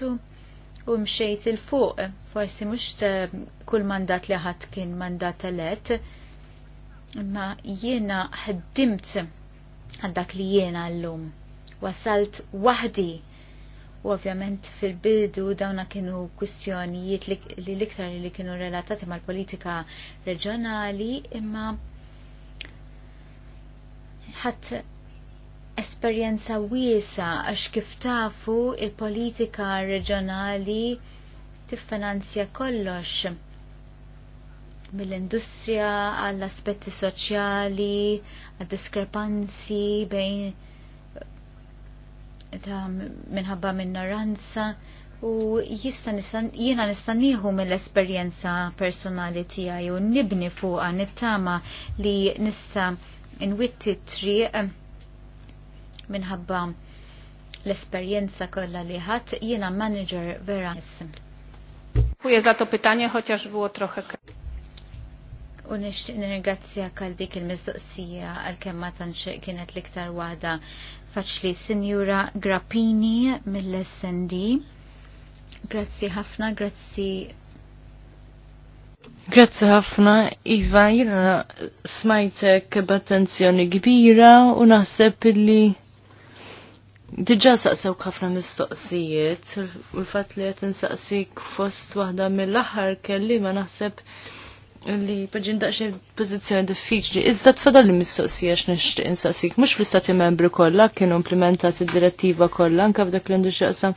u mxejt il-fuq. Forsi mux eh, kull mandat li ħadd kien mandat elett, imma jiena ħeddimt għal dak li jiena llum. Wasalt waħdi u ovvjament fil-bidu dawna kienu kwistjonijiet li liktar li kienu relatati mal-politika reġjonali imma ħadd esperjenza wiesa għax kif tafu il-politika reġjonali tiffinanzja kollox mill-industrija għall aspetti soċjali, għad diskrepanzi bejn ta' minħabba minoranza u jista jiena nistanniħu mill-esperjenza personali tiegħi u nibni fuqha nittama li nista' inwitti triq minħabba l-esperjenza kollha li ħadd jiena manager vera nissim. Dziękuję za to pytanie, chociaż było trochę. U nixtieq nirringrazzja għal dik il-mistoqsija għal kemma ma kienet l-iktar waħda faċli Sinjura Grappini mill-SND. Grazzi ħafna, grazzi Grazzi ħafna, Iva, jina smajtek b'attenzjoni kbira u naħseb illi Diġa saqsew ħafna mistoqsijiet, u l-fat li għet nsaqsik fost wahda mill-axar kelli ma naħseb li bħġin daqxie pozizjoni diffiċli. Iżda tfadal li mistoqsija x'nixtieq insaqsik, mhux fl-istati membri kollha kienu implementat id-direttiva kollha anke f'dak li għandu x'jaqsam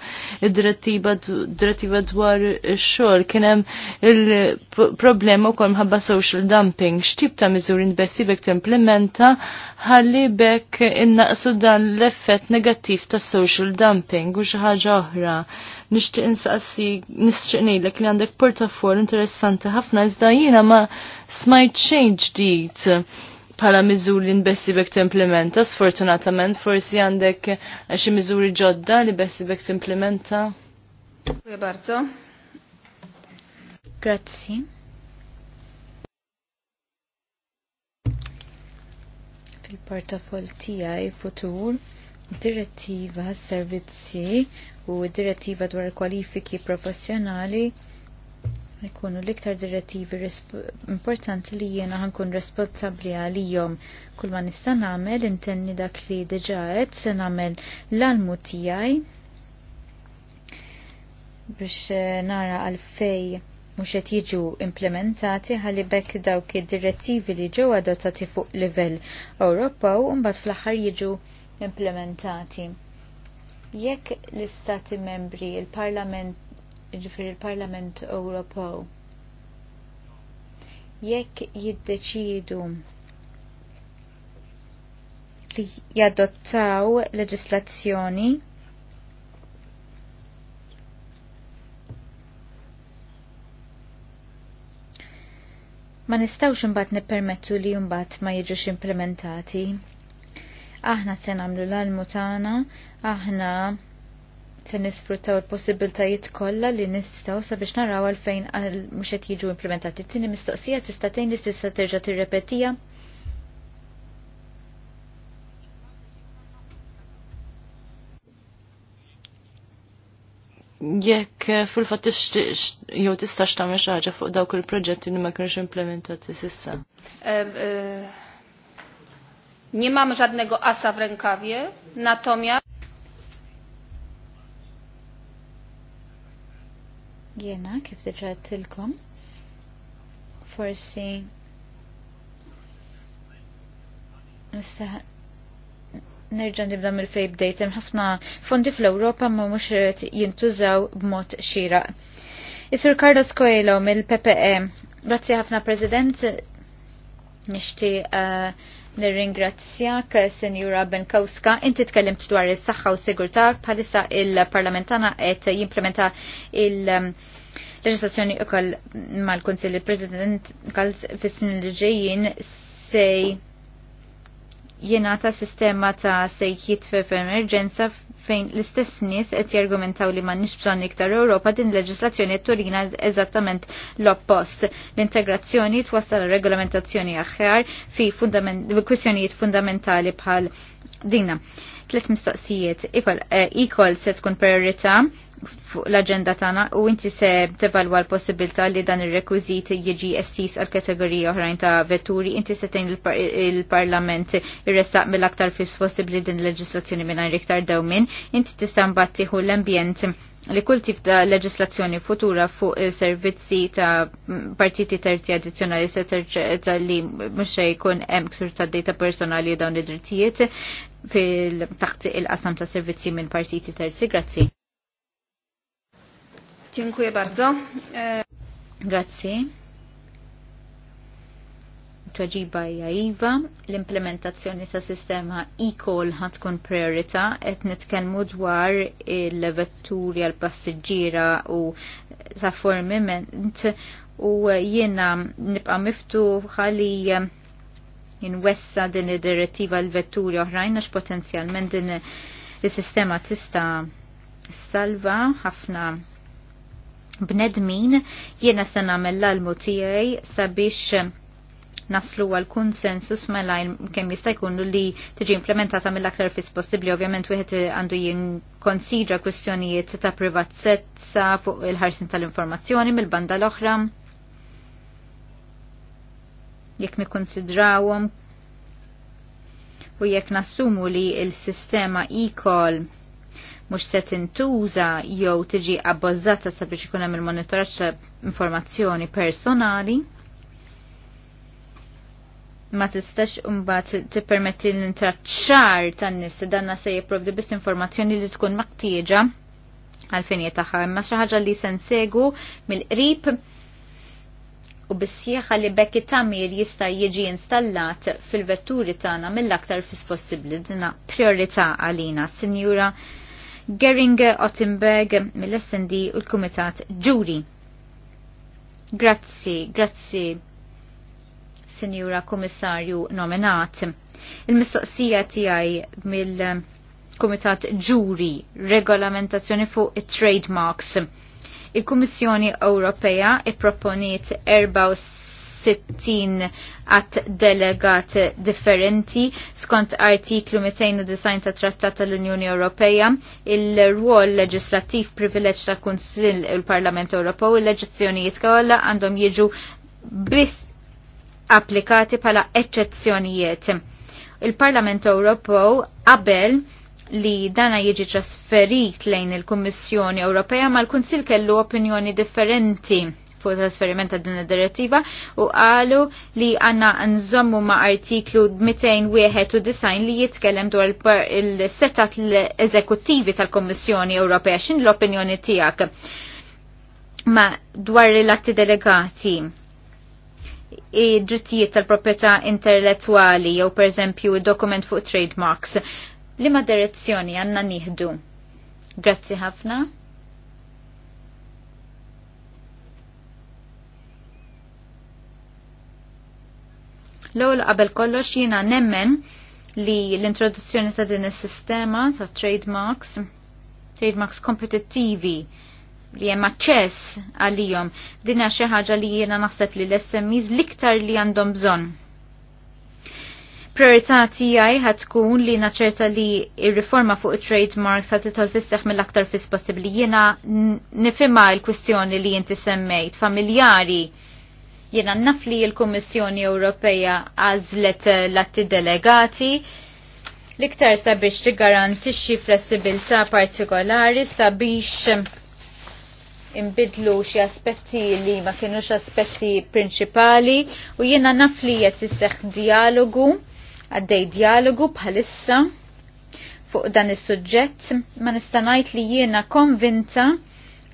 id-direttiva direttiva dwar ix-xogħol kien hemm il-problema wkoll mħabba social dumping. X'tip ta' miżuri nbessi bek timplementa ħalli bekk innaqsu dan l-effett negattiv ta' social dumping u xi ħaġa oħra nixtieq insaqsi nishtiq ngħidlek li għandek portafol interessanti ħafna iżda jiena ma smajt xejn ġdijt bħala miżuri li nbessi bek timplementa, sfortunatament forsi għandek xi miżuri ġodda li bessi bek timplementa. Grazzi. fil-portafol tiegħi futur direttiva servizzi u direttiva dwar kwalifiki professjonali ikunu l-iktar direttivi importanti li jiena ħankun responsabbli għalihom. Kull ma nista' nagħmel intenni dak li diġà qed se nagħmel l-almu tiegħi biex eh, nara għalfej mhux qed jiġu implementati ħalli bekk dawk id-direttivi li ġew adottati fuq livell Ewropew u mbagħad fl-aħħar jiġu implementati. Jekk l-Istati membri, il-Parlament, ġifir il-Parlament Ewropew, jekk jiddeċidu li jadottaw leġislazzjoni ma nistawx imbagħad nippermettu li mbagħad ma jiġux implementati aħna se nagħmlu l-almu tagħna, aħna se nisfruttaw il-possibiltajiet kollha li nistgħu sabiex naraw għalfejn għal mhux qed jiġu implementati. Tieni mistoqsija tista' tgħin li tista' terġa' tirrepetija. Jekk eh, fil-fatt jew tistax tagħmel xi ħaġa fuq dawk il-proġetti li ma kienx implementati s'issa. Eh, Nie mamy żadnego asa w rękawie, natomiast... Jena, kif diġa tylko. forsi Issa Nerġan nibda mill-fej bdejtem, ħafna fondi fl-Ewropa ma mhux jintużaw b'mod xira. Isur Carlos Coelho mill-PPE. Grazzi ħafna President. Nixti uh, Nirringrazzjak, Senjura Benkowska. Inti tkellimt dwar is-saħħa u sigurtà bħalissa il-parlamentana qed jimplementa il- um, Leġislazzjoni ukoll mal-Kunsilli President Kalz fis-sin li ġejjin sej ta' sistema ta' sejħit fe emerġenza fejn l-istess nies qed jargumentaw li m'għandniex bżonn iktar Ewropa din leġislazzjoni turina eżattament l-oppost. L-integrazzjoni twassal regolamentazzjoni aħjar fi kwistjonijiet fundamentali bħal dinna. Tlet mistoqsijiet, ikol eh, se tkun priorità fuq l-agenda tagħna u inti se tevalwa l-possibilità li dan ir-rekwiżit jiġi essis għal kategorija oħrajn ta' vetturi, inti se tgħin il-Parlament irressaq mill-aktar fis possibbli din il-leġislazzjoni mingħajr iktar dewmin, inti tista' battiħu tieħu l-ambjent li kull tip ta' leġislazzjoni futura fuq servizzi ta' partiti terzi addizzjonali se terċa li mhux se jkun hemm ksur ta' data personali dawn id-drittijiet fil taħt il-qasam ta' servizzi minn partiti terzi. Grazzi. Dziękuję bardzo. E, Grazie. Tweġiba hija iva, l-implementazzjoni ta' sistema e-call ħatkun priorità qed nitkellmu dwar il-vetturi għal passiġġiera u ta' formiment u jiena nibqa' miftuħa li jinwessa din id-direttiva l-vetturi oħrajn għax potenzjalment din is-sistema tista' salva ħafna bnedmin jiena se nagħmel l-almu tiegħi sabiex naslu għal konsensus malajn kemm jista' jkun li tiġi implementata mill-aktar fis possibbli ovvjament wieħed għandu jinkonsidra kwistjonijiet ta' privatezza fuq il-ħarsin tal-informazzjoni mill-banda l-oħra jekk nikkonsidrawhom u jekk nassumu li il-sistema e-call mhux se tintuża jew tiġi abbozzata sabiex ikun hemm il-monitoraġġ ta' informazzjoni personali ma tistax imbagħad tippermetti l-intraċċar tan-nies danna se jipprovdi biss informazzjoni li tkun maqtieġa għal-finja tagħha, imma xi ħaġa li se nsegu mill-qrib u jieħa li bekki tamir jista' jiġi installat fil-vetturi tagħna mill-aktar fis possibbli dina priorità għalina, Sinjura Gering Ottenberg mill-SND u l-Kumitat Ġuri. Grazzi, grazzi, Sinjura Komissarju nominat. Il-mistoqsija tiegħi mill-Kumitat Ġuri, regolamentazzjoni fuq it-trademarks il-Kummissjoni Ewropea ipproponiet 74 60 għat delegat differenti skont artiklu 209 ta' Trattat tal-Unjoni Ewropeja il-rwol leġislattiv privileġġ ta' Kunsill il parlament Ewropew il-leġizzjonijiet kollha għandhom jiġu biss applikati pala eccezzjonijiet. Il-Parlament Ewropew qabel li dana jiġi trasferit lejn il-Kummissjoni Ewropea ma l-Kunsil kellu opinjoni differenti fuq trasferiment ta' din id-direttiva u qalu li għanna nżommu ma' artiklu 291 li jitkellem dwar il-setat l-eżekuttivi tal-Kommissjoni Ewropea xin l-opinjoni tijak ma dwar l-atti delegati id-drittijiet tal-proprjetà intellettuali jew pereżempju dokument fuq trademarks. ma direzzjoni għandna nieħdu? Grazzi ħafna. L-ewwel qabel kollox jiena nemmen li l-introduzzjoni ta' din is-sistema ta' trademarks, trademarks kompetittivi li hemm aċċess għalihom din hija xi ħaġa li jiena naħseb li l-SMEs l-iktar li għandhom bżonn. Priorità tiegħi ħad tkun li naċċerta li r-riforma fuq it-trademarks ħad titol fisseħ mill-aktar fis possibbli. Jiena nifhimha l-kwistjoni li inti semmejt familjari Jena naf li l-Kummissjoni Ewropeja għażlet eh, l-atti delegati liktar sabiex tigarantixxi flessibilità partikolari sabiex imbidlu xi aspetti li ma kienux aspetti prinċipali u jiena naf li qed isseħħ dialogu għaddej dialogu bħalissa fuq dan is-suġġett ma nista' ngħid li jiena konvinta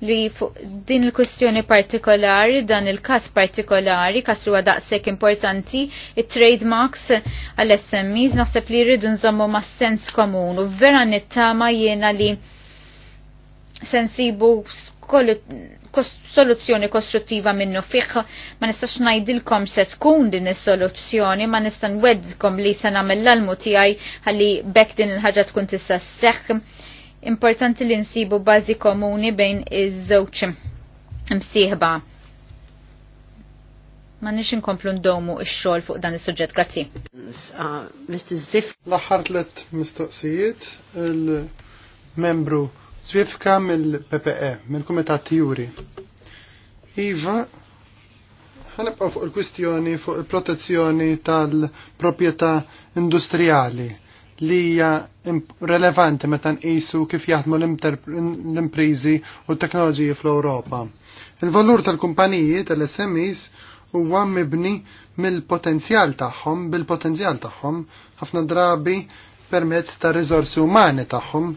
li fuq din il-kwestjoni partikolari, dan il-kas partikolari, kas huwa daqshekk importanti, il trademarks għall-SMEs, naħseb li rridu nżommu ma' sens komun u vera nittama jiena li sensibu soluzzjoni kostruttiva minnu fiħ, ma nistax najdilkom se tkun din is-soluzzjoni, ma nistan wedkom li se nagħmel l-almu tiegħi għalli bekk din il-ħaġa tkun tista' s-seħ importanti li nsibu bażi komuni bejn iż-żewġ msieħba. Ma nix nkomplu ndomu ix-xogħol fuq dan is-suġġett. Grazzi. Uh, Mr. Ziff. L-aħħar tliet mistoqsijiet il-membru Zwifka mill-PPE, mill-Kumitat Juri. Iva, ħanibqa' fuq il-kwistjoni fuq il-protezzjoni tal-proprjetà industrijali li hija relevanti meta nqisu kif jaħdmu l-imprizi u t-teknoloġiji fl-Ewropa. Il-valur tal-kumpaniji tal-SMEs huwa mibni mill-potenzjal tagħhom bil-potenzjal tagħhom ħafna drabi permezz ta' riżorsi umani tagħhom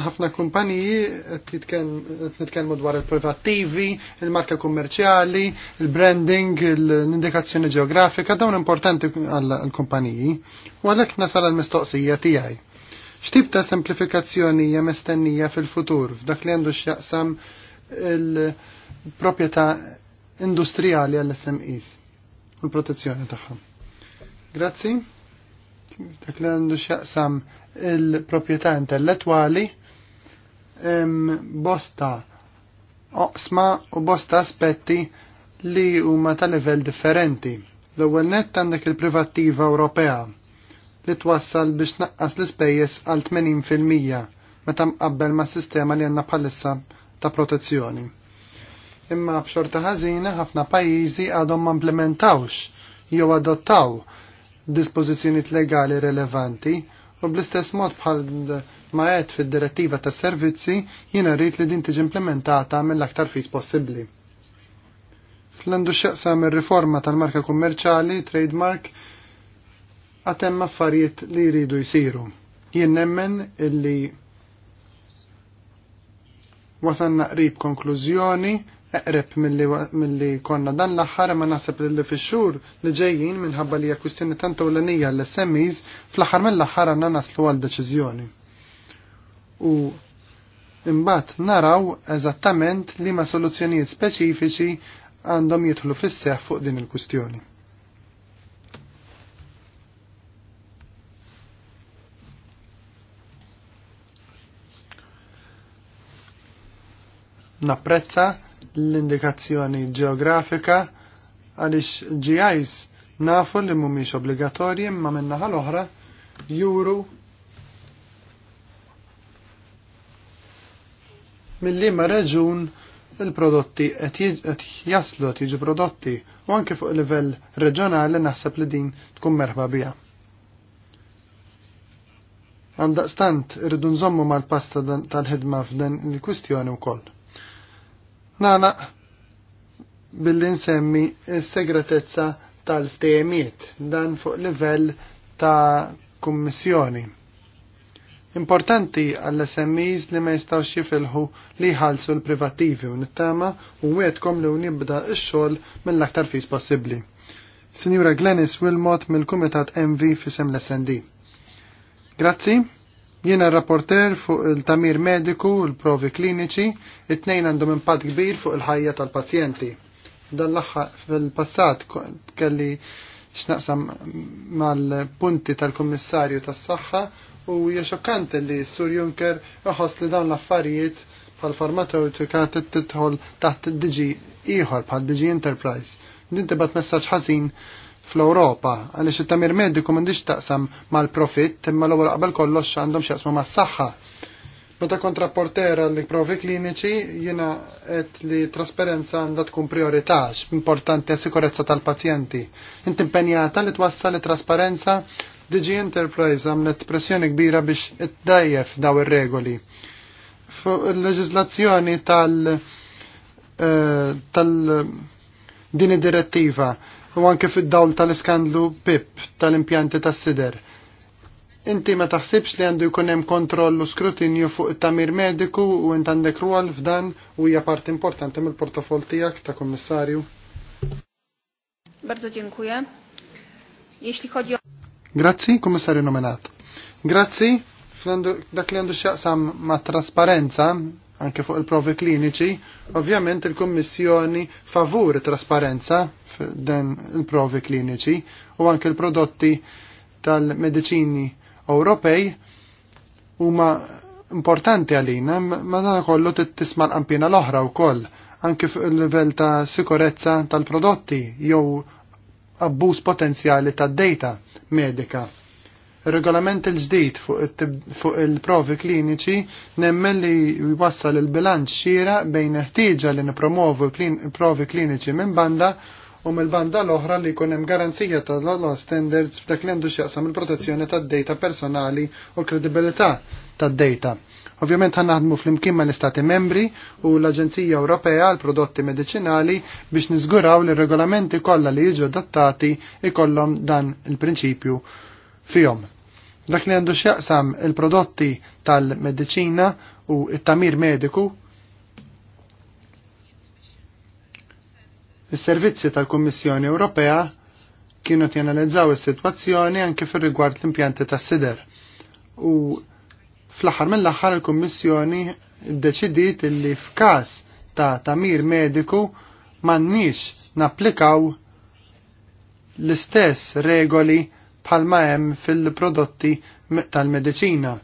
ħafna kumpaniji qed nitkellmu dwar il TV, il-marka kummerċjali, il-branding, l-indikazzjoni ġeografika, dawn importanti għall-kumpaniji. U għalhekk nasal l mistoqsija tiegħi. X'tib ta' semplifikazzjoni hija mestennija fil-futur f'dak li għandu x'jaqsam il-proprjetà industrijali għall-SMEs u l-protezzjoni tagħha. Grazzi. Dak li għandu x'jaqsam il-proprjetà intellettwali bosta oqsma u bosta aspetti li huma ta' livell differenti. L-ewwel nett għandek il-privattiva Ewropea li twassal biex naqqas l-ispejjeż għal 80% meta mqabbel ma' sistema li għandna bħalissa ta' protezzjoni. Imma b'xorta ħażina ħafna pajjiżi għadhom ma implementawx jew adottaw dispożizzjonijiet legali rilevanti u bl-istess mod bħal ma għed fid-direttiva ta' servizzi jiena rrit li din tiġi implementata mill-aktar fis possibbli. Fl-għandu x'jaqsam ir-riforma tal-marka kummerċali, trademark, għatem affarijiet li jridu jisiru. Jien nemmen illi wasanna qrib konklużjoni eqreb mill-li, konna dan l-axħar ma naħseb li fix-xhur li ġejjin minħabba li hija kwistjoni tant ewlenija l-SMEs fl-aħħar mill-aħħar għanna naslu għal deċiżjoni u imbat naraw eżattament li ma soluzzjonijiet speċifiċi għandhom jidħlu fis-seħ fuq din il kustjoni napprezza l-indikazzjoni ġeografika għaliex GIs nafu li mhumiex obbligatorji imma minnaħal l-oħra juru mill-liema reġun il-prodotti qed jaslu qed jiġu prodotti u anke fuq livell reġjonali naħseb li din tkun merħba biha. Għandaqstant irridu nżommu mal-pasta tal-ħidma f'dan il-kwistjoni wkoll. Nana billi nsemmi s-segretezza tal-ftejemiet dan fuq livell ta' kummissjoni Importanti għall-SMEs li ma jistawx jifilħu li jħalsu l-privattivi u nittama u għedkom li unibda x-xol mill-aktar fis possibli. Sinjura Glenis Wilmot mill-Kumitat MV fisem l-SND. Grazzi, jiena rapporter fuq il-tamir mediku u l-provi kliniċi, it-nejn għandhom impatt kbir fuq il-ħajja tal-pazjenti. Dan l-aħħa fil-passat kelli x'naqsam mal-punti tal-Kummissarju tas-Saħħa u hija xokkanti li Sur Juncker joħos li dawn l-affarijiet bħal farmaceutika titħol taħt diġi ieħor bħal diġi Enterprise. Din tibgħat messaġġ ħażin fl-Ewropa għaliex it-tamir mediku m'għandix taqsam mal-profitt imma l-ewwel qabel kollox għandhom x'jaqsmu mas-saħħa. Meta kontrapportera li provi kliniċi jiena qed li trasparenza għandha tkun priorità importanti għas sikurezza tal-pazjenti. Inti impenjata li twassal li trasparenza DG Enterprise għamlet pressjoni kbira biex iddajjef daw ir-regoli. Fuq il-leġizlazzjoni tal- eh, tal- din id-direttiva u anke fid-dawl tal-iskandlu PIP tal-impjanti tas-sider. Inti ma taħsibx li għandu jkun hemm kontroll u skrutinju fuq it-tamir mediku u int għandek rwol f'dan u hija parti importanti mill-portafol tiegħek ta' kummissarju? Bardzo dziękuję. Jeśli chodzi o... Grazzi, kummissarju nominat. Grazzi, dak li għandu xaqsam ma' trasparenza, anke fuq il-provi kliniċi, ovvjament il-Kommissjoni favur trasparenza den il-provi kliniċi u anke il-prodotti tal-medicini Ewropej huma importanti għalina, ma dan kollu tisma' l-qampina l-oħra wkoll anke fuq il-livell ta' sikurezza tal-prodotti jew abbuż potenzjali ta' data medika. Regolament il-ġdid fuq il-provi kliniċi nemmen li jwassal il-bilanċ xira bejn ħtieġa li nipromovu provi kliniċi minn banda u mill-banda l-oħra li jkun hemm garanzija ta' law standards f'dak li għandu x'jaqsam il-protezzjoni tad-data personali u l-kredibilità tad-data Ovvjament ħan naħdmu fl-imkien ma' l-Istati membri u l-Aġenzija Ewropea għal prodotti medicinali biex niżguraw li regolamenti kollha li jiġu adattati ikollhom dan il-prinċipju fihom. Dak li għandu x'jaqsam il-prodotti tal-mediċina u it-tamir mediku Is-servizzi tal-Kummissjoni Ewropea kienu tjanalizzaw is-sitwazzjoni anke fir rigward l-impjanti tas-sider. U Fl-aħħar mill-aħħar il-Kummissjoni ddeċidiet li f'każ ta' tamir mediku m'għandniex napplikaw l-istess regoli bħalma hemm fil-prodotti tal-mediċina.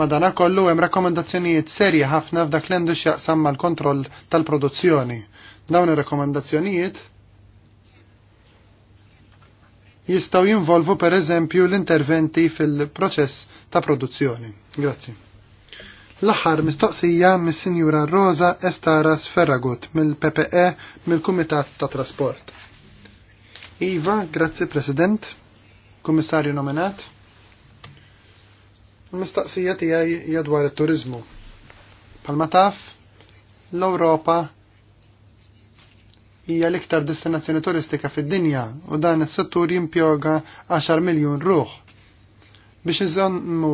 Madana kollu hemm rakkomandazzjonijiet serja ħafna f'dak l endux x'jaqsam mal-kontroll tal-produzzjoni. Dawn ir-rakkomandazzjonijiet jistaw jinvolvu per eżempju l-interventi fil-proċess ta' produzzjoni. Grazzi. L-aħħar mistoqsija mis-Sinjura Rosa Estaras Ferragut mill-PPE mill-Kumitat ta' Trasport. Iva, grazzi President, Kummissarju nominat. l tijaj tiegħi il dwar it-turiżmu. taf, l-Ewropa hija l-iktar destinazzjoni turistika fid-dinja u dan is-settur jimpjoga 10 miljun ruħ. Biex iżommu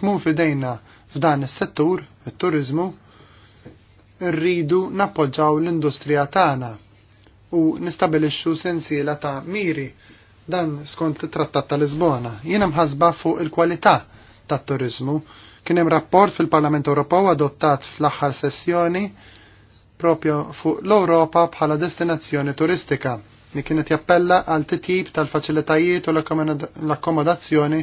tmun fidejna f'dan is-settur, it-turizmu, rridu nappoġġaw l-industrija tagħna u nistabilixxu sensiela ta' miri dan skont it-Trattat ta' Lisbona. Jiena mħasba fuq il-kwalità tat-turizmu. Kien hemm rapport fil-Parlament Ewropew adottat fl-aħħar sessjoni propju fuq l-Europa bħala destinazzjoni turistika li kienet jappella għal titjib tal-faċilitajiet u l-akkomodazzjoni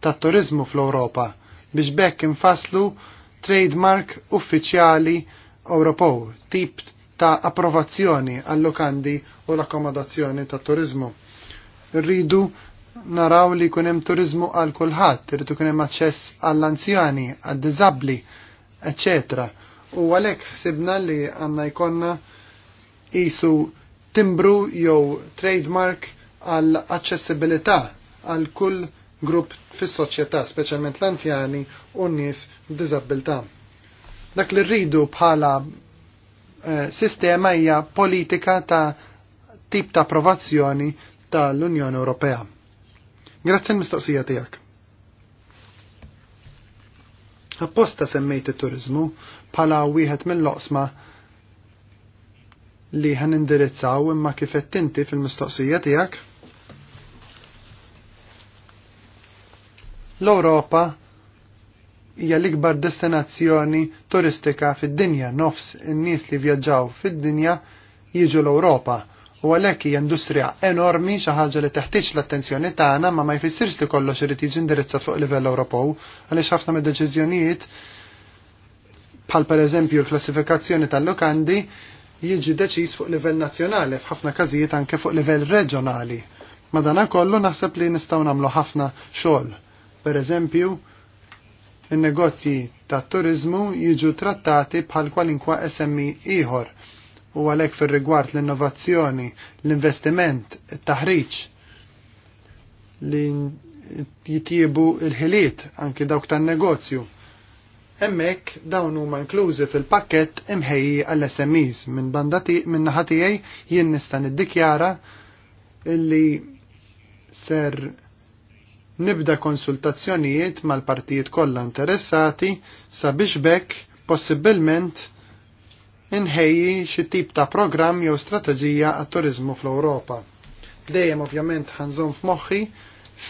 tat turizmu fl-Europa biex bekk infaslu trademark uffiċjali Ewropew, tip ta' approvazzjoni għall-lokandi u l-akkomodazzjoni tat turizmu. Rridu naraw li kunem turizmu għal kulħadd, rridu kunem aċċess għall-anzjani, għad-dizabli, eccetera U għalek ħsibna li għanna jkonna jisu timbru jew trademark għal accessibilità għal kull grupp fis soċjetà speċjalment l-anzjani u n-nies b'diżabilità. Dak li rridu bħala eh, sistema hija politika ta' tip ta' approvazzjoni tal-Unjoni Ewropea. Grazie l-mistoqsija tiegħek. Apposta semmejt it-turizmu bħala wieħed mill-loqsma li ħan indirizzaw imma kifett inti fil-mistoqsija tiegħek. L-Ewropa hija l-ikbar destinazzjoni turistika fid-dinja nofs in-nies li vjaġġaw fid-dinja jiġu l-Ewropa U għalhekk hija industrija enormi xi ħaġa li teħtieġ l-attenzjoni tagħna ma ma jfissirx li kollox irid jiġi indirizza fuq livell Ewropew għaliex ħafna mid-deċiżjonijiet bħal pereżempju l-klassifikazzjoni tal-lokandi jiġi deċiż fuq livell nazzjonali f'ħafna każijiet anke fuq livell reġjonali. Madana kollu naħseb li nistgħu nagħmlu ħafna xogħol. Pereżempju, in-negozji tat-turiżmu jiġu trattati bħal kwalinkwa SMI ieħor u għalhekk fir-rigward l-innovazzjoni, l-investiment, il taħriġ li jitjibu il-ħiliet anki dawk tan-negozju. Hemmhekk dawn huma inklużi fil-pakkett imħejji għall-SMEs minn bandati minn naħa tiegħi jien nista' niddikjara illi ser nibda konsultazzjonijiet mal-partijiet kollha interessati sabiex bekk possibilment inħejji xi tip ta' programm jew strateġija għat-turizmu fl-Ewropa. Dejjem ovvjament ħanżon f'moħħi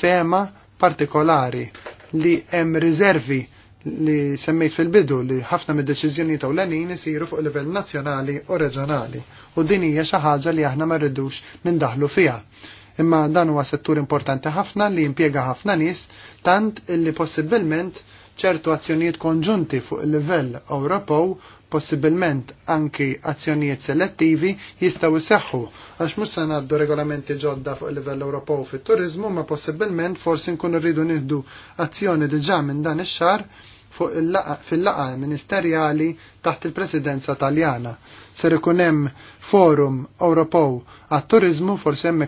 fema partikolari li hemm riservi li semmejt fil-bidu li ħafna mid deċiżjoni ta' l-għanin isiru fuq livell nazzjonali u reġjonali u din hija xi ħaġa li aħna ma rridux nindaħlu fiha. Imma dan huwa settur importanti ħafna li jimpjega ħafna nies tant illi possibilment ċertu azzjonijiet konġunti fuq il-livell Ewropew possibilment anki azzjonijiet selettivi jistaw seħħu, għax mhux se ngħaddu regolamenti ġodda fuq livell Ewropew fit-turiżmu ma possibilment forsi nkunu rridu nieħdu azzjoni diġà minn dan ix-xahar fuq fil-laqa ministerjali taħt il-presidenza taljana. Ser ikun hemm forum Ewropew għat-turiżmu forsi hemmhekk